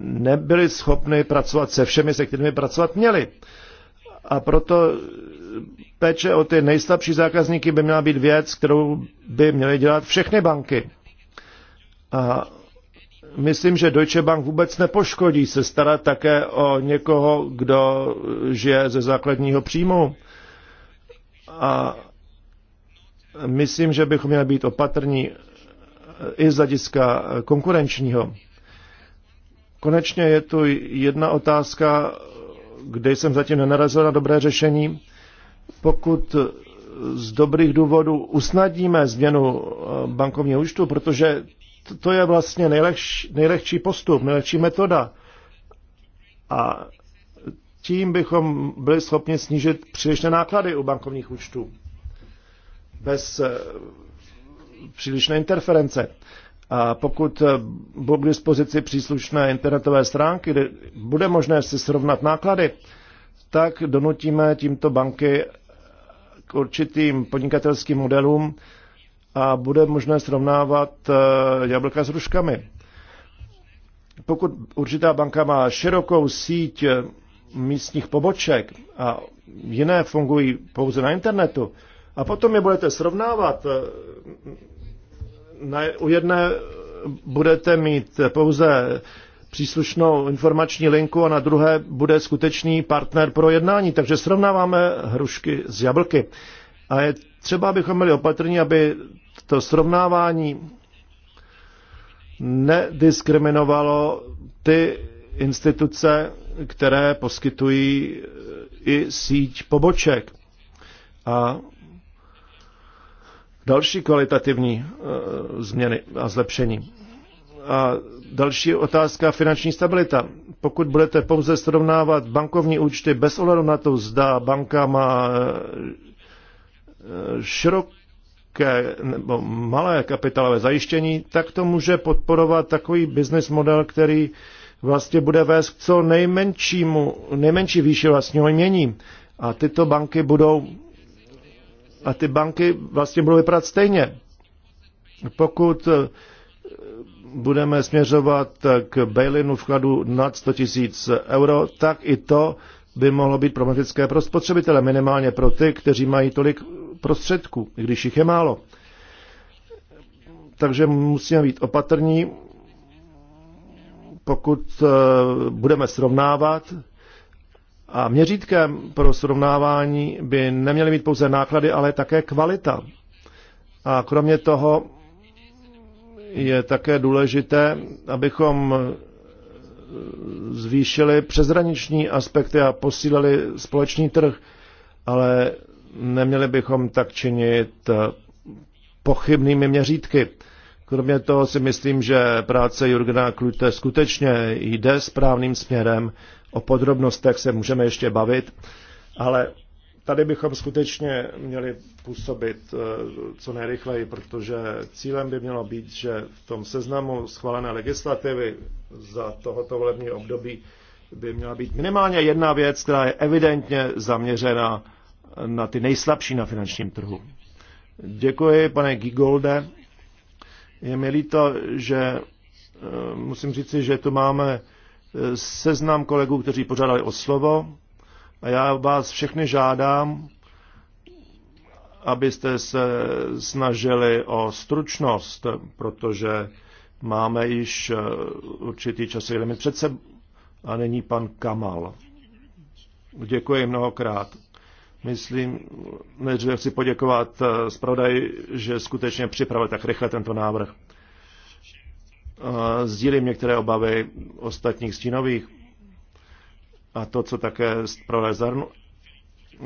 nebyli schopni pracovat se všemi, se kterými pracovat měli. A proto péče o ty nejslabší zákazníky by měla být věc, kterou by měly dělat všechny banky. A myslím, že Deutsche Bank vůbec nepoškodí se starat také o někoho, kdo žije ze základního příjmu. A myslím, že bychom měli být opatrní i z hlediska eh, konkurenčního. Konečně je tu jedna otázka, kde jsem zatím nenarazil na dobré řešení. Pokud z dobrých důvodů usnadníme změnu eh, bankovního účtu, protože to je vlastně nejlehčí, nejlehčí postup, nejlehčí metoda. A tím bychom byli schopni snížit přílišné náklady u bankovních účtů. Bez eh, přílišné interference. A pokud eh, budou k dispozici příslušné internetové stránky, kde bude možné si srovnat náklady, tak donutíme tímto banky k určitým podnikatelským modelům a bude možné srovnávat eh, jablka s ruškami. Pokud určitá banka má širokou síť eh, místních poboček a jiné fungují pouze na internetu, a potom je budete srovnávat. Eh, na, u jedné budete mít pouze příslušnou informační linku a na druhé bude skutečný partner pro jednání. Takže srovnáváme hrušky s jablky. A je třeba, abychom byli opatrní, aby to srovnávání nediskriminovalo ty instituce, které poskytují eh, i síť poboček. A další kvalitativní eh, změny a zlepšení. A další otázka finanční stabilita. Pokud budete pouze srovnávat bankovní účty bez ohledu na to, zda banka má eh, eh, široké nebo malé kapitálové zajištění, tak to může podporovat takový business model, který vlastně bude vést k co nejmenšímu, nejmenší výši vlastního jmění. A tyto banky budou a ty banky vlastně budou vypadat stejně. Pokud eh, budeme směřovat k bailinu vkladu nad 100 000 euro, tak i to by mohlo být problematické pro spotřebitele, minimálně pro ty, kteří mají tolik prostředků, i když jich je málo. Takže musíme být opatrní, pokud eh, budeme srovnávat a měřítkem pro srovnávání by neměly mít pouze náklady, ale také kvalita. A kromě toho je také důležité, abychom zvýšili přezraniční aspekty a posílili společný trh, ale neměli bychom tak činit pochybnými měřítky. Kromě toho si myslím, že práce Jurgena Klute skutečně jde správným směrem O podrobnostech se můžeme ještě bavit, ale tady bychom skutečně měli působit eh, co nejrychleji, protože cílem by mělo být, že v tom seznamu schválené legislativy za tohoto volební období by měla být minimálně jedna věc, která je evidentně zaměřena na ty nejslabší na finančním trhu. Děkuji, pane Gigolde. Je mi líto, že eh, musím říci, že tu máme seznam kolegů, kteří požádali o slovo a já vás všechny žádám, abyste se snažili o stručnost, protože máme již eh, určitý časový limit před sebou. A není pan Kamal. Děkuji mnohokrát. Myslím, nejdříve chci poděkovat eh, zpravodaj, že skutečně připravil tak rychle tento návrh sdílím některé obavy ostatních stínových a to, co také zpravodaj zahrnul.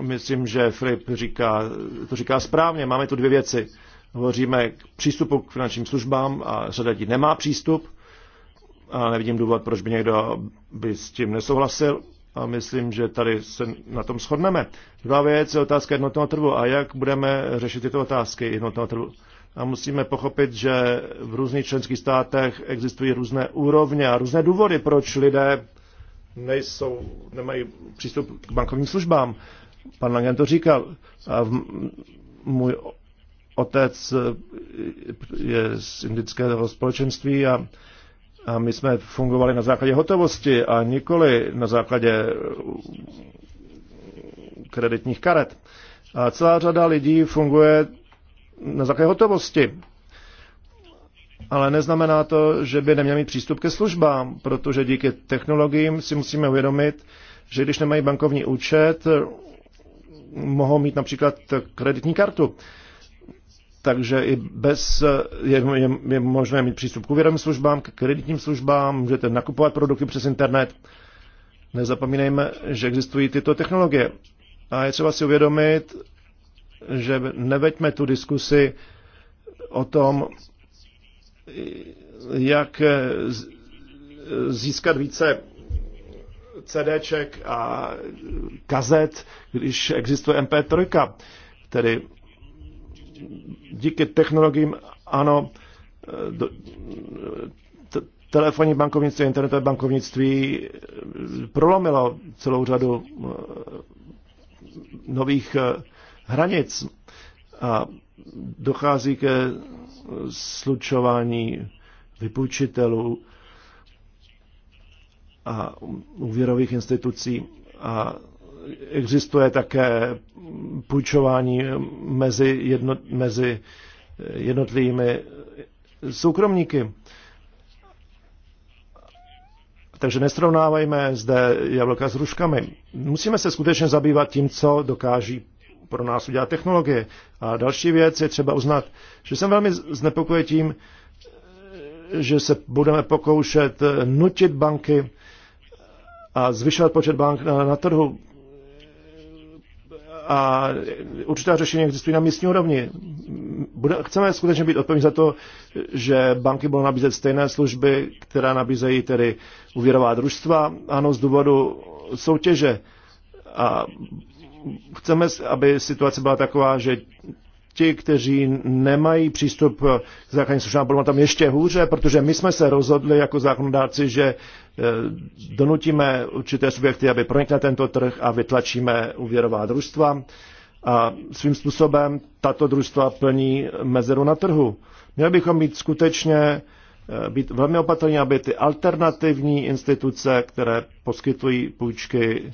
Myslím, že Filip říká, to říká správně. Máme tu dvě věci. Hovoříme k přístupu k finančním službám a řada lidí nemá přístup. A nevidím důvod, proč by někdo by s tím nesouhlasil. A myslím, že tady se na tom shodneme. Druhá věc je otázka jednotného trhu. A jak budeme řešit tyto otázky jednotného trhu? A musíme pochopit, že v různých členských státech existují různé úrovně a různé důvody, proč lidé nejsou, nemají přístup k bankovním službám. Pan Langen to říkal. A v, můj otec je z indického společenství a, a my jsme fungovali na základě hotovosti a nikoli na základě kreditních karet. A celá řada lidí funguje na základě hotovosti. Ale neznamená to, že by neměl mít přístup ke službám, protože díky technologiím si musíme uvědomit, že když nemají bankovní účet, mohou mít například kreditní kartu. Takže i bez, je, je, je možné mít přístup k úvěrovým službám, k kreditním službám, můžete nakupovat produkty přes internet. Nezapomínejme, že existují tyto technologie. A je třeba si uvědomit, že neveďme tu diskusi o tom, jak získat více CDček a kazet, když existuje MP3. Tedy díky technologiím, ano, do, telefonní bankovnictví, internetové bankovnictví prolomilo celou řadu eh, nových eh, hranic a dochází ke slučování vypůjčitelů a úvěrových institucí a existuje také půjčování mezi, jedno, mezi jednotlivými soukromníky. Takže nesrovnávajme zde jablka s ruškami. Musíme se skutečně zabývat tím, co dokáží pro nás udělá technologie. A další věc je třeba uznat, že jsem velmi znepokojen tím, že se budeme pokoušet nutit banky a zvyšovat počet bank na, na trhu. A určitá řešení existují na místní úrovni. Bude, chceme skutečně být odpovědní za to, že banky budou nabízet stejné služby, která nabízejí tedy úvěrová družstva, ano, z důvodu soutěže. A chceme, aby situace byla taková, že ti, kteří nemají přístup k základním slušným budou tam ještě hůře, protože my jsme se rozhodli jako zákonodáci, že eh, donutíme určité subjekty, aby pronikli tento trh a vytlačíme úvěrová družstva. A svým způsobem tato družstva plní mezeru na trhu. Měli bychom být skutečně eh, být velmi opatrní, aby ty alternativní instituce, které poskytují půjčky,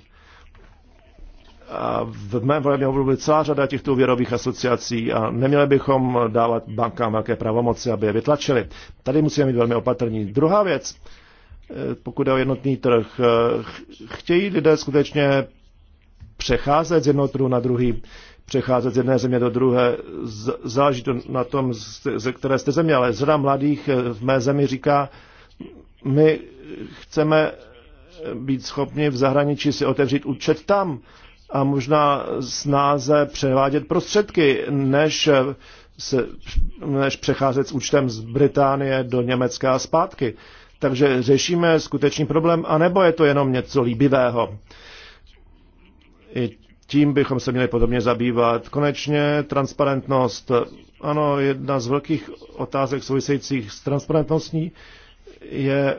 a v mém volebním obvodu je celá řada těchto úvěrových asociací a neměli bychom dávat bankám velké pravomoci, aby je vytlačili. Tady musíme být velmi opatrní. Druhá věc, eh, pokud je o jednotný trh, eh, chtějí lidé skutečně přecházet z jednoho trhu na druhý, přecházet z jedné země do druhé, záleží to na tom, ze které jste země, ale řada mladých eh, v mé zemi říká, my chceme být schopni v zahraničí si otevřít účet tam a možná snáze převádět prostředky, než, se, než přecházet s účtem z Británie do Německa a zpátky. Takže řešíme skutečný problém, anebo je to jenom něco líbivého. I tím bychom se měli podobně zabývat. Konečně transparentnost. Ano, jedna z velkých otázek souvisejících s transparentností je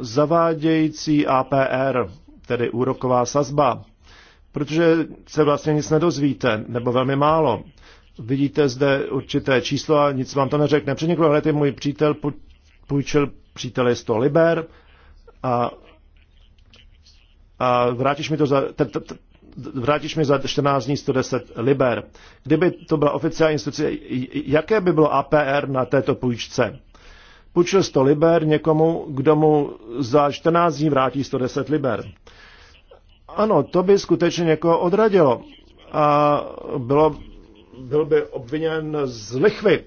zavádějící APR, tedy úroková sazba protože se vlastně nic nedozvíte, nebo velmi málo. Vidíte zde určité číslo a nic vám to neřekne. Před několika lety můj přítel půjčil příteli 100 liber a, a vrátíš mi to za, t, t, t, vrátíš mi za 14 dní 110 liber. Kdyby to byla oficiální instituce, jaké by bylo APR na této půjčce? Půjčil 100 liber někomu, kdo mu za 14 dní vrátí 110 liber. Ano, to by skutečně někoho odradilo a bylo, byl by obviněn z lichvy.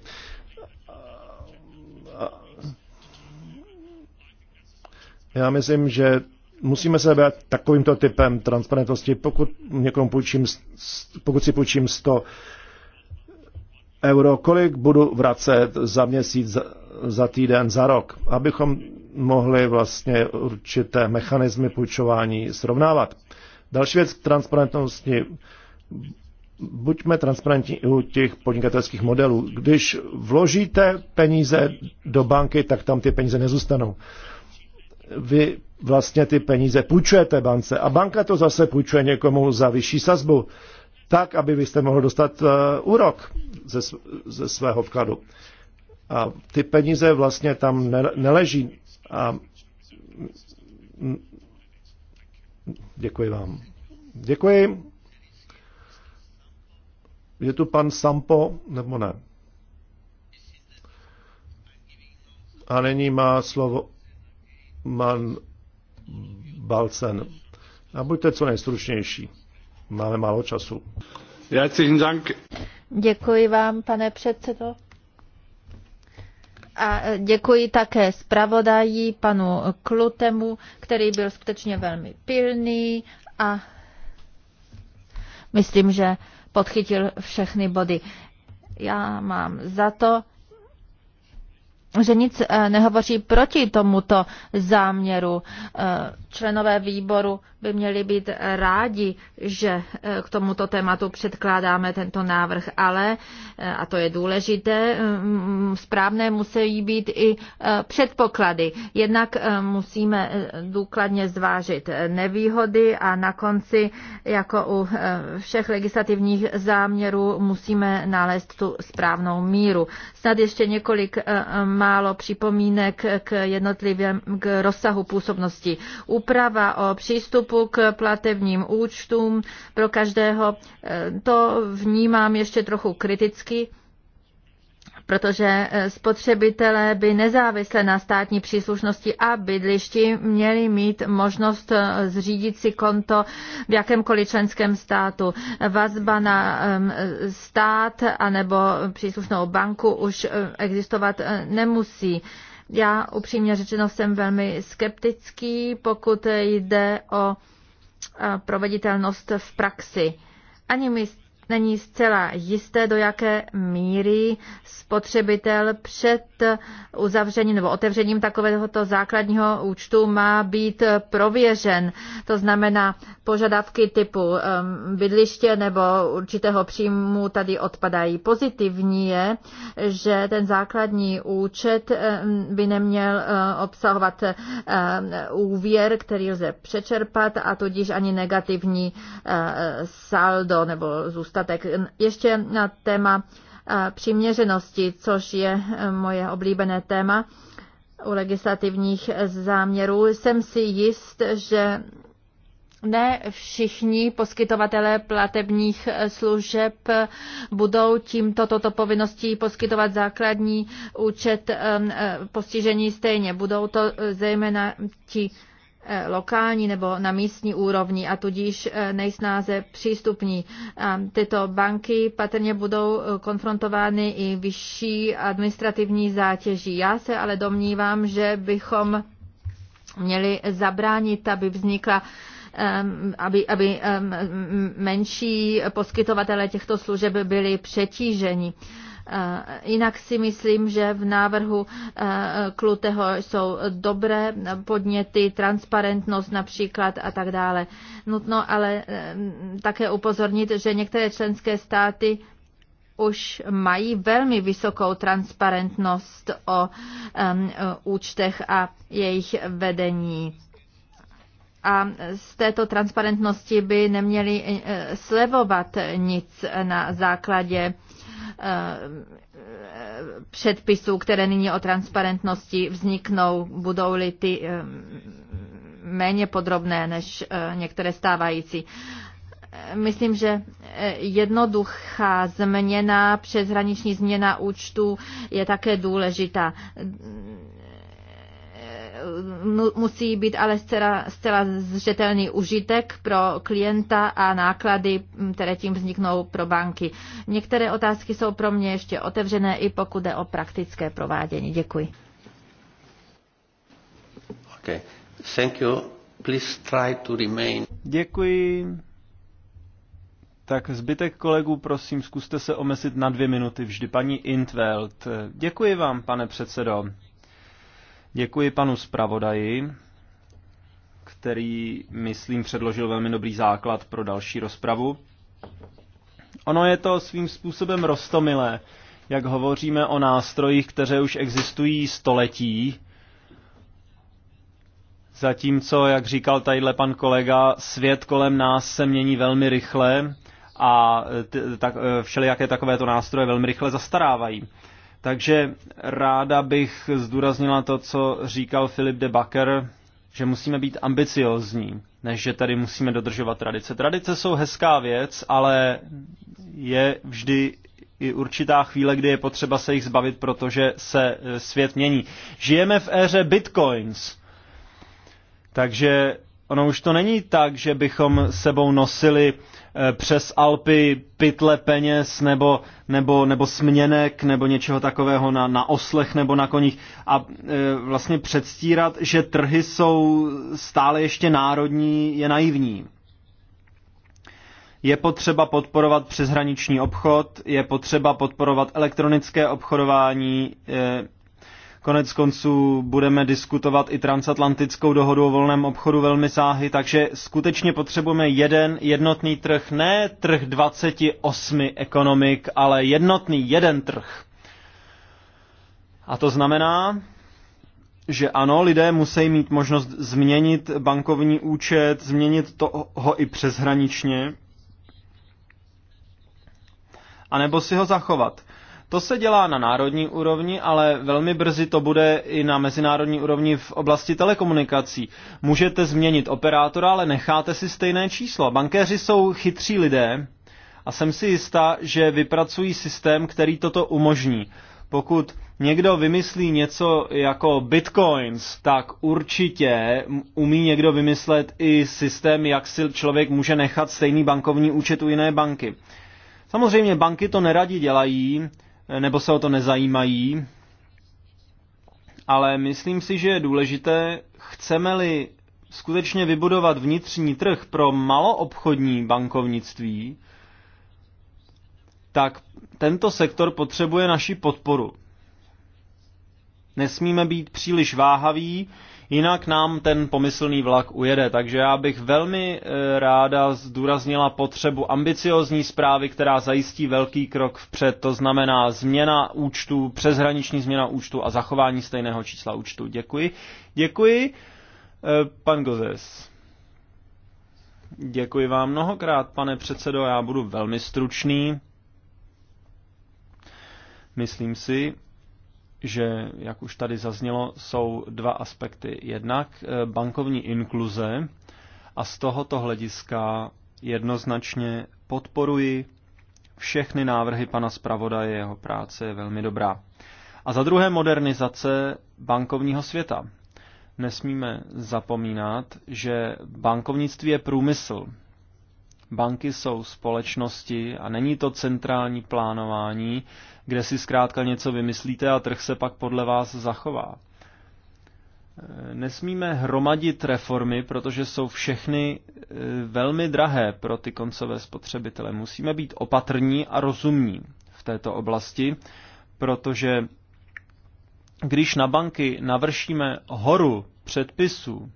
Já myslím, že musíme se být takovýmto typem transparentnosti. Pokud někomu půjčím, pokud si půjčím 100 euro, kolik budu vracet za měsíc, za, týden, za rok, abychom mohli vlastně určité mechanismy půjčování srovnávat. Další věc k transparentnosti. Buďme transparentní i u těch podnikatelských modelů. Když vložíte peníze do banky, tak tam ty peníze nezůstanou. Vy vlastně ty peníze půjčujete bance a banka to zase půjčuje někomu za vyšší sazbu, tak, aby vy jste mohl dostat uh, úrok ze, ze svého vkladu. A ty peníze vlastně tam ne, neleží. A Děkuji vám. Děkuji. Je tu pan Sampo, nebo ne? A nyní má slovo man Balcen. A buďte co nejstručnější. Máme málo času. Děkuji vám, pane předsedo. A děkuji také zpravodaji panu Klutemu, který byl skutečně velmi pilný a myslím, že podchytil všechny body. Já mám za to, že nic eh, nehovoří proti tomuto záměru. Eh, členové výboru by měli být rádi, že eh, k tomuto tématu předkládáme tento návrh, ale, eh, a to je důležité, mm, správné musí být i eh, předpoklady. Jednak musíme důkladně zvážit nevýhody a na konci, jako u všech legislativních záměrů, musíme nalézt tu správnou míru. Snad ještě několik málo připomínek k jednotlivým k rozsahu působnosti. Úprava o přístupu přístupu k platebním účtům pro každého. Eh, to vnímám ještě trochu kriticky protože eh, spotřebitelé by nezávisle na státní příslušnosti a bydlišti měli mít možnost eh, zřídit si konto v jakémkoliv členském státu. Vazba na ehm, stát anebo příslušnou banku už existovat nemusí. Já upřímně řečeno jsem velmi skeptický, pokud jde o proveditelnost v praxi. Ani my Není zcela jisté, do jaké míry spotřebitel před uzavřením nebo otevřením takovéhoto základního účtu má být prověřen. To znamená požadavky typu bydliště nebo určitého příjmu tady odpadají. Pozitivní je, že ten základní účet by neměl eh, obsahovat eh, úvěr, který lze přečerpat a tudíž ani negativní eh, saldo nebo zůstat nedostatek. Ještě na téma přiměřenosti, což je e, moje oblíbené téma u legislativních záměrů. Jsem si jist, že ne všichni poskytovatelé platebních e, služeb budou tímto toto povinností poskytovat základní účet e, postižení stejně. Budou to zejména ti Eh, lokální nebo na místní úrovni a tudíž eh, nejsnáze přístupní. Tyto banky patrně budou eh, konfrontovány i vyšší administrativní zátěží. Já se ale domnívám, že bychom měli zabránit, aby vznikla aby, aby menší poskytovatele těchto služeb byli přetíženi. Eh, jinak si myslím, že v návrhu eh, Kluteho jsou dobré podněty, transparentnost například a tak dále. Nutno ale také upozornit, že některé členské státy už mají velmi vysokou transparentnost o um, účtech a jejich vedení a z této transparentnosti by neměli eh, slevovat nic na základě eh, předpisů, které nyní o transparentnosti vzniknou, budou-li ty eh, méně podrobné než některé stávající. Myslím, že jednoduchá změna, přeshraniční změna účtu je také důležitá musí být ale zcela, zcela zřetelný užitek pro klienta a náklady, které tím vzniknou pro banky. Některé otázky jsou pro mě ještě otevřené, i pokud jde o praktické provádění. Děkuji. Okay. Thank you. Please try to remain. Děkuji. Tak zbytek kolegů, prosím, zkuste se omezit na dvě minuty vždy. Paní Intveld, děkuji vám, pane předsedo. Děkuji panu zpravodaji, který, myslím, předložil velmi dobrý základ pro další rozpravu. Ono je to svým způsobem rostomilé, jak hovoříme o nástrojích, které už existují století, zatímco, jak říkal tadyhle pan kolega, svět kolem nás se mění velmi rychle a t- tak, e, všelijaké takovéto nástroje velmi rychle zastarávají. Takže ráda bych zdůraznila to, co říkal Filip de Backer, že musíme být ambiciozní, než že tady musíme dodržovat tradice. Tradice jsou hezká věc, ale je vždy i určitá chvíle, kdy je potřeba se jich zbavit, protože se e, svět mění. Žijeme v éře bitcoins, takže ono už to není tak, že bychom sebou nosili Eh, přes Alpy pytle peněz nebo, nebo, nebo směnek nebo něčeho takového na, na oslech nebo na koních a e, vlastně předstírat, že trhy jsou stále ještě národní, je naivní. Je potřeba podporovat přeshraniční obchod, je potřeba podporovat elektronické obchodování, e, Konec konců budeme diskutovat i transatlantickou dohodu o volném obchodu velmi sáhy, takže skutečně potřebujeme jeden jednotný trh, ne trh 28 ekonomik, ale jednotný jeden trh. A to znamená, že ano, lidé musí mít možnost změnit bankovní účet, změnit toho i přeshraničně, anebo si ho zachovat. To se dělá na národní úrovni, ale velmi brzy to bude i na mezinárodní úrovni v oblasti telekomunikací. Můžete změnit operátora, ale necháte si stejné číslo. Bankéři jsou chytří lidé a jsem si jistá, že vypracují systém, který toto umožní. Pokud někdo vymyslí něco jako bitcoins, tak určitě umí někdo vymyslet i systém, jak si člověk může nechat stejný bankovní účet u jiné banky. Samozřejmě banky to neradi dělají, nebo se o to nezajímají, ale myslím si, že je důležité, chceme-li skutečně vybudovat vnitřní trh pro maloobchodní bankovnictví, tak tento sektor potřebuje naši podporu. Nesmíme být příliš váhaví, Jinak nám ten pomyslný vlak ujede. Takže já bych velmi eh, ráda zdůraznila potřebu ambiciozní zprávy, která zajistí velký krok vpřed. To znamená změna účtu, přeshraniční změna účtu a zachování stejného čísla účtu. Děkuji. Děkuji. Eh, pan Gozes. Děkuji vám mnohokrát, pane předsedo. Já budu velmi stručný. Myslím si, že, jak už tady zaznělo, jsou dva aspekty. Jednak eh, bankovní inkluze a z tohoto hlediska jednoznačně podporuji všechny návrhy pana zpravodaje, jeho práce je velmi dobrá. A za druhé modernizace bankovního světa. Nesmíme zapomínat, že bankovnictví je průmysl. Banky jsou společnosti a není to centrální plánování, kde si zkrátka něco vymyslíte a trh se pak podle vás zachová. E, nesmíme hromadit reformy, protože jsou všechny e, velmi drahé pro ty koncové spotřebitele. Musíme být opatrní a rozumní v této oblasti, protože když na banky navršíme horu předpisů,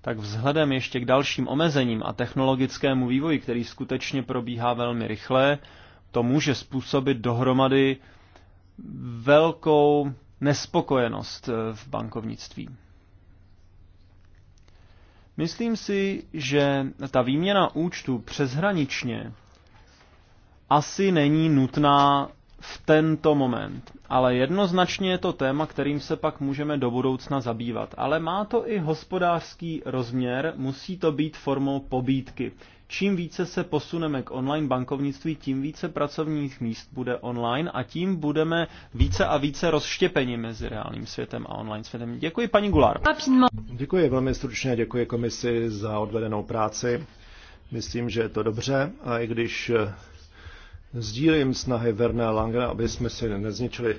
tak vzhledem ještě k dalším omezením a technologickému vývoji, který skutečně probíhá velmi rychle, to může způsobit dohromady velkou nespokojenost eh, v bankovnictví. Myslím si, že ta výměna účtu přeshraničně asi není nutná v tento moment, ale jednoznačně je to téma, kterým se pak můžeme do budoucna zabývat. Ale má to i hospodářský rozměr, musí to být formou pobídky. Čím více se posuneme k online bankovnictví, tím více pracovních míst bude online a tím budeme více a více rozštěpeni mezi reálným světem a online světem. Děkuji, paní Gular. Děkuji velmi stručně, děkuji komisi za odvedenou práci. Myslím, že je to dobře a i když eh, sdílím snahy Verné Langena, aby jsme si nezničili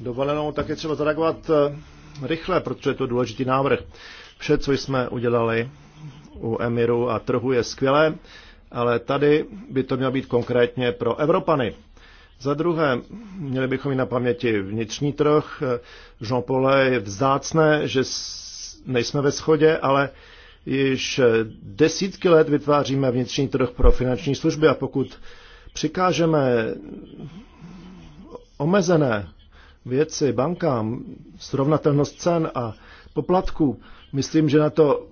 dovolenou, tak je třeba zareagovat eh, rychle, protože je to důležitý návrh. Vše, co jsme udělali u Emiru a trhu je skvělé, ale tady by to mělo být konkrétně pro Evropany. Za druhé, měli bychom i na paměti vnitřní trh. Jean-Paul je vzácné, že nejsme ve schodě, ale již desítky let vytváříme vnitřní trh pro finanční služby a pokud přikážeme omezené věci bankám, srovnatelnost cen a poplatků, Myslím, že na to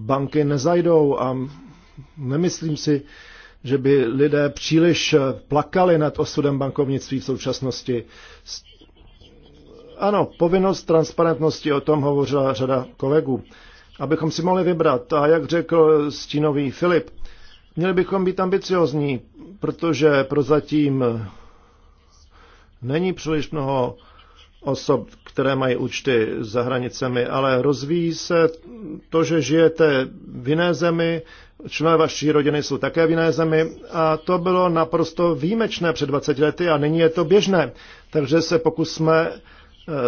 banky nezajdou a nemyslím si, že by lidé příliš plakali nad osudem bankovnictví v současnosti. Ano, povinnost transparentnosti, o tom hovořila řada kolegů. Abychom si mohli vybrat, a jak řekl stínový Filip, měli bychom být ambiciozní, protože prozatím není příliš mnoho osob, které mají účty za hranicemi, ale rozvíjí se to, že žijete v jiné zemi, členové vaší rodiny jsou také v jiné zemi a to bylo naprosto výjimečné před 20 lety a nyní je to běžné. Takže se pokusme eh,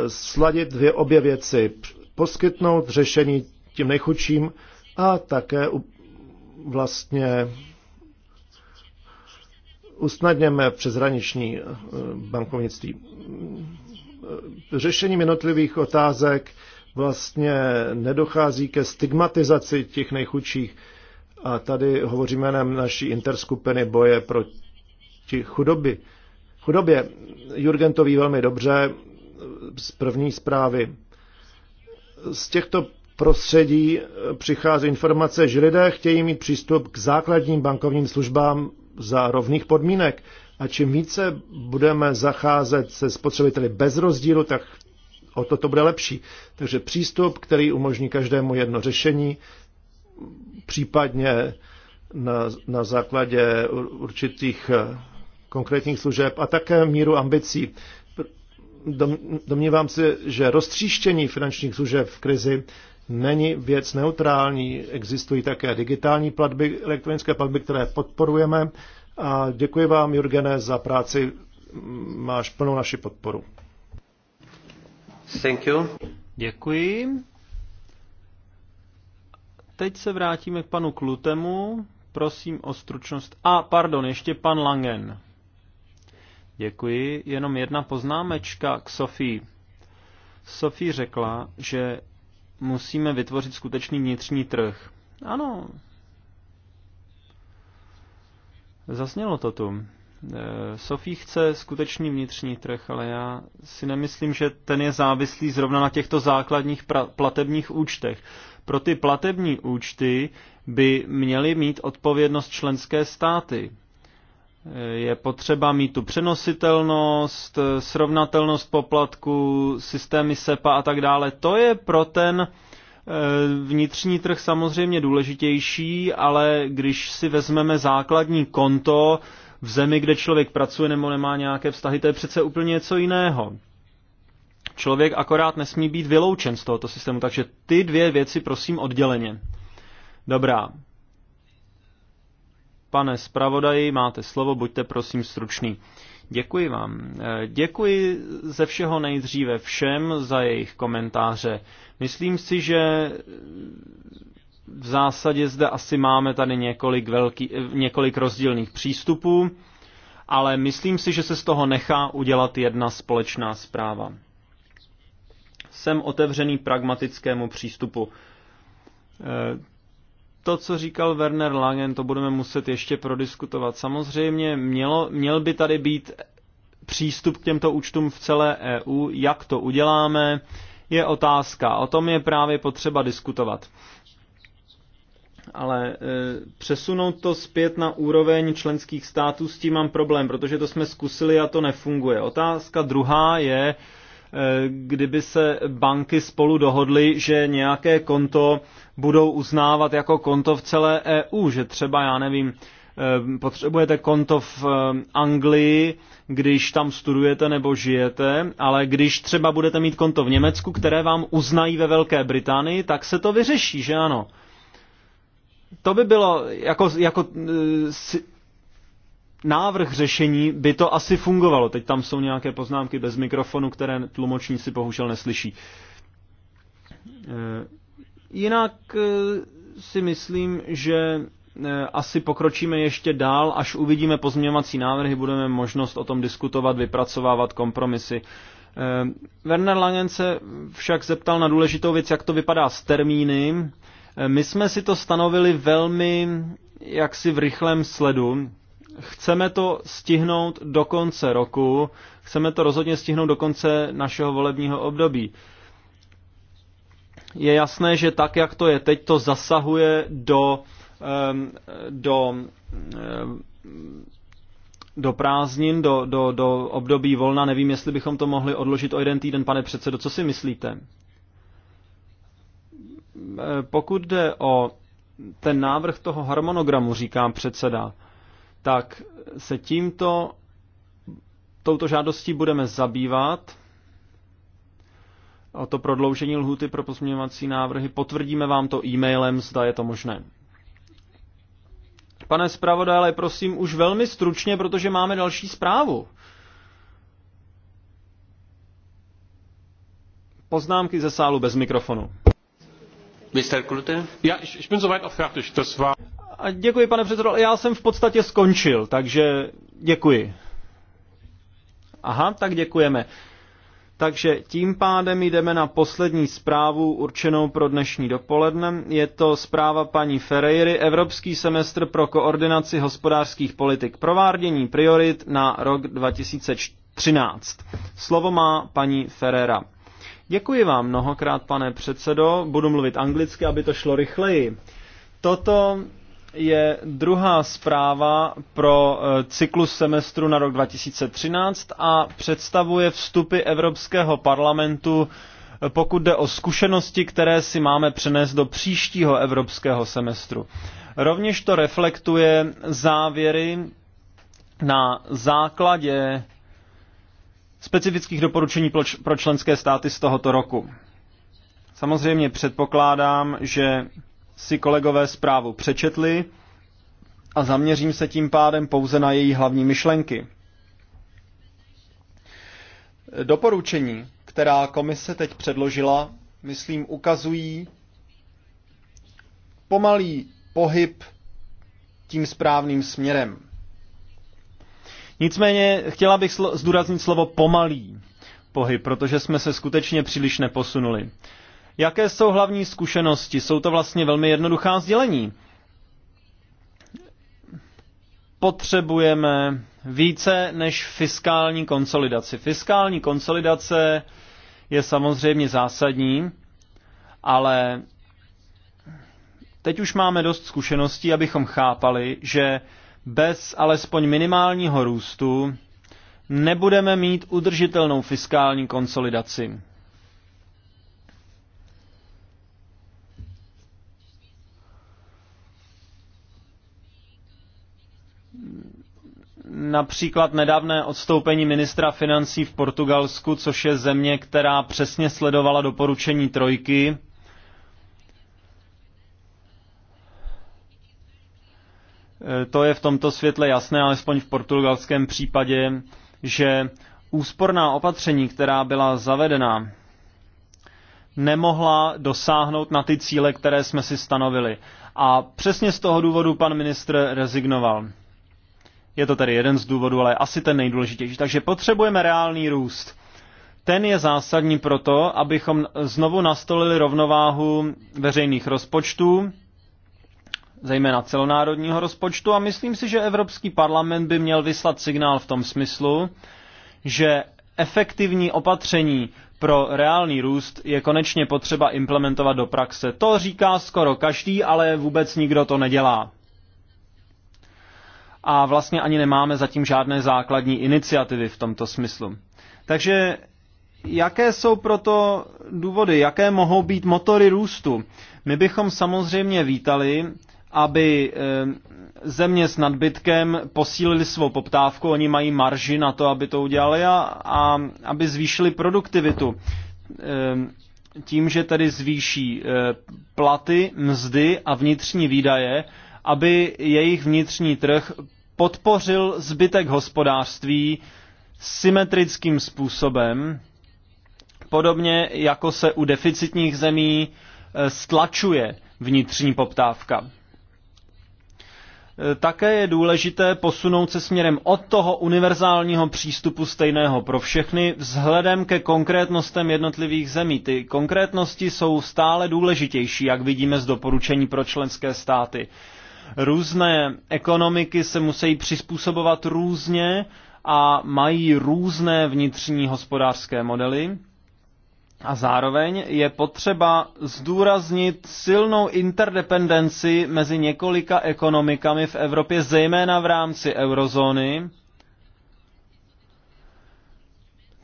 sladit dvě obě věci. Poskytnout řešení tím nejchudším a také vlastně usnadněme přeshraniční eh, bankovnictví. Eh, řešením jednotlivých otázek vlastně nedochází ke stigmatizaci těch nejchudších. A tady hovoříme jménem naší interskupiny boje proti chudoby. chudobě. Jurgen to ví velmi dobře z první zprávy. Z těchto prostředí přichází informace, že lidé chtějí mít přístup k základním bankovním službám za rovných podmínek. A čím více budeme zacházet se spotřebiteli bez rozdílu, tak o to to bude lepší. Takže přístup, který umožní každému jedno řešení, případně na, na základě určitých eh, konkrétních služeb a také míru ambicí. domnívám se, že roztříštění finančních služeb v krizi není věc neutrální. Existují také digitální platby, elektronické platby, které podporujeme a děkuji vám, Jurgene, za práci. Máš plnou naši podporu. Thank you. Děkuji. Teď se vrátíme k panu Klutemu. Prosím o stručnost. A, pardon, ještě pan Langen. Děkuji. Jenom jedna poznámečka k Sofii. Sofie řekla, že musíme vytvořit skutečný vnitřní trh. Ano, Zaznělo to tu. Eh, Sofí chce skutečný vnitřní trh, ale já si nemyslím, že ten je závislý zrovna na těchto základních platebních účtech. Pro ty platební účty by měly mít odpovědnost členské státy. Eh, je potřeba mít tu přenositelnost, eh, srovnatelnost poplatku, systémy SEPA a tak dále. To je pro ten Eh, vnitřní trh samozřejmě důležitější, ale když si vezmeme základní konto v zemi, kde člověk pracuje nebo nemá nějaké vztahy, to je přece úplně něco jiného. Člověk akorát nesmí být vyloučen z tohoto systému, takže ty dvě věci prosím odděleně. Dobrá. Pane zpravodaji, máte slovo, buďte prosím stručný. Děkuji vám. Eh, děkuji ze všeho nejdříve všem za jejich komentáře. Myslím si, že v zásadě zde asi máme tady několik, velký, eh, několik rozdílných přístupů, ale myslím si, že se z toho nechá udělat jedna společná zpráva. Jsem otevřený pragmatickému přístupu eh, to, co říkal Werner Langen, to budeme muset ještě prodiskutovat. Samozřejmě mělo, měl by tady být přístup k těmto účtům v celé EU. Jak to uděláme, je otázka. O tom je právě potřeba diskutovat. Ale e, přesunout to zpět na úroveň členských států, s tím mám problém, protože to jsme zkusili a to nefunguje. Otázka druhá je, e, Eh, kdyby se banky spolu dohodly, že nějaké konto budou uznávat jako konto v celé EU, že třeba, já nevím, eh, potřebujete konto v eh, Anglii, když tam studujete nebo žijete, ale když třeba budete mít konto v Německu, které vám uznají ve Velké Británii, tak se to vyřeší, že ano? To by bylo jako, jako návrh řešení by to asi fungovalo. Teď tam jsou nějaké poznámky bez mikrofonu, které tlumočníci bohužel neslyší. Eh, jinak eh, si myslím, že eh, asi pokročíme ještě dál, až uvidíme pozměňovací návrhy, budeme možnost o tom diskutovat, vypracovávat kompromisy. Werner Langen se však zeptal na důležitou věc, jak to vypadá s termíny. My jsme si to stanovili velmi jaksi v rychlém sledu, Chceme to stihnout do konce roku, chceme to rozhodně stihnout do konce našeho volebního období. Je jasné, že tak, jak to je teď, to zasahuje do, do, do prázdnin, do, do, do období volna. Nevím, jestli bychom to mohli odložit o jeden týden, pane předsedo, co si myslíte? Pokud jde o ten návrh toho harmonogramu, říkám předseda, tak se tímto, touto žádostí budeme zabývat. O to prodloužení lhuty pro pozměňovací návrhy potvrdíme vám to e-mailem, zda je to možné. Pane zpravodajle, prosím už velmi stručně, protože máme další zprávu. Poznámky ze sálu bez mikrofonu. Mr. Kulte? Ja, ich, ich bin soweit auch fertig. Das war... A děkuji, pane předsedo, já jsem v podstatě skončil, takže děkuji. Aha, tak děkujeme. Takže tím pádem jdeme na poslední zprávu určenou pro dnešní dopoledne. Je to zpráva paní Ferreiry, Evropský semestr pro koordinaci hospodářských politik, provádění priorit na rok 2013. Slovo má paní Ferreira. Děkuji vám mnohokrát, pane předsedo. Budu mluvit anglicky, aby to šlo rychleji. Toto je druhá zpráva pro e, cyklus semestru na rok 2013 a představuje vstupy Evropského parlamentu, e, pokud jde o zkušenosti, které si máme přenést do příštího Evropského semestru. Rovněž to reflektuje závěry na základě specifických doporučení pro členské státy z tohoto roku. Samozřejmě předpokládám, že si kolegové zprávu přečetli a zaměřím se tím pádem pouze na její hlavní myšlenky. Doporučení, která komise teď předložila, myslím, ukazují pomalý pohyb tím správným směrem. Nicméně chtěla bych zdůraznit slovo pomalý pohyb, protože jsme se skutečně příliš neposunuli. Jaké jsou hlavní zkušenosti? Jsou to vlastně velmi jednoduchá sdělení. Potřebujeme více než fiskální konsolidaci. Fiskální konsolidace je samozřejmě zásadní, ale teď už máme dost zkušeností, abychom chápali, že bez alespoň minimálního růstu nebudeme mít udržitelnou fiskální konsolidaci. například nedávné odstoupení ministra financí v Portugalsku, což je země, která přesně sledovala doporučení trojky. E, to je v tomto světle jasné, alespoň v portugalském případě, že úsporná opatření, která byla zavedena, nemohla dosáhnout na ty cíle, které jsme si stanovili. A přesně z toho důvodu pan ministr rezignoval. Je to tedy jeden z důvodů, ale asi ten nejdůležitější. Takže potřebujeme reálný růst. Ten je zásadní proto, abychom znovu nastolili rovnováhu veřejných rozpočtů, zejména celonárodního rozpočtu a myslím si, že Evropský parlament by měl vyslat signál v tom smyslu, že efektivní opatření pro reálný růst je konečně potřeba implementovat do praxe. To říká skoro každý, ale vůbec nikdo to nedělá a vlastně ani nemáme zatím žádné základní iniciativy v tomto smyslu. Takže jaké jsou proto důvody, jaké mohou být motory růstu? My bychom samozřejmě vítali, aby eh, země s nadbytkem posílili svou poptávku, oni mají marži na to, aby to udělali a, a aby zvýšili produktivitu. Eh, tím, že tedy zvýší eh, platy, mzdy a vnitřní výdaje, aby jejich vnitřní trh podpořil zbytek hospodářství symetrickým způsobem, podobně jako se u deficitních zemí e, stlačuje vnitřní poptávka. E, také je důležité posunout se směrem od toho univerzálního přístupu stejného pro všechny vzhledem ke konkrétnostem jednotlivých zemí. Ty konkrétnosti jsou stále důležitější, jak vidíme z doporučení pro členské státy. Různé ekonomiky se musí přizpůsobovat různě a mají různé vnitřní hospodářské modely. A zároveň je potřeba zdůraznit silnou interdependenci mezi několika ekonomikami v Evropě, zejména v rámci eurozóny,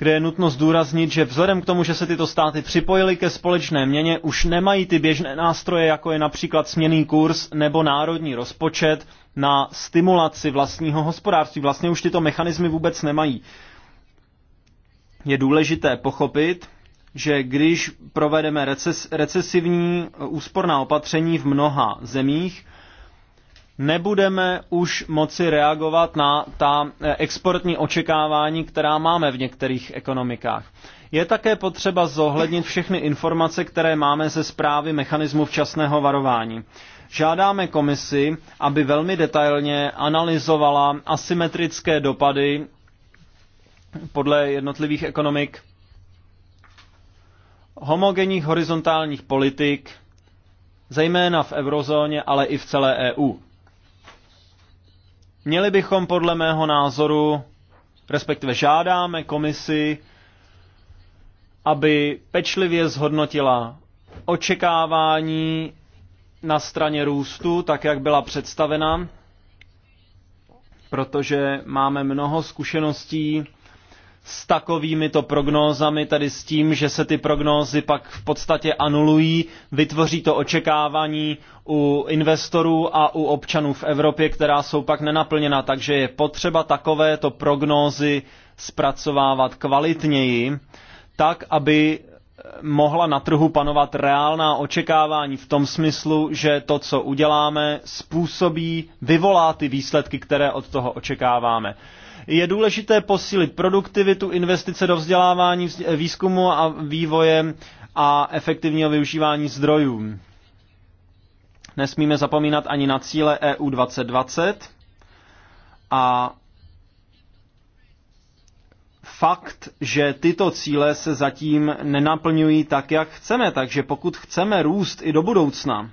kde je nutno zdůraznit, že vzhledem k tomu, že se tyto státy připojily ke společné měně, už nemají ty běžné nástroje, jako je například směný kurz nebo národní rozpočet na stimulaci vlastního hospodářství. Vlastně už tyto mechanismy vůbec nemají. Je důležité pochopit, že když provedeme recesivní úsporná opatření v mnoha zemích, nebudeme už moci reagovat na ta eh, exportní očekávání, která máme v některých ekonomikách. Je také potřeba zohlednit všechny informace, které máme ze zprávy mechanismu včasného varování. Žádáme komisi, aby velmi detailně analyzovala asymetrické dopady podle jednotlivých ekonomik, homogenních horizontálních politik, zejména v eurozóně, ale i v celé EU. Měli bychom podle mého názoru, respektive žádáme komisi, aby pečlivě zhodnotila očekávání na straně růstu, tak jak byla představena, protože máme mnoho zkušeností s takovými to prognózami, tady s tím, že se ty prognózy pak v podstatě anulují, vytvoří to očekávání u investorů a u občanů v Evropě, která jsou pak nenaplněna. Takže je potřeba takovéto prognózy zpracovávat kvalitněji, tak, aby eh, mohla na trhu panovat reálná očekávání v tom smyslu, že to, co uděláme, způsobí, vyvolá ty výsledky, které od toho očekáváme. Je důležité posílit produktivitu, investice do vzdělávání, výzkumu a vývoje a efektivního využívání zdrojů. Nesmíme zapomínat ani na cíle EU 2020 a fakt, že tyto cíle se zatím nenaplňují tak, jak chceme. Takže pokud chceme růst i do budoucna,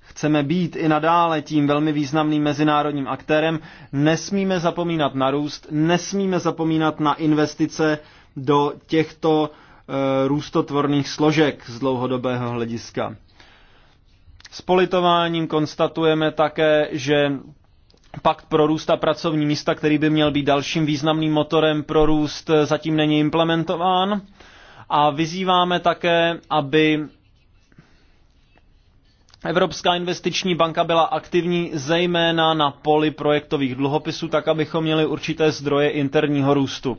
chceme být i nadále tím velmi významným mezinárodním aktérem, nesmíme zapomínat na růst, nesmíme zapomínat na investice do těchto e, růstotvorných složek z dlouhodobého hlediska. S politováním konstatujeme také, že Pakt pro růst a pracovní místa, který by měl být dalším významným motorem pro růst, zatím není implementován. A vyzýváme také, aby Evropská investiční banka byla aktivní zejména na poli projektových dluhopisů, tak abychom měli určité zdroje interního růstu.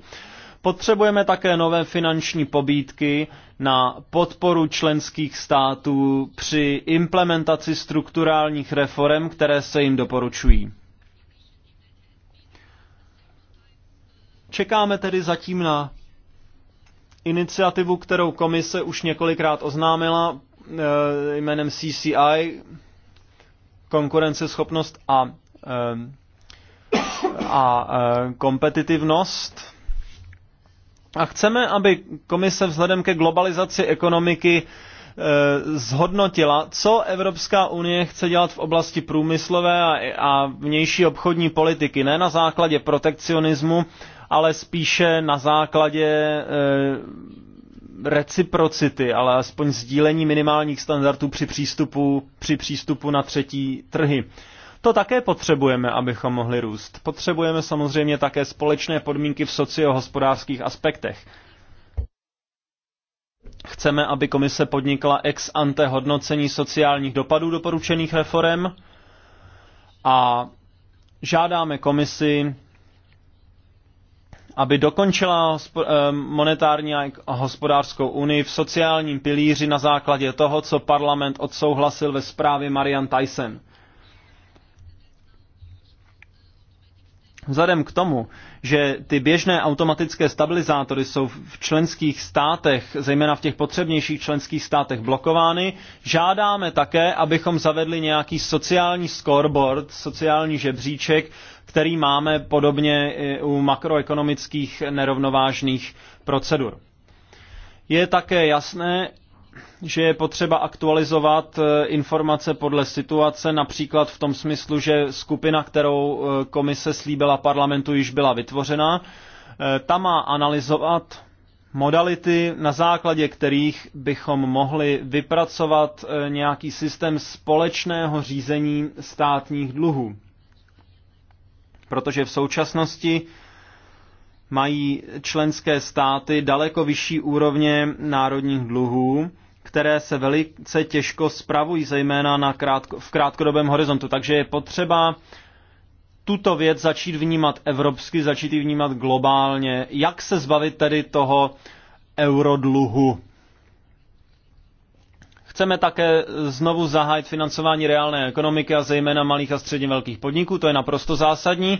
Potřebujeme také nové finanční pobídky na podporu členských států při implementaci strukturálních reform, které se jim doporučují. Čekáme tedy zatím na iniciativu, kterou komise už několikrát oznámila eh, jménem CCI, konkurenceschopnost a, eh, a eh, kompetitivnost a chceme, aby komise vzhledem ke globalizaci ekonomiky e, zhodnotila, co Evropská unie chce dělat v oblasti průmyslové a vnější obchodní politiky. Ne na základě protekcionismu, ale spíše na základě e, reciprocity, ale aspoň sdílení minimálních standardů při přístupu, při přístupu na třetí trhy. To také potřebujeme, abychom mohli růst. Potřebujeme samozřejmě také společné podmínky v sociohospodářských aspektech. Chceme, aby komise podnikla ex ante hodnocení sociálních dopadů doporučených reform a žádáme komisi, aby dokončila eh, monetární a hospodářskou unii v sociálním pilíři na základě toho, co parlament odsouhlasil ve zprávě Marian Tyson. Vzhledem k tomu, že ty běžné automatické stabilizátory jsou v členských státech, zejména v těch potřebnějších členských státech, blokovány, žádáme také, abychom zavedli nějaký sociální scoreboard, sociální žebříček, který máme podobně u makroekonomických nerovnovážných procedur. Je také jasné, že je potřeba aktualizovat eh, informace podle situace, například v tom smyslu, že skupina, kterou eh, komise slíbila parlamentu, již byla vytvořena. Eh, ta má analyzovat modality, na základě kterých bychom mohli vypracovat nějaký systém společného řízení státních dluhů. Protože v současnosti mají členské státy daleko vyšší úrovně národních dluhů které se velice těžko spravují, zejména na krátko, v krátkodobém horizontu. Takže je potřeba tuto věc začít vnímat evropsky, začít ji vnímat globálně. Jak se zbavit tedy toho eurodluhu? Chceme také znovu zahájit financování reálné ekonomiky a zejména malých a středně velkých podniků, to je naprosto zásadní.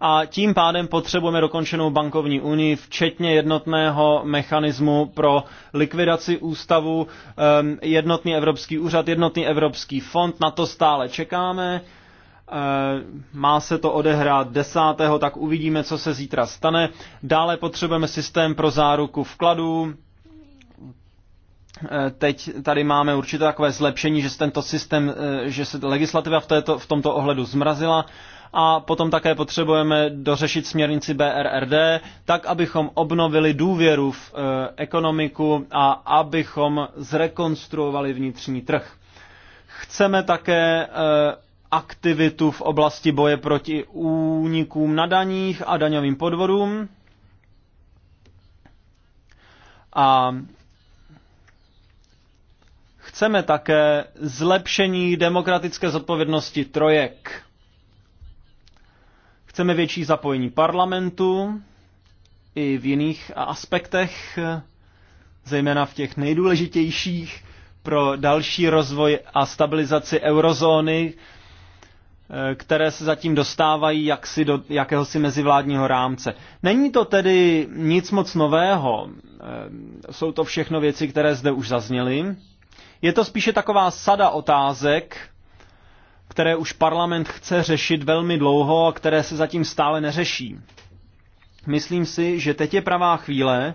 A tím pádem potřebujeme dokončenou bankovní unii, včetně jednotného mechanismu pro likvidaci ústavu, ehm, jednotný evropský úřad, jednotný evropský fond, na to stále čekáme ehm, má se to odehrát 10. tak uvidíme, co se zítra stane. Dále potřebujeme systém pro záruku vkladů, Eh, teď tady máme určitě takové zlepšení, že se tento systém, eh, že se legislativa v, této, v tomto ohledu zmrazila a potom také potřebujeme dořešit směrnici BRRD, tak abychom obnovili důvěru v eh, ekonomiku a abychom zrekonstruovali vnitřní trh. Chceme také aktivitu v oblasti boje proti únikům na daních a daňovým podvodům. A Chceme také zlepšení demokratické zodpovědnosti trojek. Chceme větší zapojení parlamentu i v jiných aspektech, zejména v těch nejdůležitějších pro další rozvoj a stabilizaci eurozóny, eh, které se zatím dostávají jaksi do jakéhosi mezivládního rámce. Není to tedy nic moc nového, eh, jsou to všechno věci, které zde už zazněly. Je to spíše taková sada otázek, které už parlament chce řešit velmi dlouho a které se zatím stále neřeší. Myslím si, že teď je pravá chvíle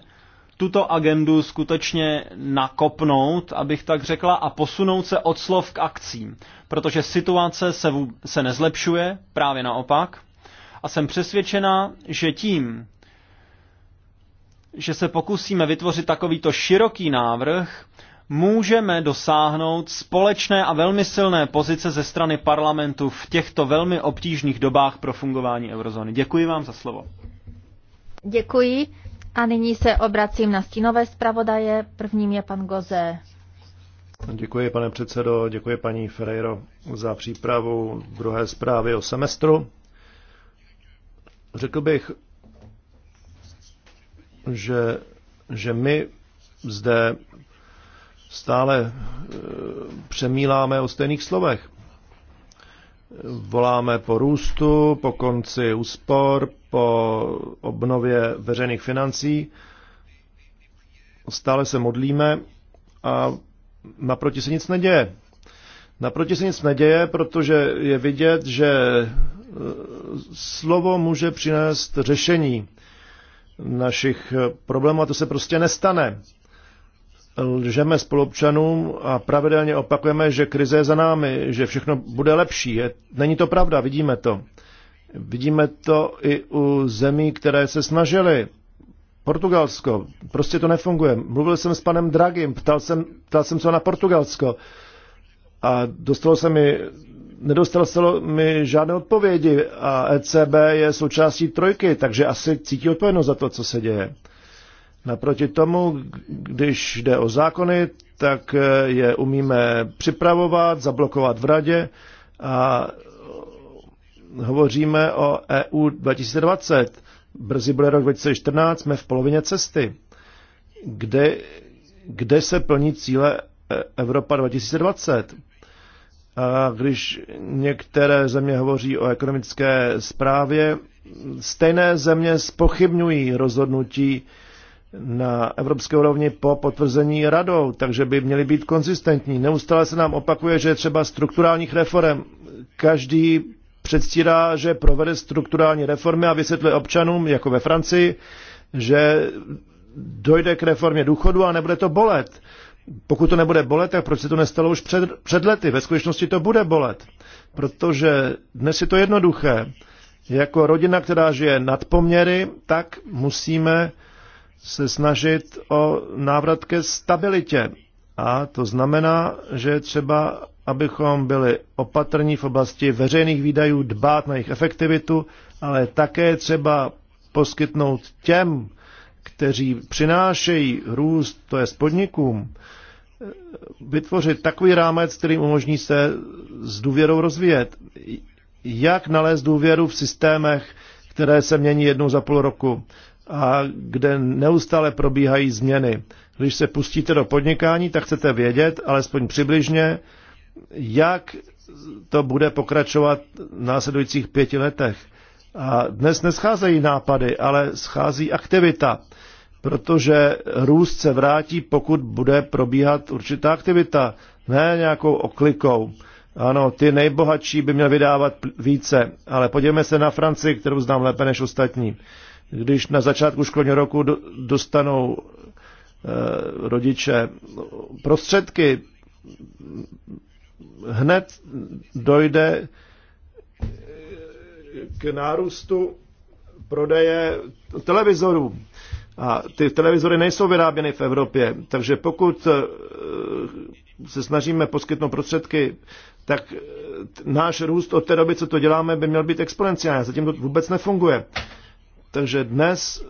tuto agendu skutečně nakopnout, abych tak řekla, a posunout se od slov k akcím, protože situace se, v, se nezlepšuje, právě naopak. A jsem přesvědčena, že tím, že se pokusíme vytvořit takovýto široký návrh, můžeme dosáhnout společné a velmi silné pozice ze strany parlamentu v těchto velmi obtížných dobách pro fungování eurozóny. Děkuji vám za slovo. Děkuji a nyní se obracím na stínové zpravodaje. Prvním je pan Goze. Děkuji, pane předsedo, děkuji paní Ferreiro za přípravu druhé zprávy o semestru. Řekl bych, že, že my zde stále eh, přemýláme o stejných slovech. Voláme po růstu, po konci úspor, po obnově veřejných financí. Stále se modlíme a naproti se nic neděje. Naproti se nic neděje, protože je vidět, že eh, slovo může přinést řešení našich eh, problémů a to se prostě nestane lžeme spolupčanům a pravidelně opakujeme, že krize je za námi, že všechno bude lepší. Je, není to pravda, vidíme to. Vidíme to i u zemí, které se snažily. Portugalsko, prostě to nefunguje. Mluvil jsem s panem Dragim, ptal jsem, ptal jsem se na Portugalsko a dostalo se mi, nedostalo se mi žádné odpovědi a ECB je součástí trojky, takže asi cítí odpovědnost za to, co se děje. Naproti tomu, když jde o zákony, tak je umíme připravovat, zablokovat v radě a hovoříme o EU 2020. Brzy bude rok 2014, jsme v polovině cesty. Kde, kde se plní cíle e- Evropa 2020? A když některé země hovoří o ekonomické zprávě, stejné země spochybňují rozhodnutí na evropské úrovni po potvrzení radou, takže by měly být konzistentní. Neustále se nám opakuje, že třeba strukturálních reform. Každý předstírá, že provede strukturální reformy a vysvětluje občanům, jako ve Francii, že dojde k reformě důchodu a nebude to bolet. Pokud to nebude bolet, tak proč se to nestalo už před, před lety? Ve skutečnosti to bude bolet, protože dnes je to jednoduché. Jako rodina, která žije nad poměry, tak musíme se snažit o návrat ke stabilitě. A to znamená, že je třeba, abychom byli opatrní v oblasti veřejných výdajů, dbát na jejich efektivitu, ale také třeba poskytnout těm, kteří přinášejí růst, to je podnikům, vytvořit takový rámec, který umožní se s důvěrou rozvíjet. Jak nalézt důvěru v systémech, které se mění jednou za půl roku? a kde neustále probíhají změny. Když se pustíte do podnikání, tak chcete vědět, alespoň přibližně, jak to bude pokračovat v následujících pěti letech. A dnes nescházejí nápady, ale schází aktivita, protože růst se vrátí, pokud bude probíhat určitá aktivita, ne nějakou oklikou. Ano, ty nejbohatší by měl vydávat více, ale podívejme se na Francii, kterou znám lépe než ostatní když na začátku školního roku dostanou eh, rodiče prostředky, hned dojde eh, k nárůstu prodeje televizorů. A ty televizory nejsou vyráběny v Evropě, takže pokud eh, se snažíme poskytnout prostředky, tak náš růst od té doby, co to děláme, by měl být exponenciální. Zatím to vůbec nefunguje. Takže dnes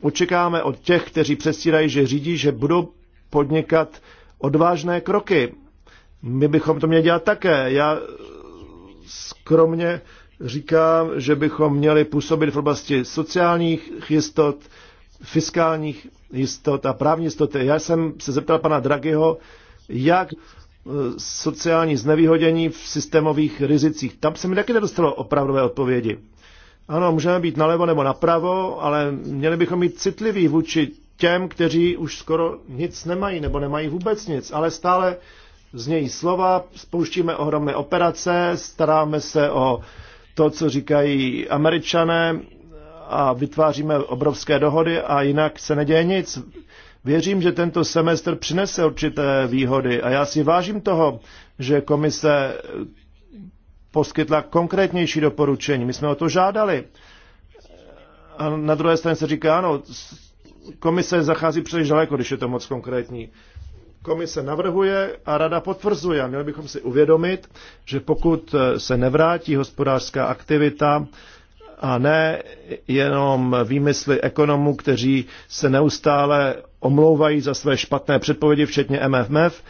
očekáme od těch, kteří přestírají, že řídí, že budou podnikat odvážné kroky. My bychom to měli dělat také. Já e, skromně říkám, že bychom měli působit v oblasti sociálních jistot, fiskálních jistot a právní jistoty. Já jsem se zeptal pana Dragiho, jak e, sociální znevýhodění v systémových rizicích. Tam se mi taky nedostalo opravdové odpovědi. Ano, můžeme být nalevo nebo napravo, ale měli bychom být citliví vůči těm, kteří už skoro nic nemají nebo nemají vůbec nic, ale stále znějí slova, spouštíme ohromné operace, staráme se o to, co říkají američané a vytváříme obrovské dohody a jinak se neděje nic. Věřím, že tento semestr přinese určité výhody a já si vážím toho, že komise poskytla konkrétnější doporučení. My jsme o to žádali. A na druhé straně se říká, ano, komise zachází příliš daleko, když je to moc konkrétní. Komise navrhuje a rada potvrzuje. A měli bychom si uvědomit, že pokud eh, se nevrátí hospodářská aktivita, a ne jenom výmysly ekonomů, kteří se neustále omlouvají za své špatné předpovědi, včetně MFF,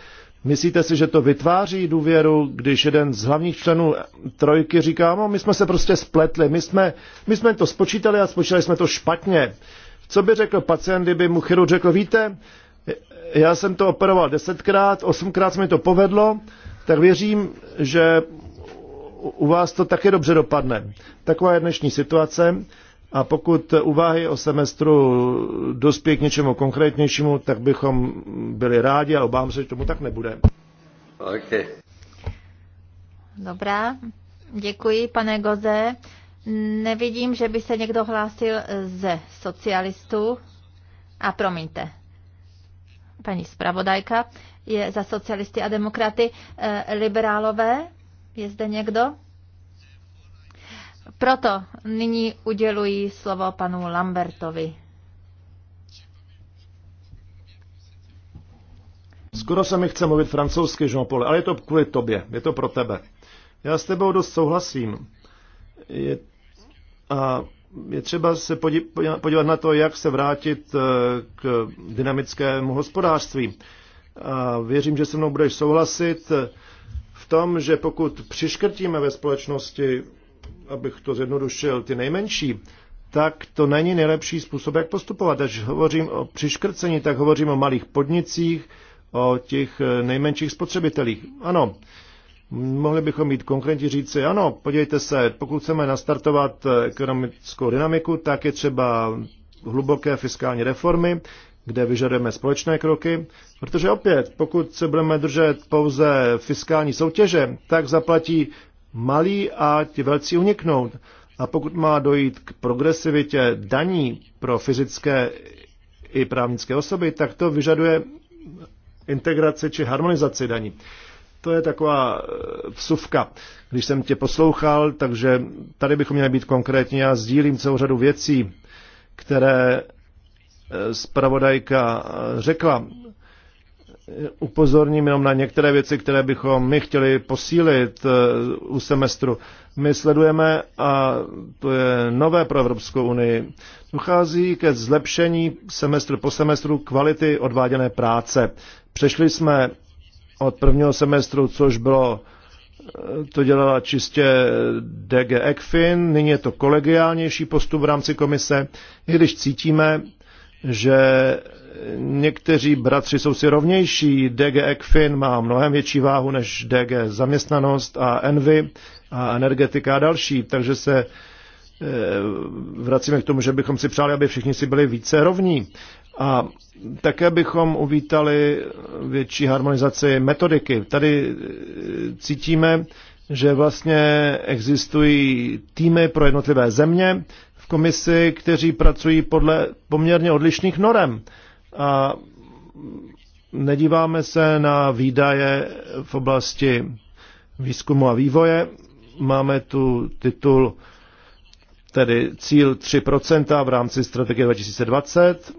Myslíte si, že to vytváří důvěru, když jeden z hlavních členů trojky říká, no my jsme se prostě spletli, my jsme, my jsme to spočítali a spočítali jsme to špatně. Co by řekl pacient, kdyby mu chirurg řekl, víte, já jsem to operoval desetkrát, osmkrát se mi to povedlo, tak věřím, že u vás to také dobře dopadne. Taková je dnešní situace a pokud úvahy o semestru dospějí k něčemu konkrétnějšímu, tak bychom byli rádi, a obávám se, že tomu tak nebude. Okay. Dobrá, děkuji, pane Goze. Nevidím, že by se někdo hlásil ze socialistů. A promiňte, paní zpravodajka je za socialisty a demokraty. Eh, liberálové, je zde někdo? Proto nyní uděluji slovo panu Lambertovi. Skoro se mi chce mluvit francouzsky, jean -Paul, ale je to kvůli tobě, je to pro tebe. Já s tebou dost souhlasím. Je, a je třeba se podívat na to, jak se vrátit eh, k dynamickému hospodářství. A věřím, že se mnou budeš souhlasit eh, v tom, že pokud přiškrtíme ve společnosti abych to zjednodušil, ty nejmenší, tak to není nejlepší způsob, jak postupovat. Až hovořím o přiškrcení, tak hovořím o malých podnicích, o těch eh, nejmenších spotřebitelích. Ano, mohli bychom mít konkrétně říci, ano, podívejte se, pokud chceme nastartovat eh, ekonomickou dynamiku, tak je třeba hluboké fiskální reformy, kde vyžadujeme společné kroky, protože opět, pokud se budeme držet pouze fiskální soutěže, tak zaplatí malí a ti velcí uniknout. A pokud má dojít k progresivitě daní pro fyzické i právnické osoby, tak to vyžaduje integraci či harmonizaci daní. To je taková eh, vsuvka. Když jsem tě poslouchal, takže tady bychom měli být konkrétní. Já sdílím celou řadu věcí, které eh, zpravodajka eh, řekla upozorním jenom na některé věci, které bychom my chtěli posílit eh, u semestru. My sledujeme, a to je nové pro Evropskou unii, dochází ke zlepšení semestru po semestru kvality odváděné práce. Přešli jsme od prvního semestru, což bylo eh, to dělala čistě DG ECFIN, nyní je to kolegiálnější postup v rámci komise, i když cítíme, že někteří bratři jsou si rovnější. DG EKFIN má mnohem větší váhu než DG zaměstnanost a Envy a energetika a další, takže se e, vracíme k tomu, že bychom si přáli, aby všichni si byli více rovní. A také bychom uvítali větší harmonizaci metodiky. Tady e, cítíme, že vlastně existují týmy pro jednotlivé země v komisi, kteří pracují podle poměrně odlišných norem a nedíváme se na výdaje v oblasti výzkumu a vývoje. Máme tu titul, tedy cíl 3% v rámci strategie 2020,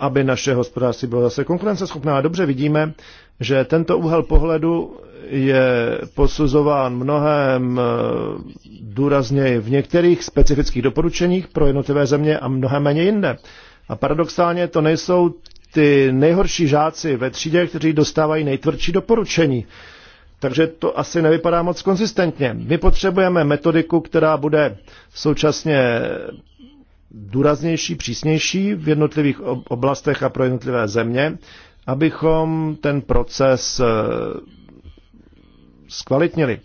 aby naše hospodářství bylo zase konkurenceschopné. A dobře vidíme, že tento úhel pohledu je posuzován mnohem eh, důrazněji v některých specifických doporučeních pro jednotlivé země a mnohem méně jinde. A paradoxálně to nejsou ty nejhorší žáci ve třídě, kteří dostávají nejtvrdší doporučení. Takže to asi nevypadá moc konzistentně. My potřebujeme metodiku, která bude současně důraznější, přísnější v jednotlivých oblastech a pro jednotlivé země, abychom ten proces eh, zkvalitnili.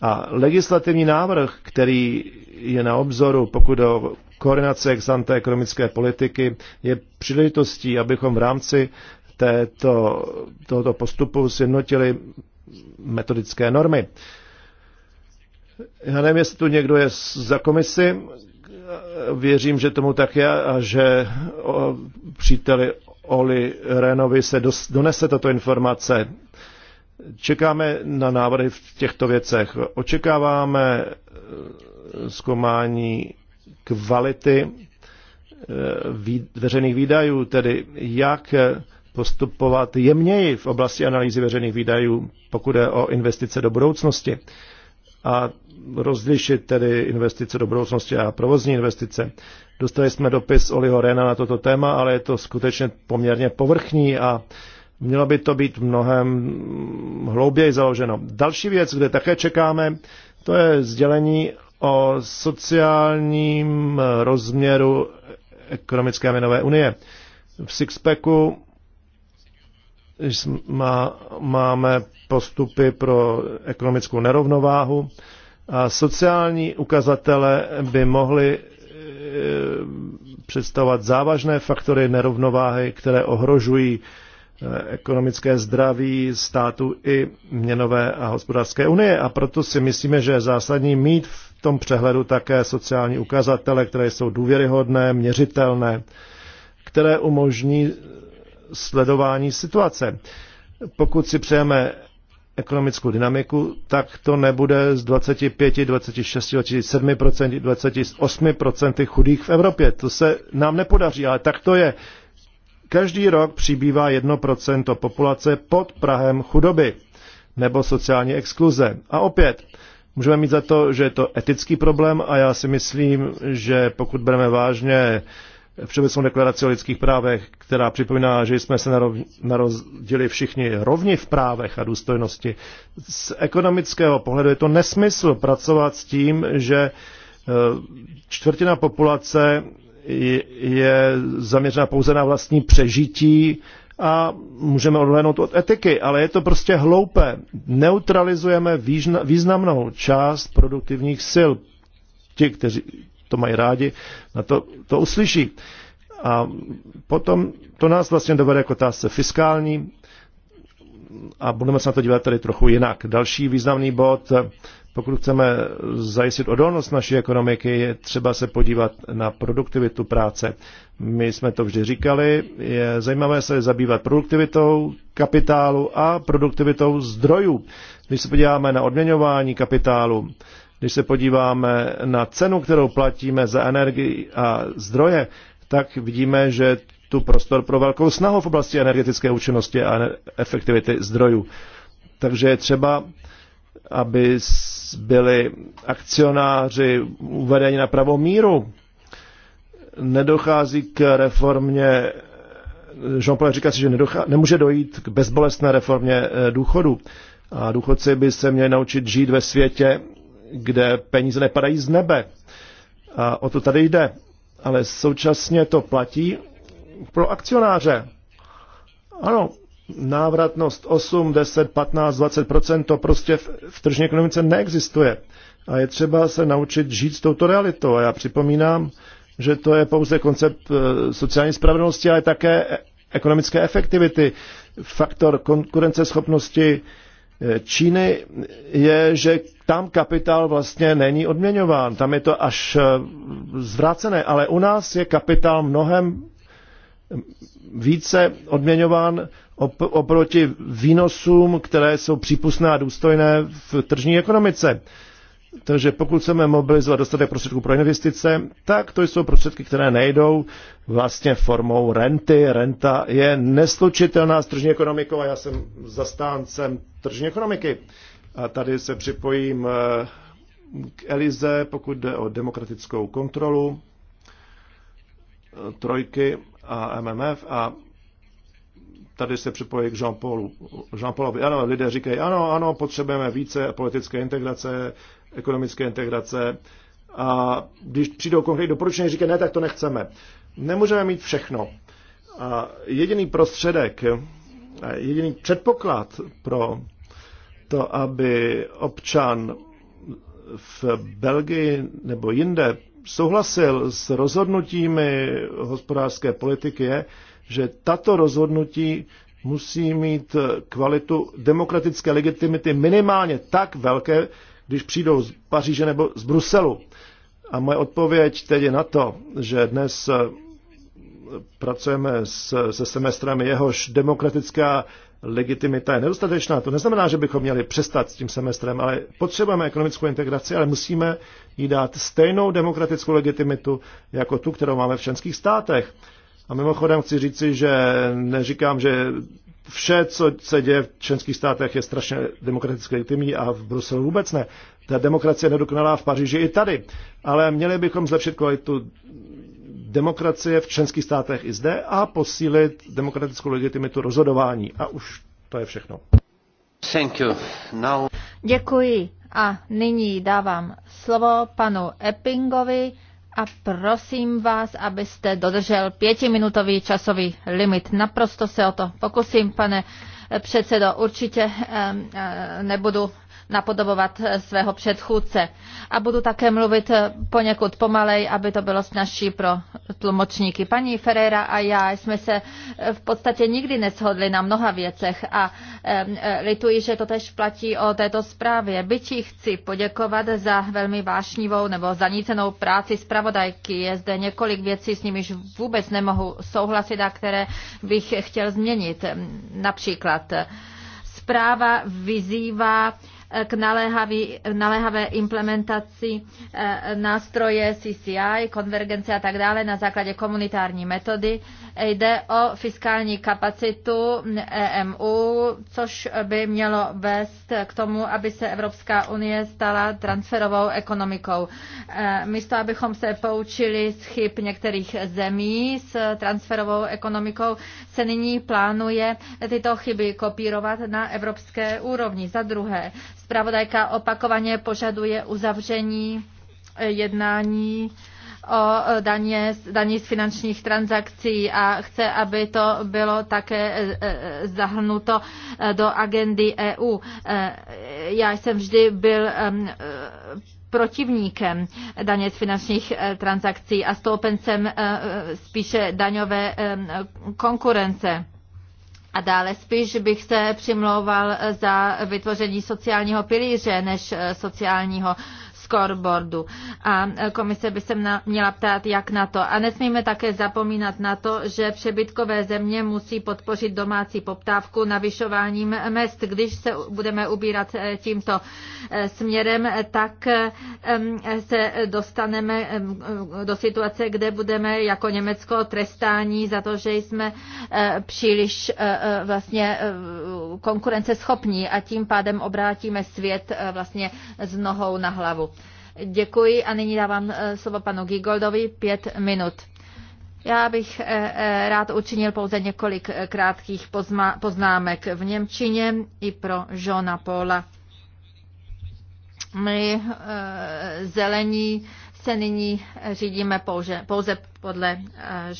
A legislativní návrh, který je na obzoru, pokud o koordinace ex ante ekonomické politiky je příležitostí, abychom v rámci této, tohoto postupu sjednotili metodické normy. Já nevím, jestli tu někdo je za komisi. Věřím, že tomu tak je a že o, příteli Oli Renovi se dos, donese tato informace. Čekáme na návrhy v těchto věcech. Očekáváme eh, zkoumání kvality eh, veřejných výdajů, tedy jak postupovat jemněji v oblasti analýzy veřejných výdajů, pokud je o investice do budoucnosti. A rozlišit tedy investice do budoucnosti a provozní investice. Dostali jsme dopis Oliho Rena na toto téma, ale je to skutečně poměrně povrchní a mělo by to být mnohem hlouběji založeno. Další věc, kde také čekáme, to je sdělení o sociálním rozměru ekonomické měnové unie. V Sixpacku máme postupy pro ekonomickou nerovnováhu a sociální ukazatele by mohly e, představovat závažné faktory nerovnováhy, které ohrožují e, ekonomické zdraví státu i měnové a hospodářské unie. A proto si myslíme, že je zásadní mít v v tom přehledu také sociální ukazatele, které jsou důvěryhodné, měřitelné, které umožní sledování situace. Pokud si přejeme ekonomickou dynamiku, tak to nebude z 25, 26, 27 28 chudých v Evropě. To se nám nepodaří, ale tak to je. Každý rok přibývá 1 populace pod Prahem chudoby nebo sociální exkluze. A opět, Můžeme mít za to, že je to etický problém a já si myslím, že pokud bereme vážně Všeobecnou deklaraci o lidských právech, která připomíná, že jsme se narodili všichni rovni v právech a důstojnosti. Z ekonomického pohledu je to nesmysl pracovat s tím, že e, čtvrtina populace je zaměřena pouze na vlastní přežití a můžeme odhlédnout od etiky, ale je to prostě hloupé. Neutralizujeme významnou část produktivních sil. Ti, kteří to mají rádi, na to, to uslyší. A potom to nás vlastně dovede k otázce fiskální a budeme se na to dívat tady trochu jinak. Další významný bod, pokud chceme zajistit odolnost naší ekonomiky, je třeba se podívat na produktivitu práce. My jsme to vždy říkali, je zajímavé se zabývat produktivitou kapitálu a produktivitou zdrojů. Když se podíváme na odměňování kapitálu, když se podíváme na cenu, kterou platíme za energii a zdroje, tak vidíme, že tu prostor pro velkou snahu v oblasti energetické účinnosti a efektivity zdrojů. Takže je třeba, aby byli akcionáři uvedeni na pravou míru. Nedochází k reformě, Jean-Paul říká si, že nedochá, nemůže dojít k bezbolestné reformě eh, důchodu. A důchodci by se měli naučit žít ve světě, kde peníze nepadají z nebe. A o to tady jde. Ale současně to platí pro akcionáře. Ano, návratnost 8, 10, 15, 20 to prostě v, v tržní ekonomice neexistuje. A je třeba se naučit žít s touto realitou. A já připomínám, že to je pouze koncept eh, sociální spravedlnosti, ale také e, ekonomické efektivity. Faktor konkurenceschopnosti eh, Číny je, že tam kapitál vlastně není odměňován. Tam je to až eh, zvrácené, ale u nás je kapitál mnohem více odměňován oproti výnosům, které jsou přípustné a důstojné v tržní ekonomice. Takže pokud chceme mobilizovat dostatek prostředků pro investice, tak to jsou prostředky, které nejdou vlastně formou renty. Renta je neslučitelná s tržní ekonomikou a já jsem zastáncem tržní ekonomiky. A tady se připojím eh, k Elize, pokud jde o demokratickou kontrolu eh, trojky a MMF a tady se připojí k Jean-Paulu. Jean-Paulovi, ano, lidé říkají, ano, ano, potřebujeme více politické integrace, ekonomické integrace a když přijdou konkrétní doporučení, říkají, ne, tak to nechceme. Nemůžeme mít všechno. A jediný prostředek, jediný předpoklad pro to, aby občan v Belgii nebo jinde souhlasil s rozhodnutími hospodářské politiky, je, že tato rozhodnutí musí mít kvalitu demokratické legitimity minimálně tak velké, když přijdou z Paříže nebo z Bruselu. A moje odpověď teď je na to, že dnes pracujeme s, se semestrem, jehož demokratická legitimita je nedostatečná. To neznamená, že bychom měli přestat s tím semestrem, ale potřebujeme ekonomickou integraci, ale musíme jí dát stejnou demokratickou legitimitu jako tu, kterou máme v členských státech. A mimochodem chci říci, že neříkám, že vše, co se děje v členských státech, je strašně demokratické legitimní a v Bruselu vůbec ne. Ta demokracie nedokonalá v Paříži i tady. Ale měli bychom zlepšit kvalitu demokracie v členských státech i zde a posílit demokratickou legitimitu rozhodování. A už to je všechno. Thank you. Now... Děkuji. A nyní dávám slovo panu Eppingovi a prosím vás, abyste dodržel pětiminutový časový limit. Naprosto se o to pokusím, pane předsedo. Určitě nebudu napodobovat svého předchůdce. A budu také mluvit poněkud pomalej, aby to bylo snažší pro tlumočníky. Paní Ferreira a já jsme se v podstatě nikdy neshodli na mnoha věcech a lituji, že to tež platí o této zprávě. Byť ji chci poděkovat za velmi vášnivou nebo zanícenou práci zpravodajky. Je zde několik věcí, s nimiž vůbec nemohu souhlasit a které bych chtěl změnit. Například zpráva vyzývá k naléhavý, naléhavé implementaci eh, nástroje CCI, konvergence a tak dále na základě komunitární metody. Jde o fiskální kapacitu EMU, což by mělo vést k tomu, aby se Evropská unie stala transferovou ekonomikou. Eh, místo, abychom se poučili z chyb některých zemí s transferovou ekonomikou, se nyní plánuje tyto chyby kopírovat na evropské úrovni. Za druhé, Spravodajka opakovaně požaduje uzavření eh, jednání o eh, daně, daní z finančních transakcí a chce, aby to bylo také eh, zahrnuto do agendy EU. Já jsem vždy byl ehm, protivníkem daně z finančních transakcí a stoupencem spíše daňové ehm, konkurence. A dále spíš bych se přimlouval za vytvoření sociálního pilíře než eh, sociálního scoreboardu. A komise by se měla ptát, jak na to. A nesmíme také zapomínat na to, že přebytkové země musí podpořit domácí poptávku navyšováním mest. Když se budeme ubírat eh, tímto eh, směrem, tak se dostaneme do situace, kde budeme jako Německo trestání za to, že jsme eh, příliš vlastně konkurenceschopní a tím pádem obrátíme svět vlastně z nohou na hlavu. Děkuji a nyní dávám eh, slovo panu Gigoldovi pět minut. Já bych eh, eh, rád učinil pouze několik krátkých poznámek v Němčině i pro Johna Paula. My zelení se nyní řídíme pouze, pouze podle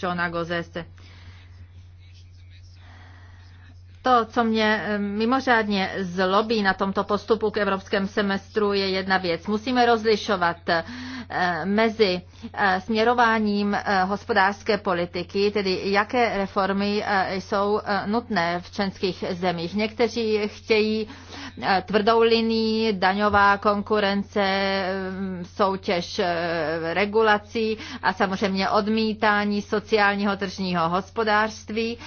Johna Gozese. To, co mě eh, mimořádně zlobí na tomto postupu k evropském semestru, je jedna věc. Musíme rozlišovat eh, mezi eh, směrováním hospodářské politiky, tedy jaké reformy jsou nutné v členských zemích. Někteří chtějí tvrdou linii, daňová konkurence, soutěž regulací a samozřejmě odmítání sociálního tržního hospodářství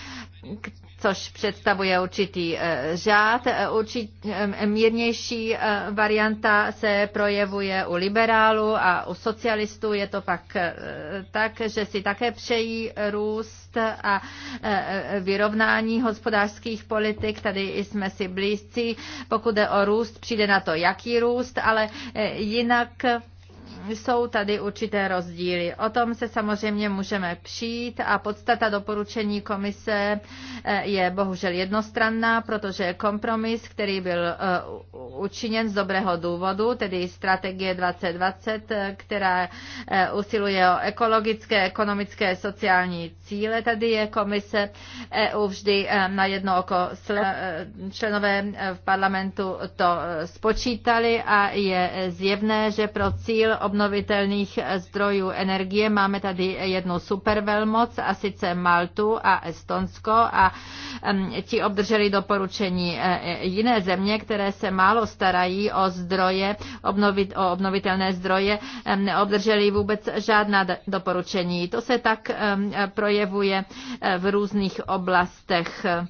což představuje určitý eh, řád. Eh, určit, eh, mírnější varianta se projevuje u liberálů a u socialistů. Je to pak tak, že si také přejí růst a vyrovnání hospodářských politik. Tady jsme si blízcí. Pokud jde o růst, přijde na to, jaký růst, ale jinak jsou tady určité rozdíly. O tom se samozřejmě můžeme přijít a podstata doporučení komise eh, je bohužel jednostranná, protože kompromis, který byl eh, učiněn z dobrého důvodu, tedy strategie 2020, eh, která usiluje o ekologické, ekonomické, sociální cíle. Tady je komise EU vždy eh, na jedno oko. Eh, členové eh, v parlamentu to spočítali a je zjevné, že pro cíl obnovitelných zdrojů energie máme tady jednu supervelmoc, a sice Maltu a Estonsko a mm, ti obdrželi doporučení jiné země, které se málo starají o zdroje, obnovit, o obnovitelné zdroje, neobdrželi vůbec žádná doporučení. To se tak projevuje projevuje eh, v různých oblastech. Eh,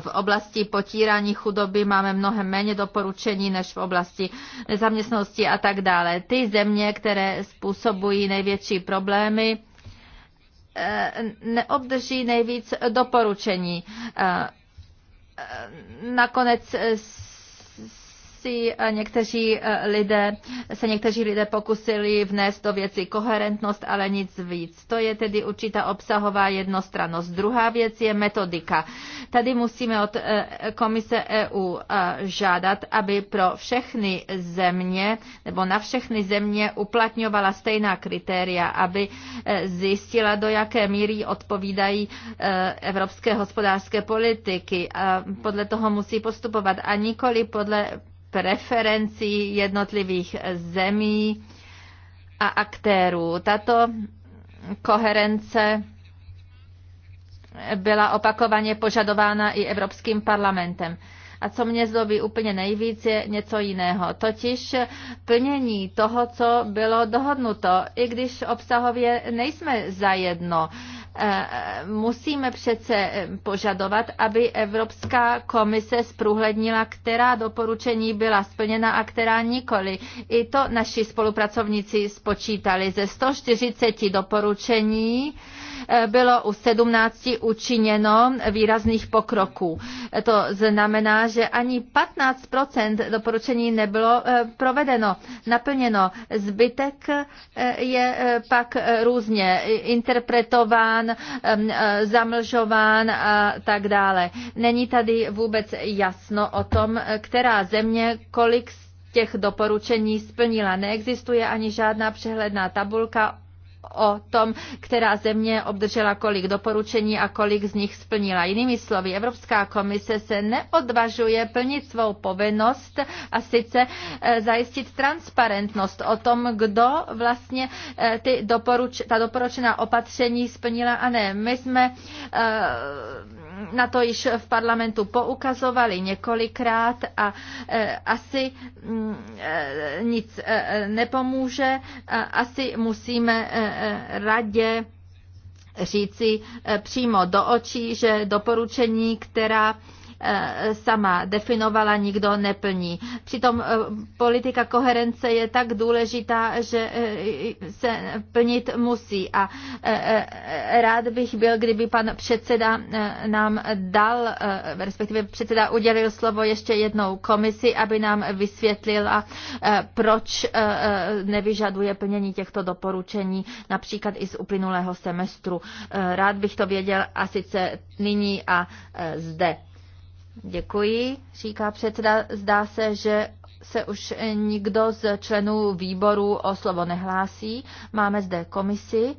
v oblasti potírání chudoby máme mnohem méně doporučení než v oblasti nezaměstnosti a tak dále. Ty země, které způsobují největší problémy, eh, neobdrží nejvíc doporučení. Nakonec si eh, někteří eh, lidé, se někteří lidé pokusili vnést do věci koherentnost, ale nic víc. To je tedy určitá obsahová jednostrannost. Druhá věc je metodika. Tady musíme od eh, komise EU žádat, aby pro všechny země nebo na všechny země uplatňovala stejná kritéria, aby zjistila, do jaké míry odpovídají evropské hospodářské politiky. A podle toho musí postupovat a nikoli podle preferencí jednotlivých zemí a aktérů. Tato koherence byla opakovaně požadována i Evropským parlamentem. A co mě zlobí úplně nejvíc, je něco jiného. Totiž plnění toho, co bylo dohodnuto, i když obsahově nejsme zajedno. jedno Eh, musíme přece eh, požadovat, aby Evropská komise zprůhlednila, která doporučení byla splněna a která nikoli. I to naši spolupracovníci spočítali. Ze 140 doporučení eh, bylo u 17 učiněno výrazných pokroků. To znamená, že ani 15 doporučení nebylo provedeno, naplněno. Zbytek je pak různě interpretován blokován, zamlžován a tak dále. Není tady vůbec jasno o tom, která země kolik těch doporučení splnila. Neexistuje ani žádná přehledná tabulka o tom, která země obdržela kolik doporučení a kolik z nich splnila. Jinými slovy, Evropská komise se neodvažuje plnit svou povinnost a sice eh, zajistit transparentnost o tom, kdo vlastně eh, ty doporuč, ta doporučená opatření splnila a ne. My jsme uh, na to již v parlamentu poukazovali několikrát a e, asi mm, e, nic e, nepomůže. Asi musíme radě říci přímo do očí, že doporučení, která Eh, sama definovala, nikdo neplní. Přitom eh, politika koherence je tak důležitá, že eh, se plnit musí. A rád bych byl, kdyby pan předseda nám dal, respektive předseda udělil slovo ještě jednou komisi, aby nám vysvětlila, proč nevyžaduje plnění těchto doporučení, například i z uplynulého semestru. Rád bych to věděl a sice nyní a zde. Děkuji, říká předseda. Zdá se, že se už nikdo z členů výboru o slovo nehlásí. Máme zde komisi.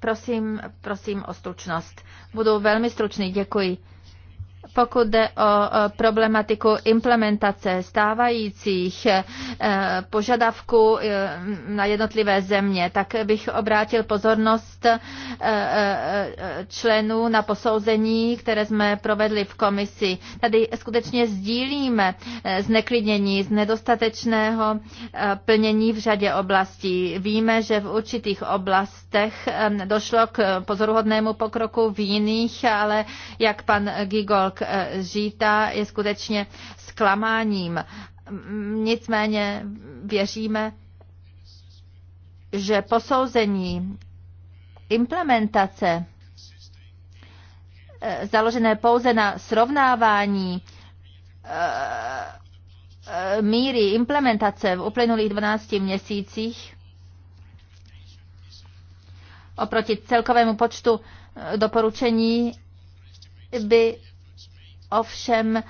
Prosím, prosím o stručnost. Budu velmi stručný, děkuji. Pokud jde o problematiku implementace stávajících eh, požadavků eh, na jednotlivé země, tak bych obrátil pozornost eh, členů na posouzení, které jsme provedli v komisi. Tady skutečně sdílíme zneklidnění z nedostatečného plnění v řadě oblastí. Víme, že v určitých oblastech došlo k pozoruhodnému pokroku, v jiných, ale jak pan Gigolk žíta je skutečně zklamáním. Nicméně věříme, že posouzení implementace eh, založené pouze na srovnávání eh, eh, míry implementace v uplynulých 12 měsících oproti celkovému počtu doporučení by ovšem eh,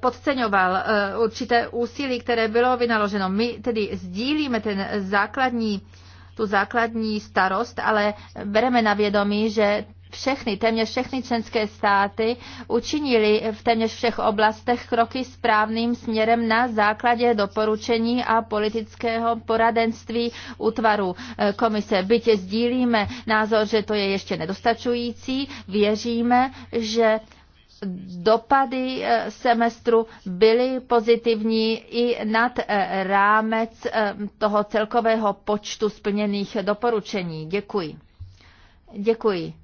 podceňoval eh, určité úsilí, které bylo vynaloženo. My tedy sdílíme ten základní, tu základní starost, ale bereme na vědomí, že všechny, téměř všechny členské státy učinili v téměř všech oblastech kroky správným směrem na základě doporučení a politického poradenství útvaru eh, komise. Bytě sdílíme názor, že to je ještě nedostačující, věříme, že dopady eh, semestru byly pozitivní i nad eh, rámec eh, toho celkového počtu splněných doporučení. Děkuji. Děkuji.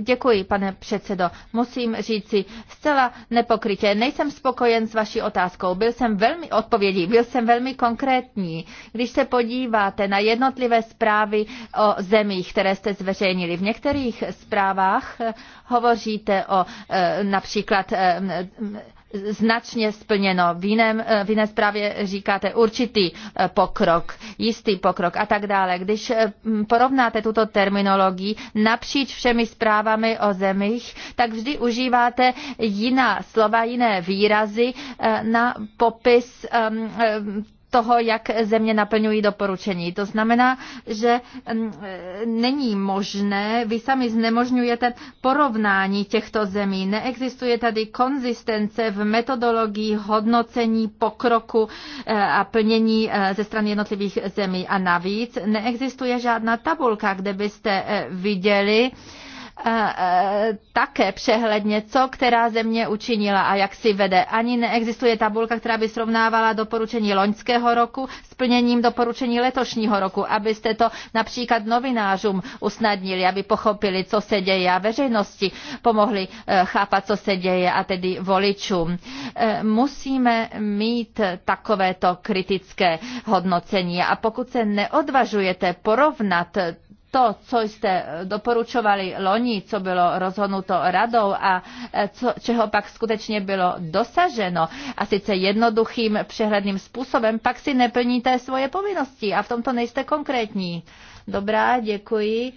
Děkuji, pane předsedo. Musím říci zcela nepokrytě, nejsem spokojen s vaší otázkou. Byl jsem velmi odpovědí, byl jsem velmi konkrétní. Když se podíváte na jednotlivé zprávy o zemích, které jste zveřejnili, v některých zprávách hovoříte o e, například e, značně splněno. V, jiném, eh, v jiné zprávě říkáte určitý eh, pokrok, jistý pokrok a tak dále. Když eh, porovnáte tuto terminologii napříč všemi zprávami o zemích, tak vždy užíváte jiná slova, jiné výrazy na popis toho, jak země naplňují doporučení. To znamená, že mm, není možné, vy sami znemožňujete porovnání těchto zemí. Neexistuje tady konzistence v metodologii hodnocení pokroku eh, a plnění eh, ze strany jednotlivých zemí. A navíc neexistuje žádná tabulka, kde byste eh, viděli, E, také přehledně, co která země učinila a jak si vede. Ani neexistuje tabulka, která by srovnávala doporučení loňského roku s plněním doporučení letošního roku, abyste to například novinářům usnadnili, aby pochopili, co se děje a veřejnosti pomohli e, chápat, co se děje a tedy voličům. E, musíme mít takovéto kritické hodnocení a pokud se neodvažujete porovnat to, co jste doporučovali loni, co bylo rozhodnuto radou a e, co, čeho pak skutečně bylo dosaženo, a sice jednoduchým přehledným způsobem, pak si neplníte svoje povinnosti a v tomto nejste konkrétní. Dobrá, děkuji.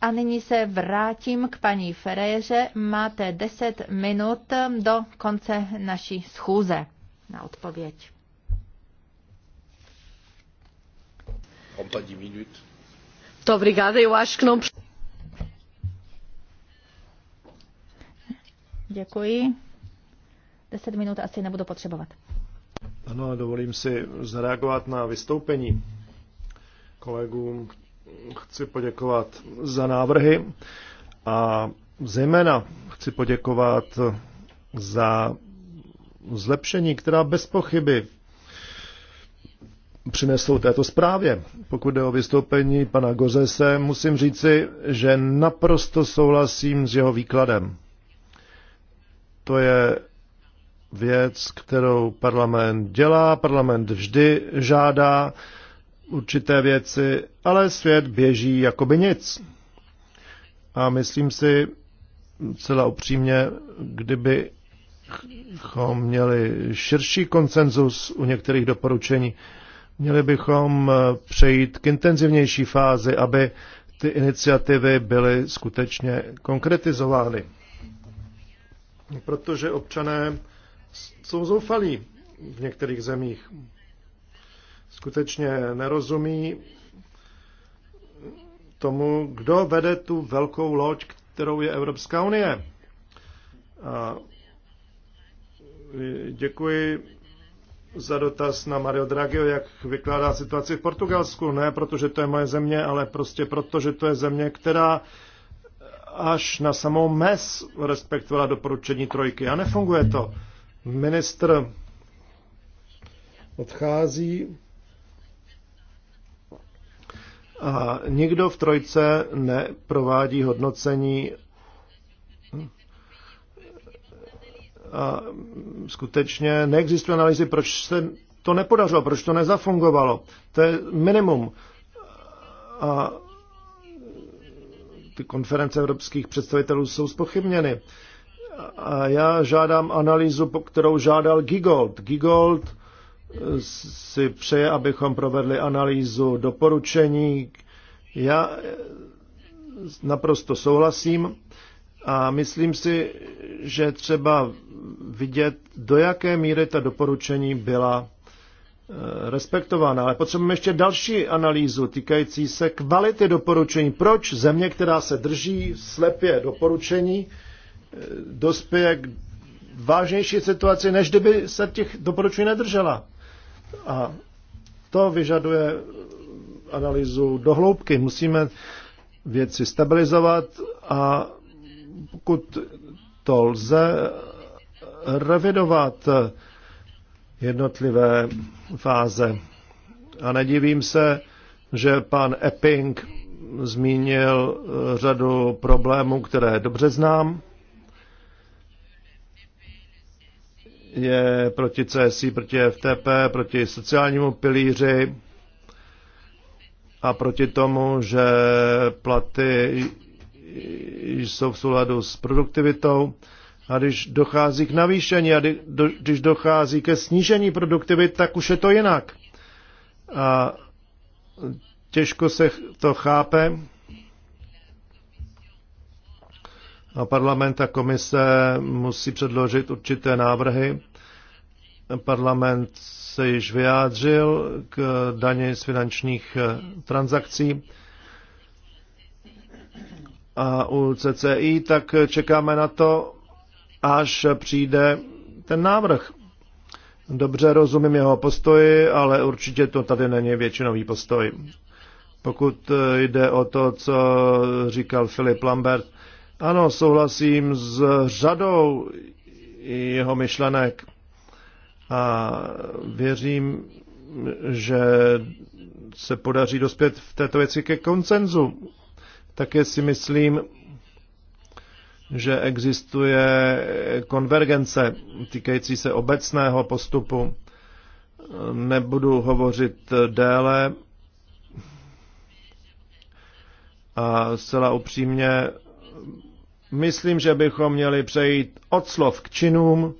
A nyní se vrátím k paní Ferejeře. Máte 10 minut do konce naší schůze na odpověď. Muito obrigada. Eu acho que não. Děkuji. Deset minut asi nebudu potřebovat. Ano, dovolím si zareagovat na vystoupení kolegům. Chci poděkovat za návrhy a zejména chci poděkovat za zlepšení, která bez pochyby přinesou této zprávě. Pokud jde o vystoupení pana Gozese, musím říci, že naprosto souhlasím s jeho výkladem. To je věc, kterou parlament dělá, parlament vždy žádá určité věci, ale svět běží jako by nic. A myslím si, celá upřímně, kdybychom měli širší konsenzus u některých doporučení, Měli bychom eh, přejít k intenzivnější fázi, aby ty iniciativy byly skutečně konkretizovány. Protože občané jsou zoufalí v některých zemích. Skutečně nerozumí tomu, kdo vede tu velkou loď, kterou je Evropská unie. A děkuji za dotaz na Mario Draghiho, jak vykládá situaci v Portugalsku. Ne, protože to je moje země, ale prostě proto, že to je země, která až na samou mes respektovala doporučení trojky. A nefunguje to. Ministr odchází a nikdo v trojce neprovádí hodnocení A skutečně neexistuje analýzy, proč se to nepodařilo, proč to nezafungovalo. To je minimum. A ty konference evropských představitelů jsou spochybněny. A já žádám analýzu, po kterou žádal Gigold. Gigold si přeje, abychom provedli analýzu doporučení. Já naprosto souhlasím a myslím si, že třeba vidět, do jaké míry ta doporučení byla eh, respektována. Ale potřebujeme ještě další analýzu týkající se kvality doporučení. Proč země, která se drží slepě doporučení, eh, dospěje k vážnější situaci, než kdyby se těch doporučení nedržela. A to vyžaduje analýzu dohloubky. Musíme věci stabilizovat a pokud to lze revidovat jednotlivé fáze. A nedivím se, že pan Epping zmínil řadu problémů, které dobře znám. Je proti CSI, proti FTP, proti sociálnímu pilíři a proti tomu, že platy jsou v souladu s produktivitou a když dochází k navýšení a když dochází ke snížení produktivity, tak už je to jinak. A těžko se to chápe. A parlament a komise musí předložit určité návrhy. Parlament se již vyjádřil k daně z finančních eh, transakcí a u CCI, tak čekáme na to, až přijde ten návrh. Dobře rozumím jeho postoji, ale určitě to tady není většinový postoj. Pokud jde o to, co říkal Filip Lambert, ano, souhlasím s řadou jeho myšlenek a věřím, že se podaří dospět v této věci ke koncenzu. Také si myslím, že existuje konvergence týkající se obecného postupu. Nebudu hovořit déle a zcela upřímně myslím, že bychom měli přejít od slov k činům,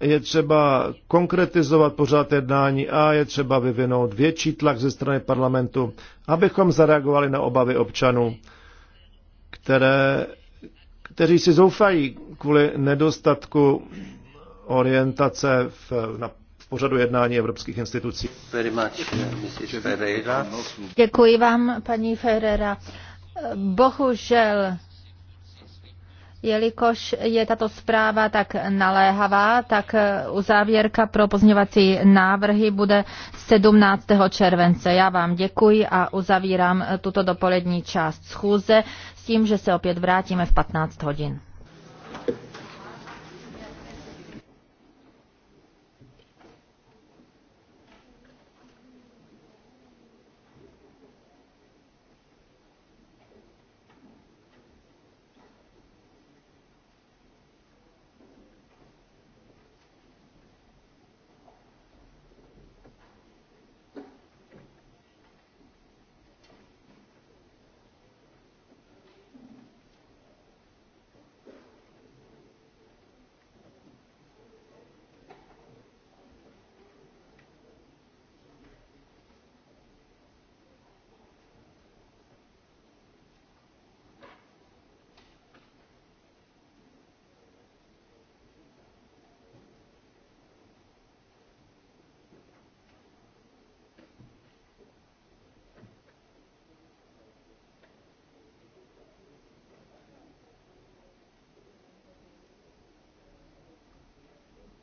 je třeba konkretizovat pořád jednání a je třeba vyvinout větší tlak ze strany parlamentu, abychom zareagovali na obavy občanů, které, kteří si zoufají kvůli nedostatku orientace v, na, v pořadu jednání evropských institucí. Uh, Děkuji vám, paní Ferrera. Bohužel Jelikož je tato zpráva tak naléhavá, tak eh, uzávěrka pro pozměňovací návrhy bude 17. července. Já vám děkuji a uzavírám eh, tuto dopolední část schůze s tím, že se opět vrátíme v 15 hodin.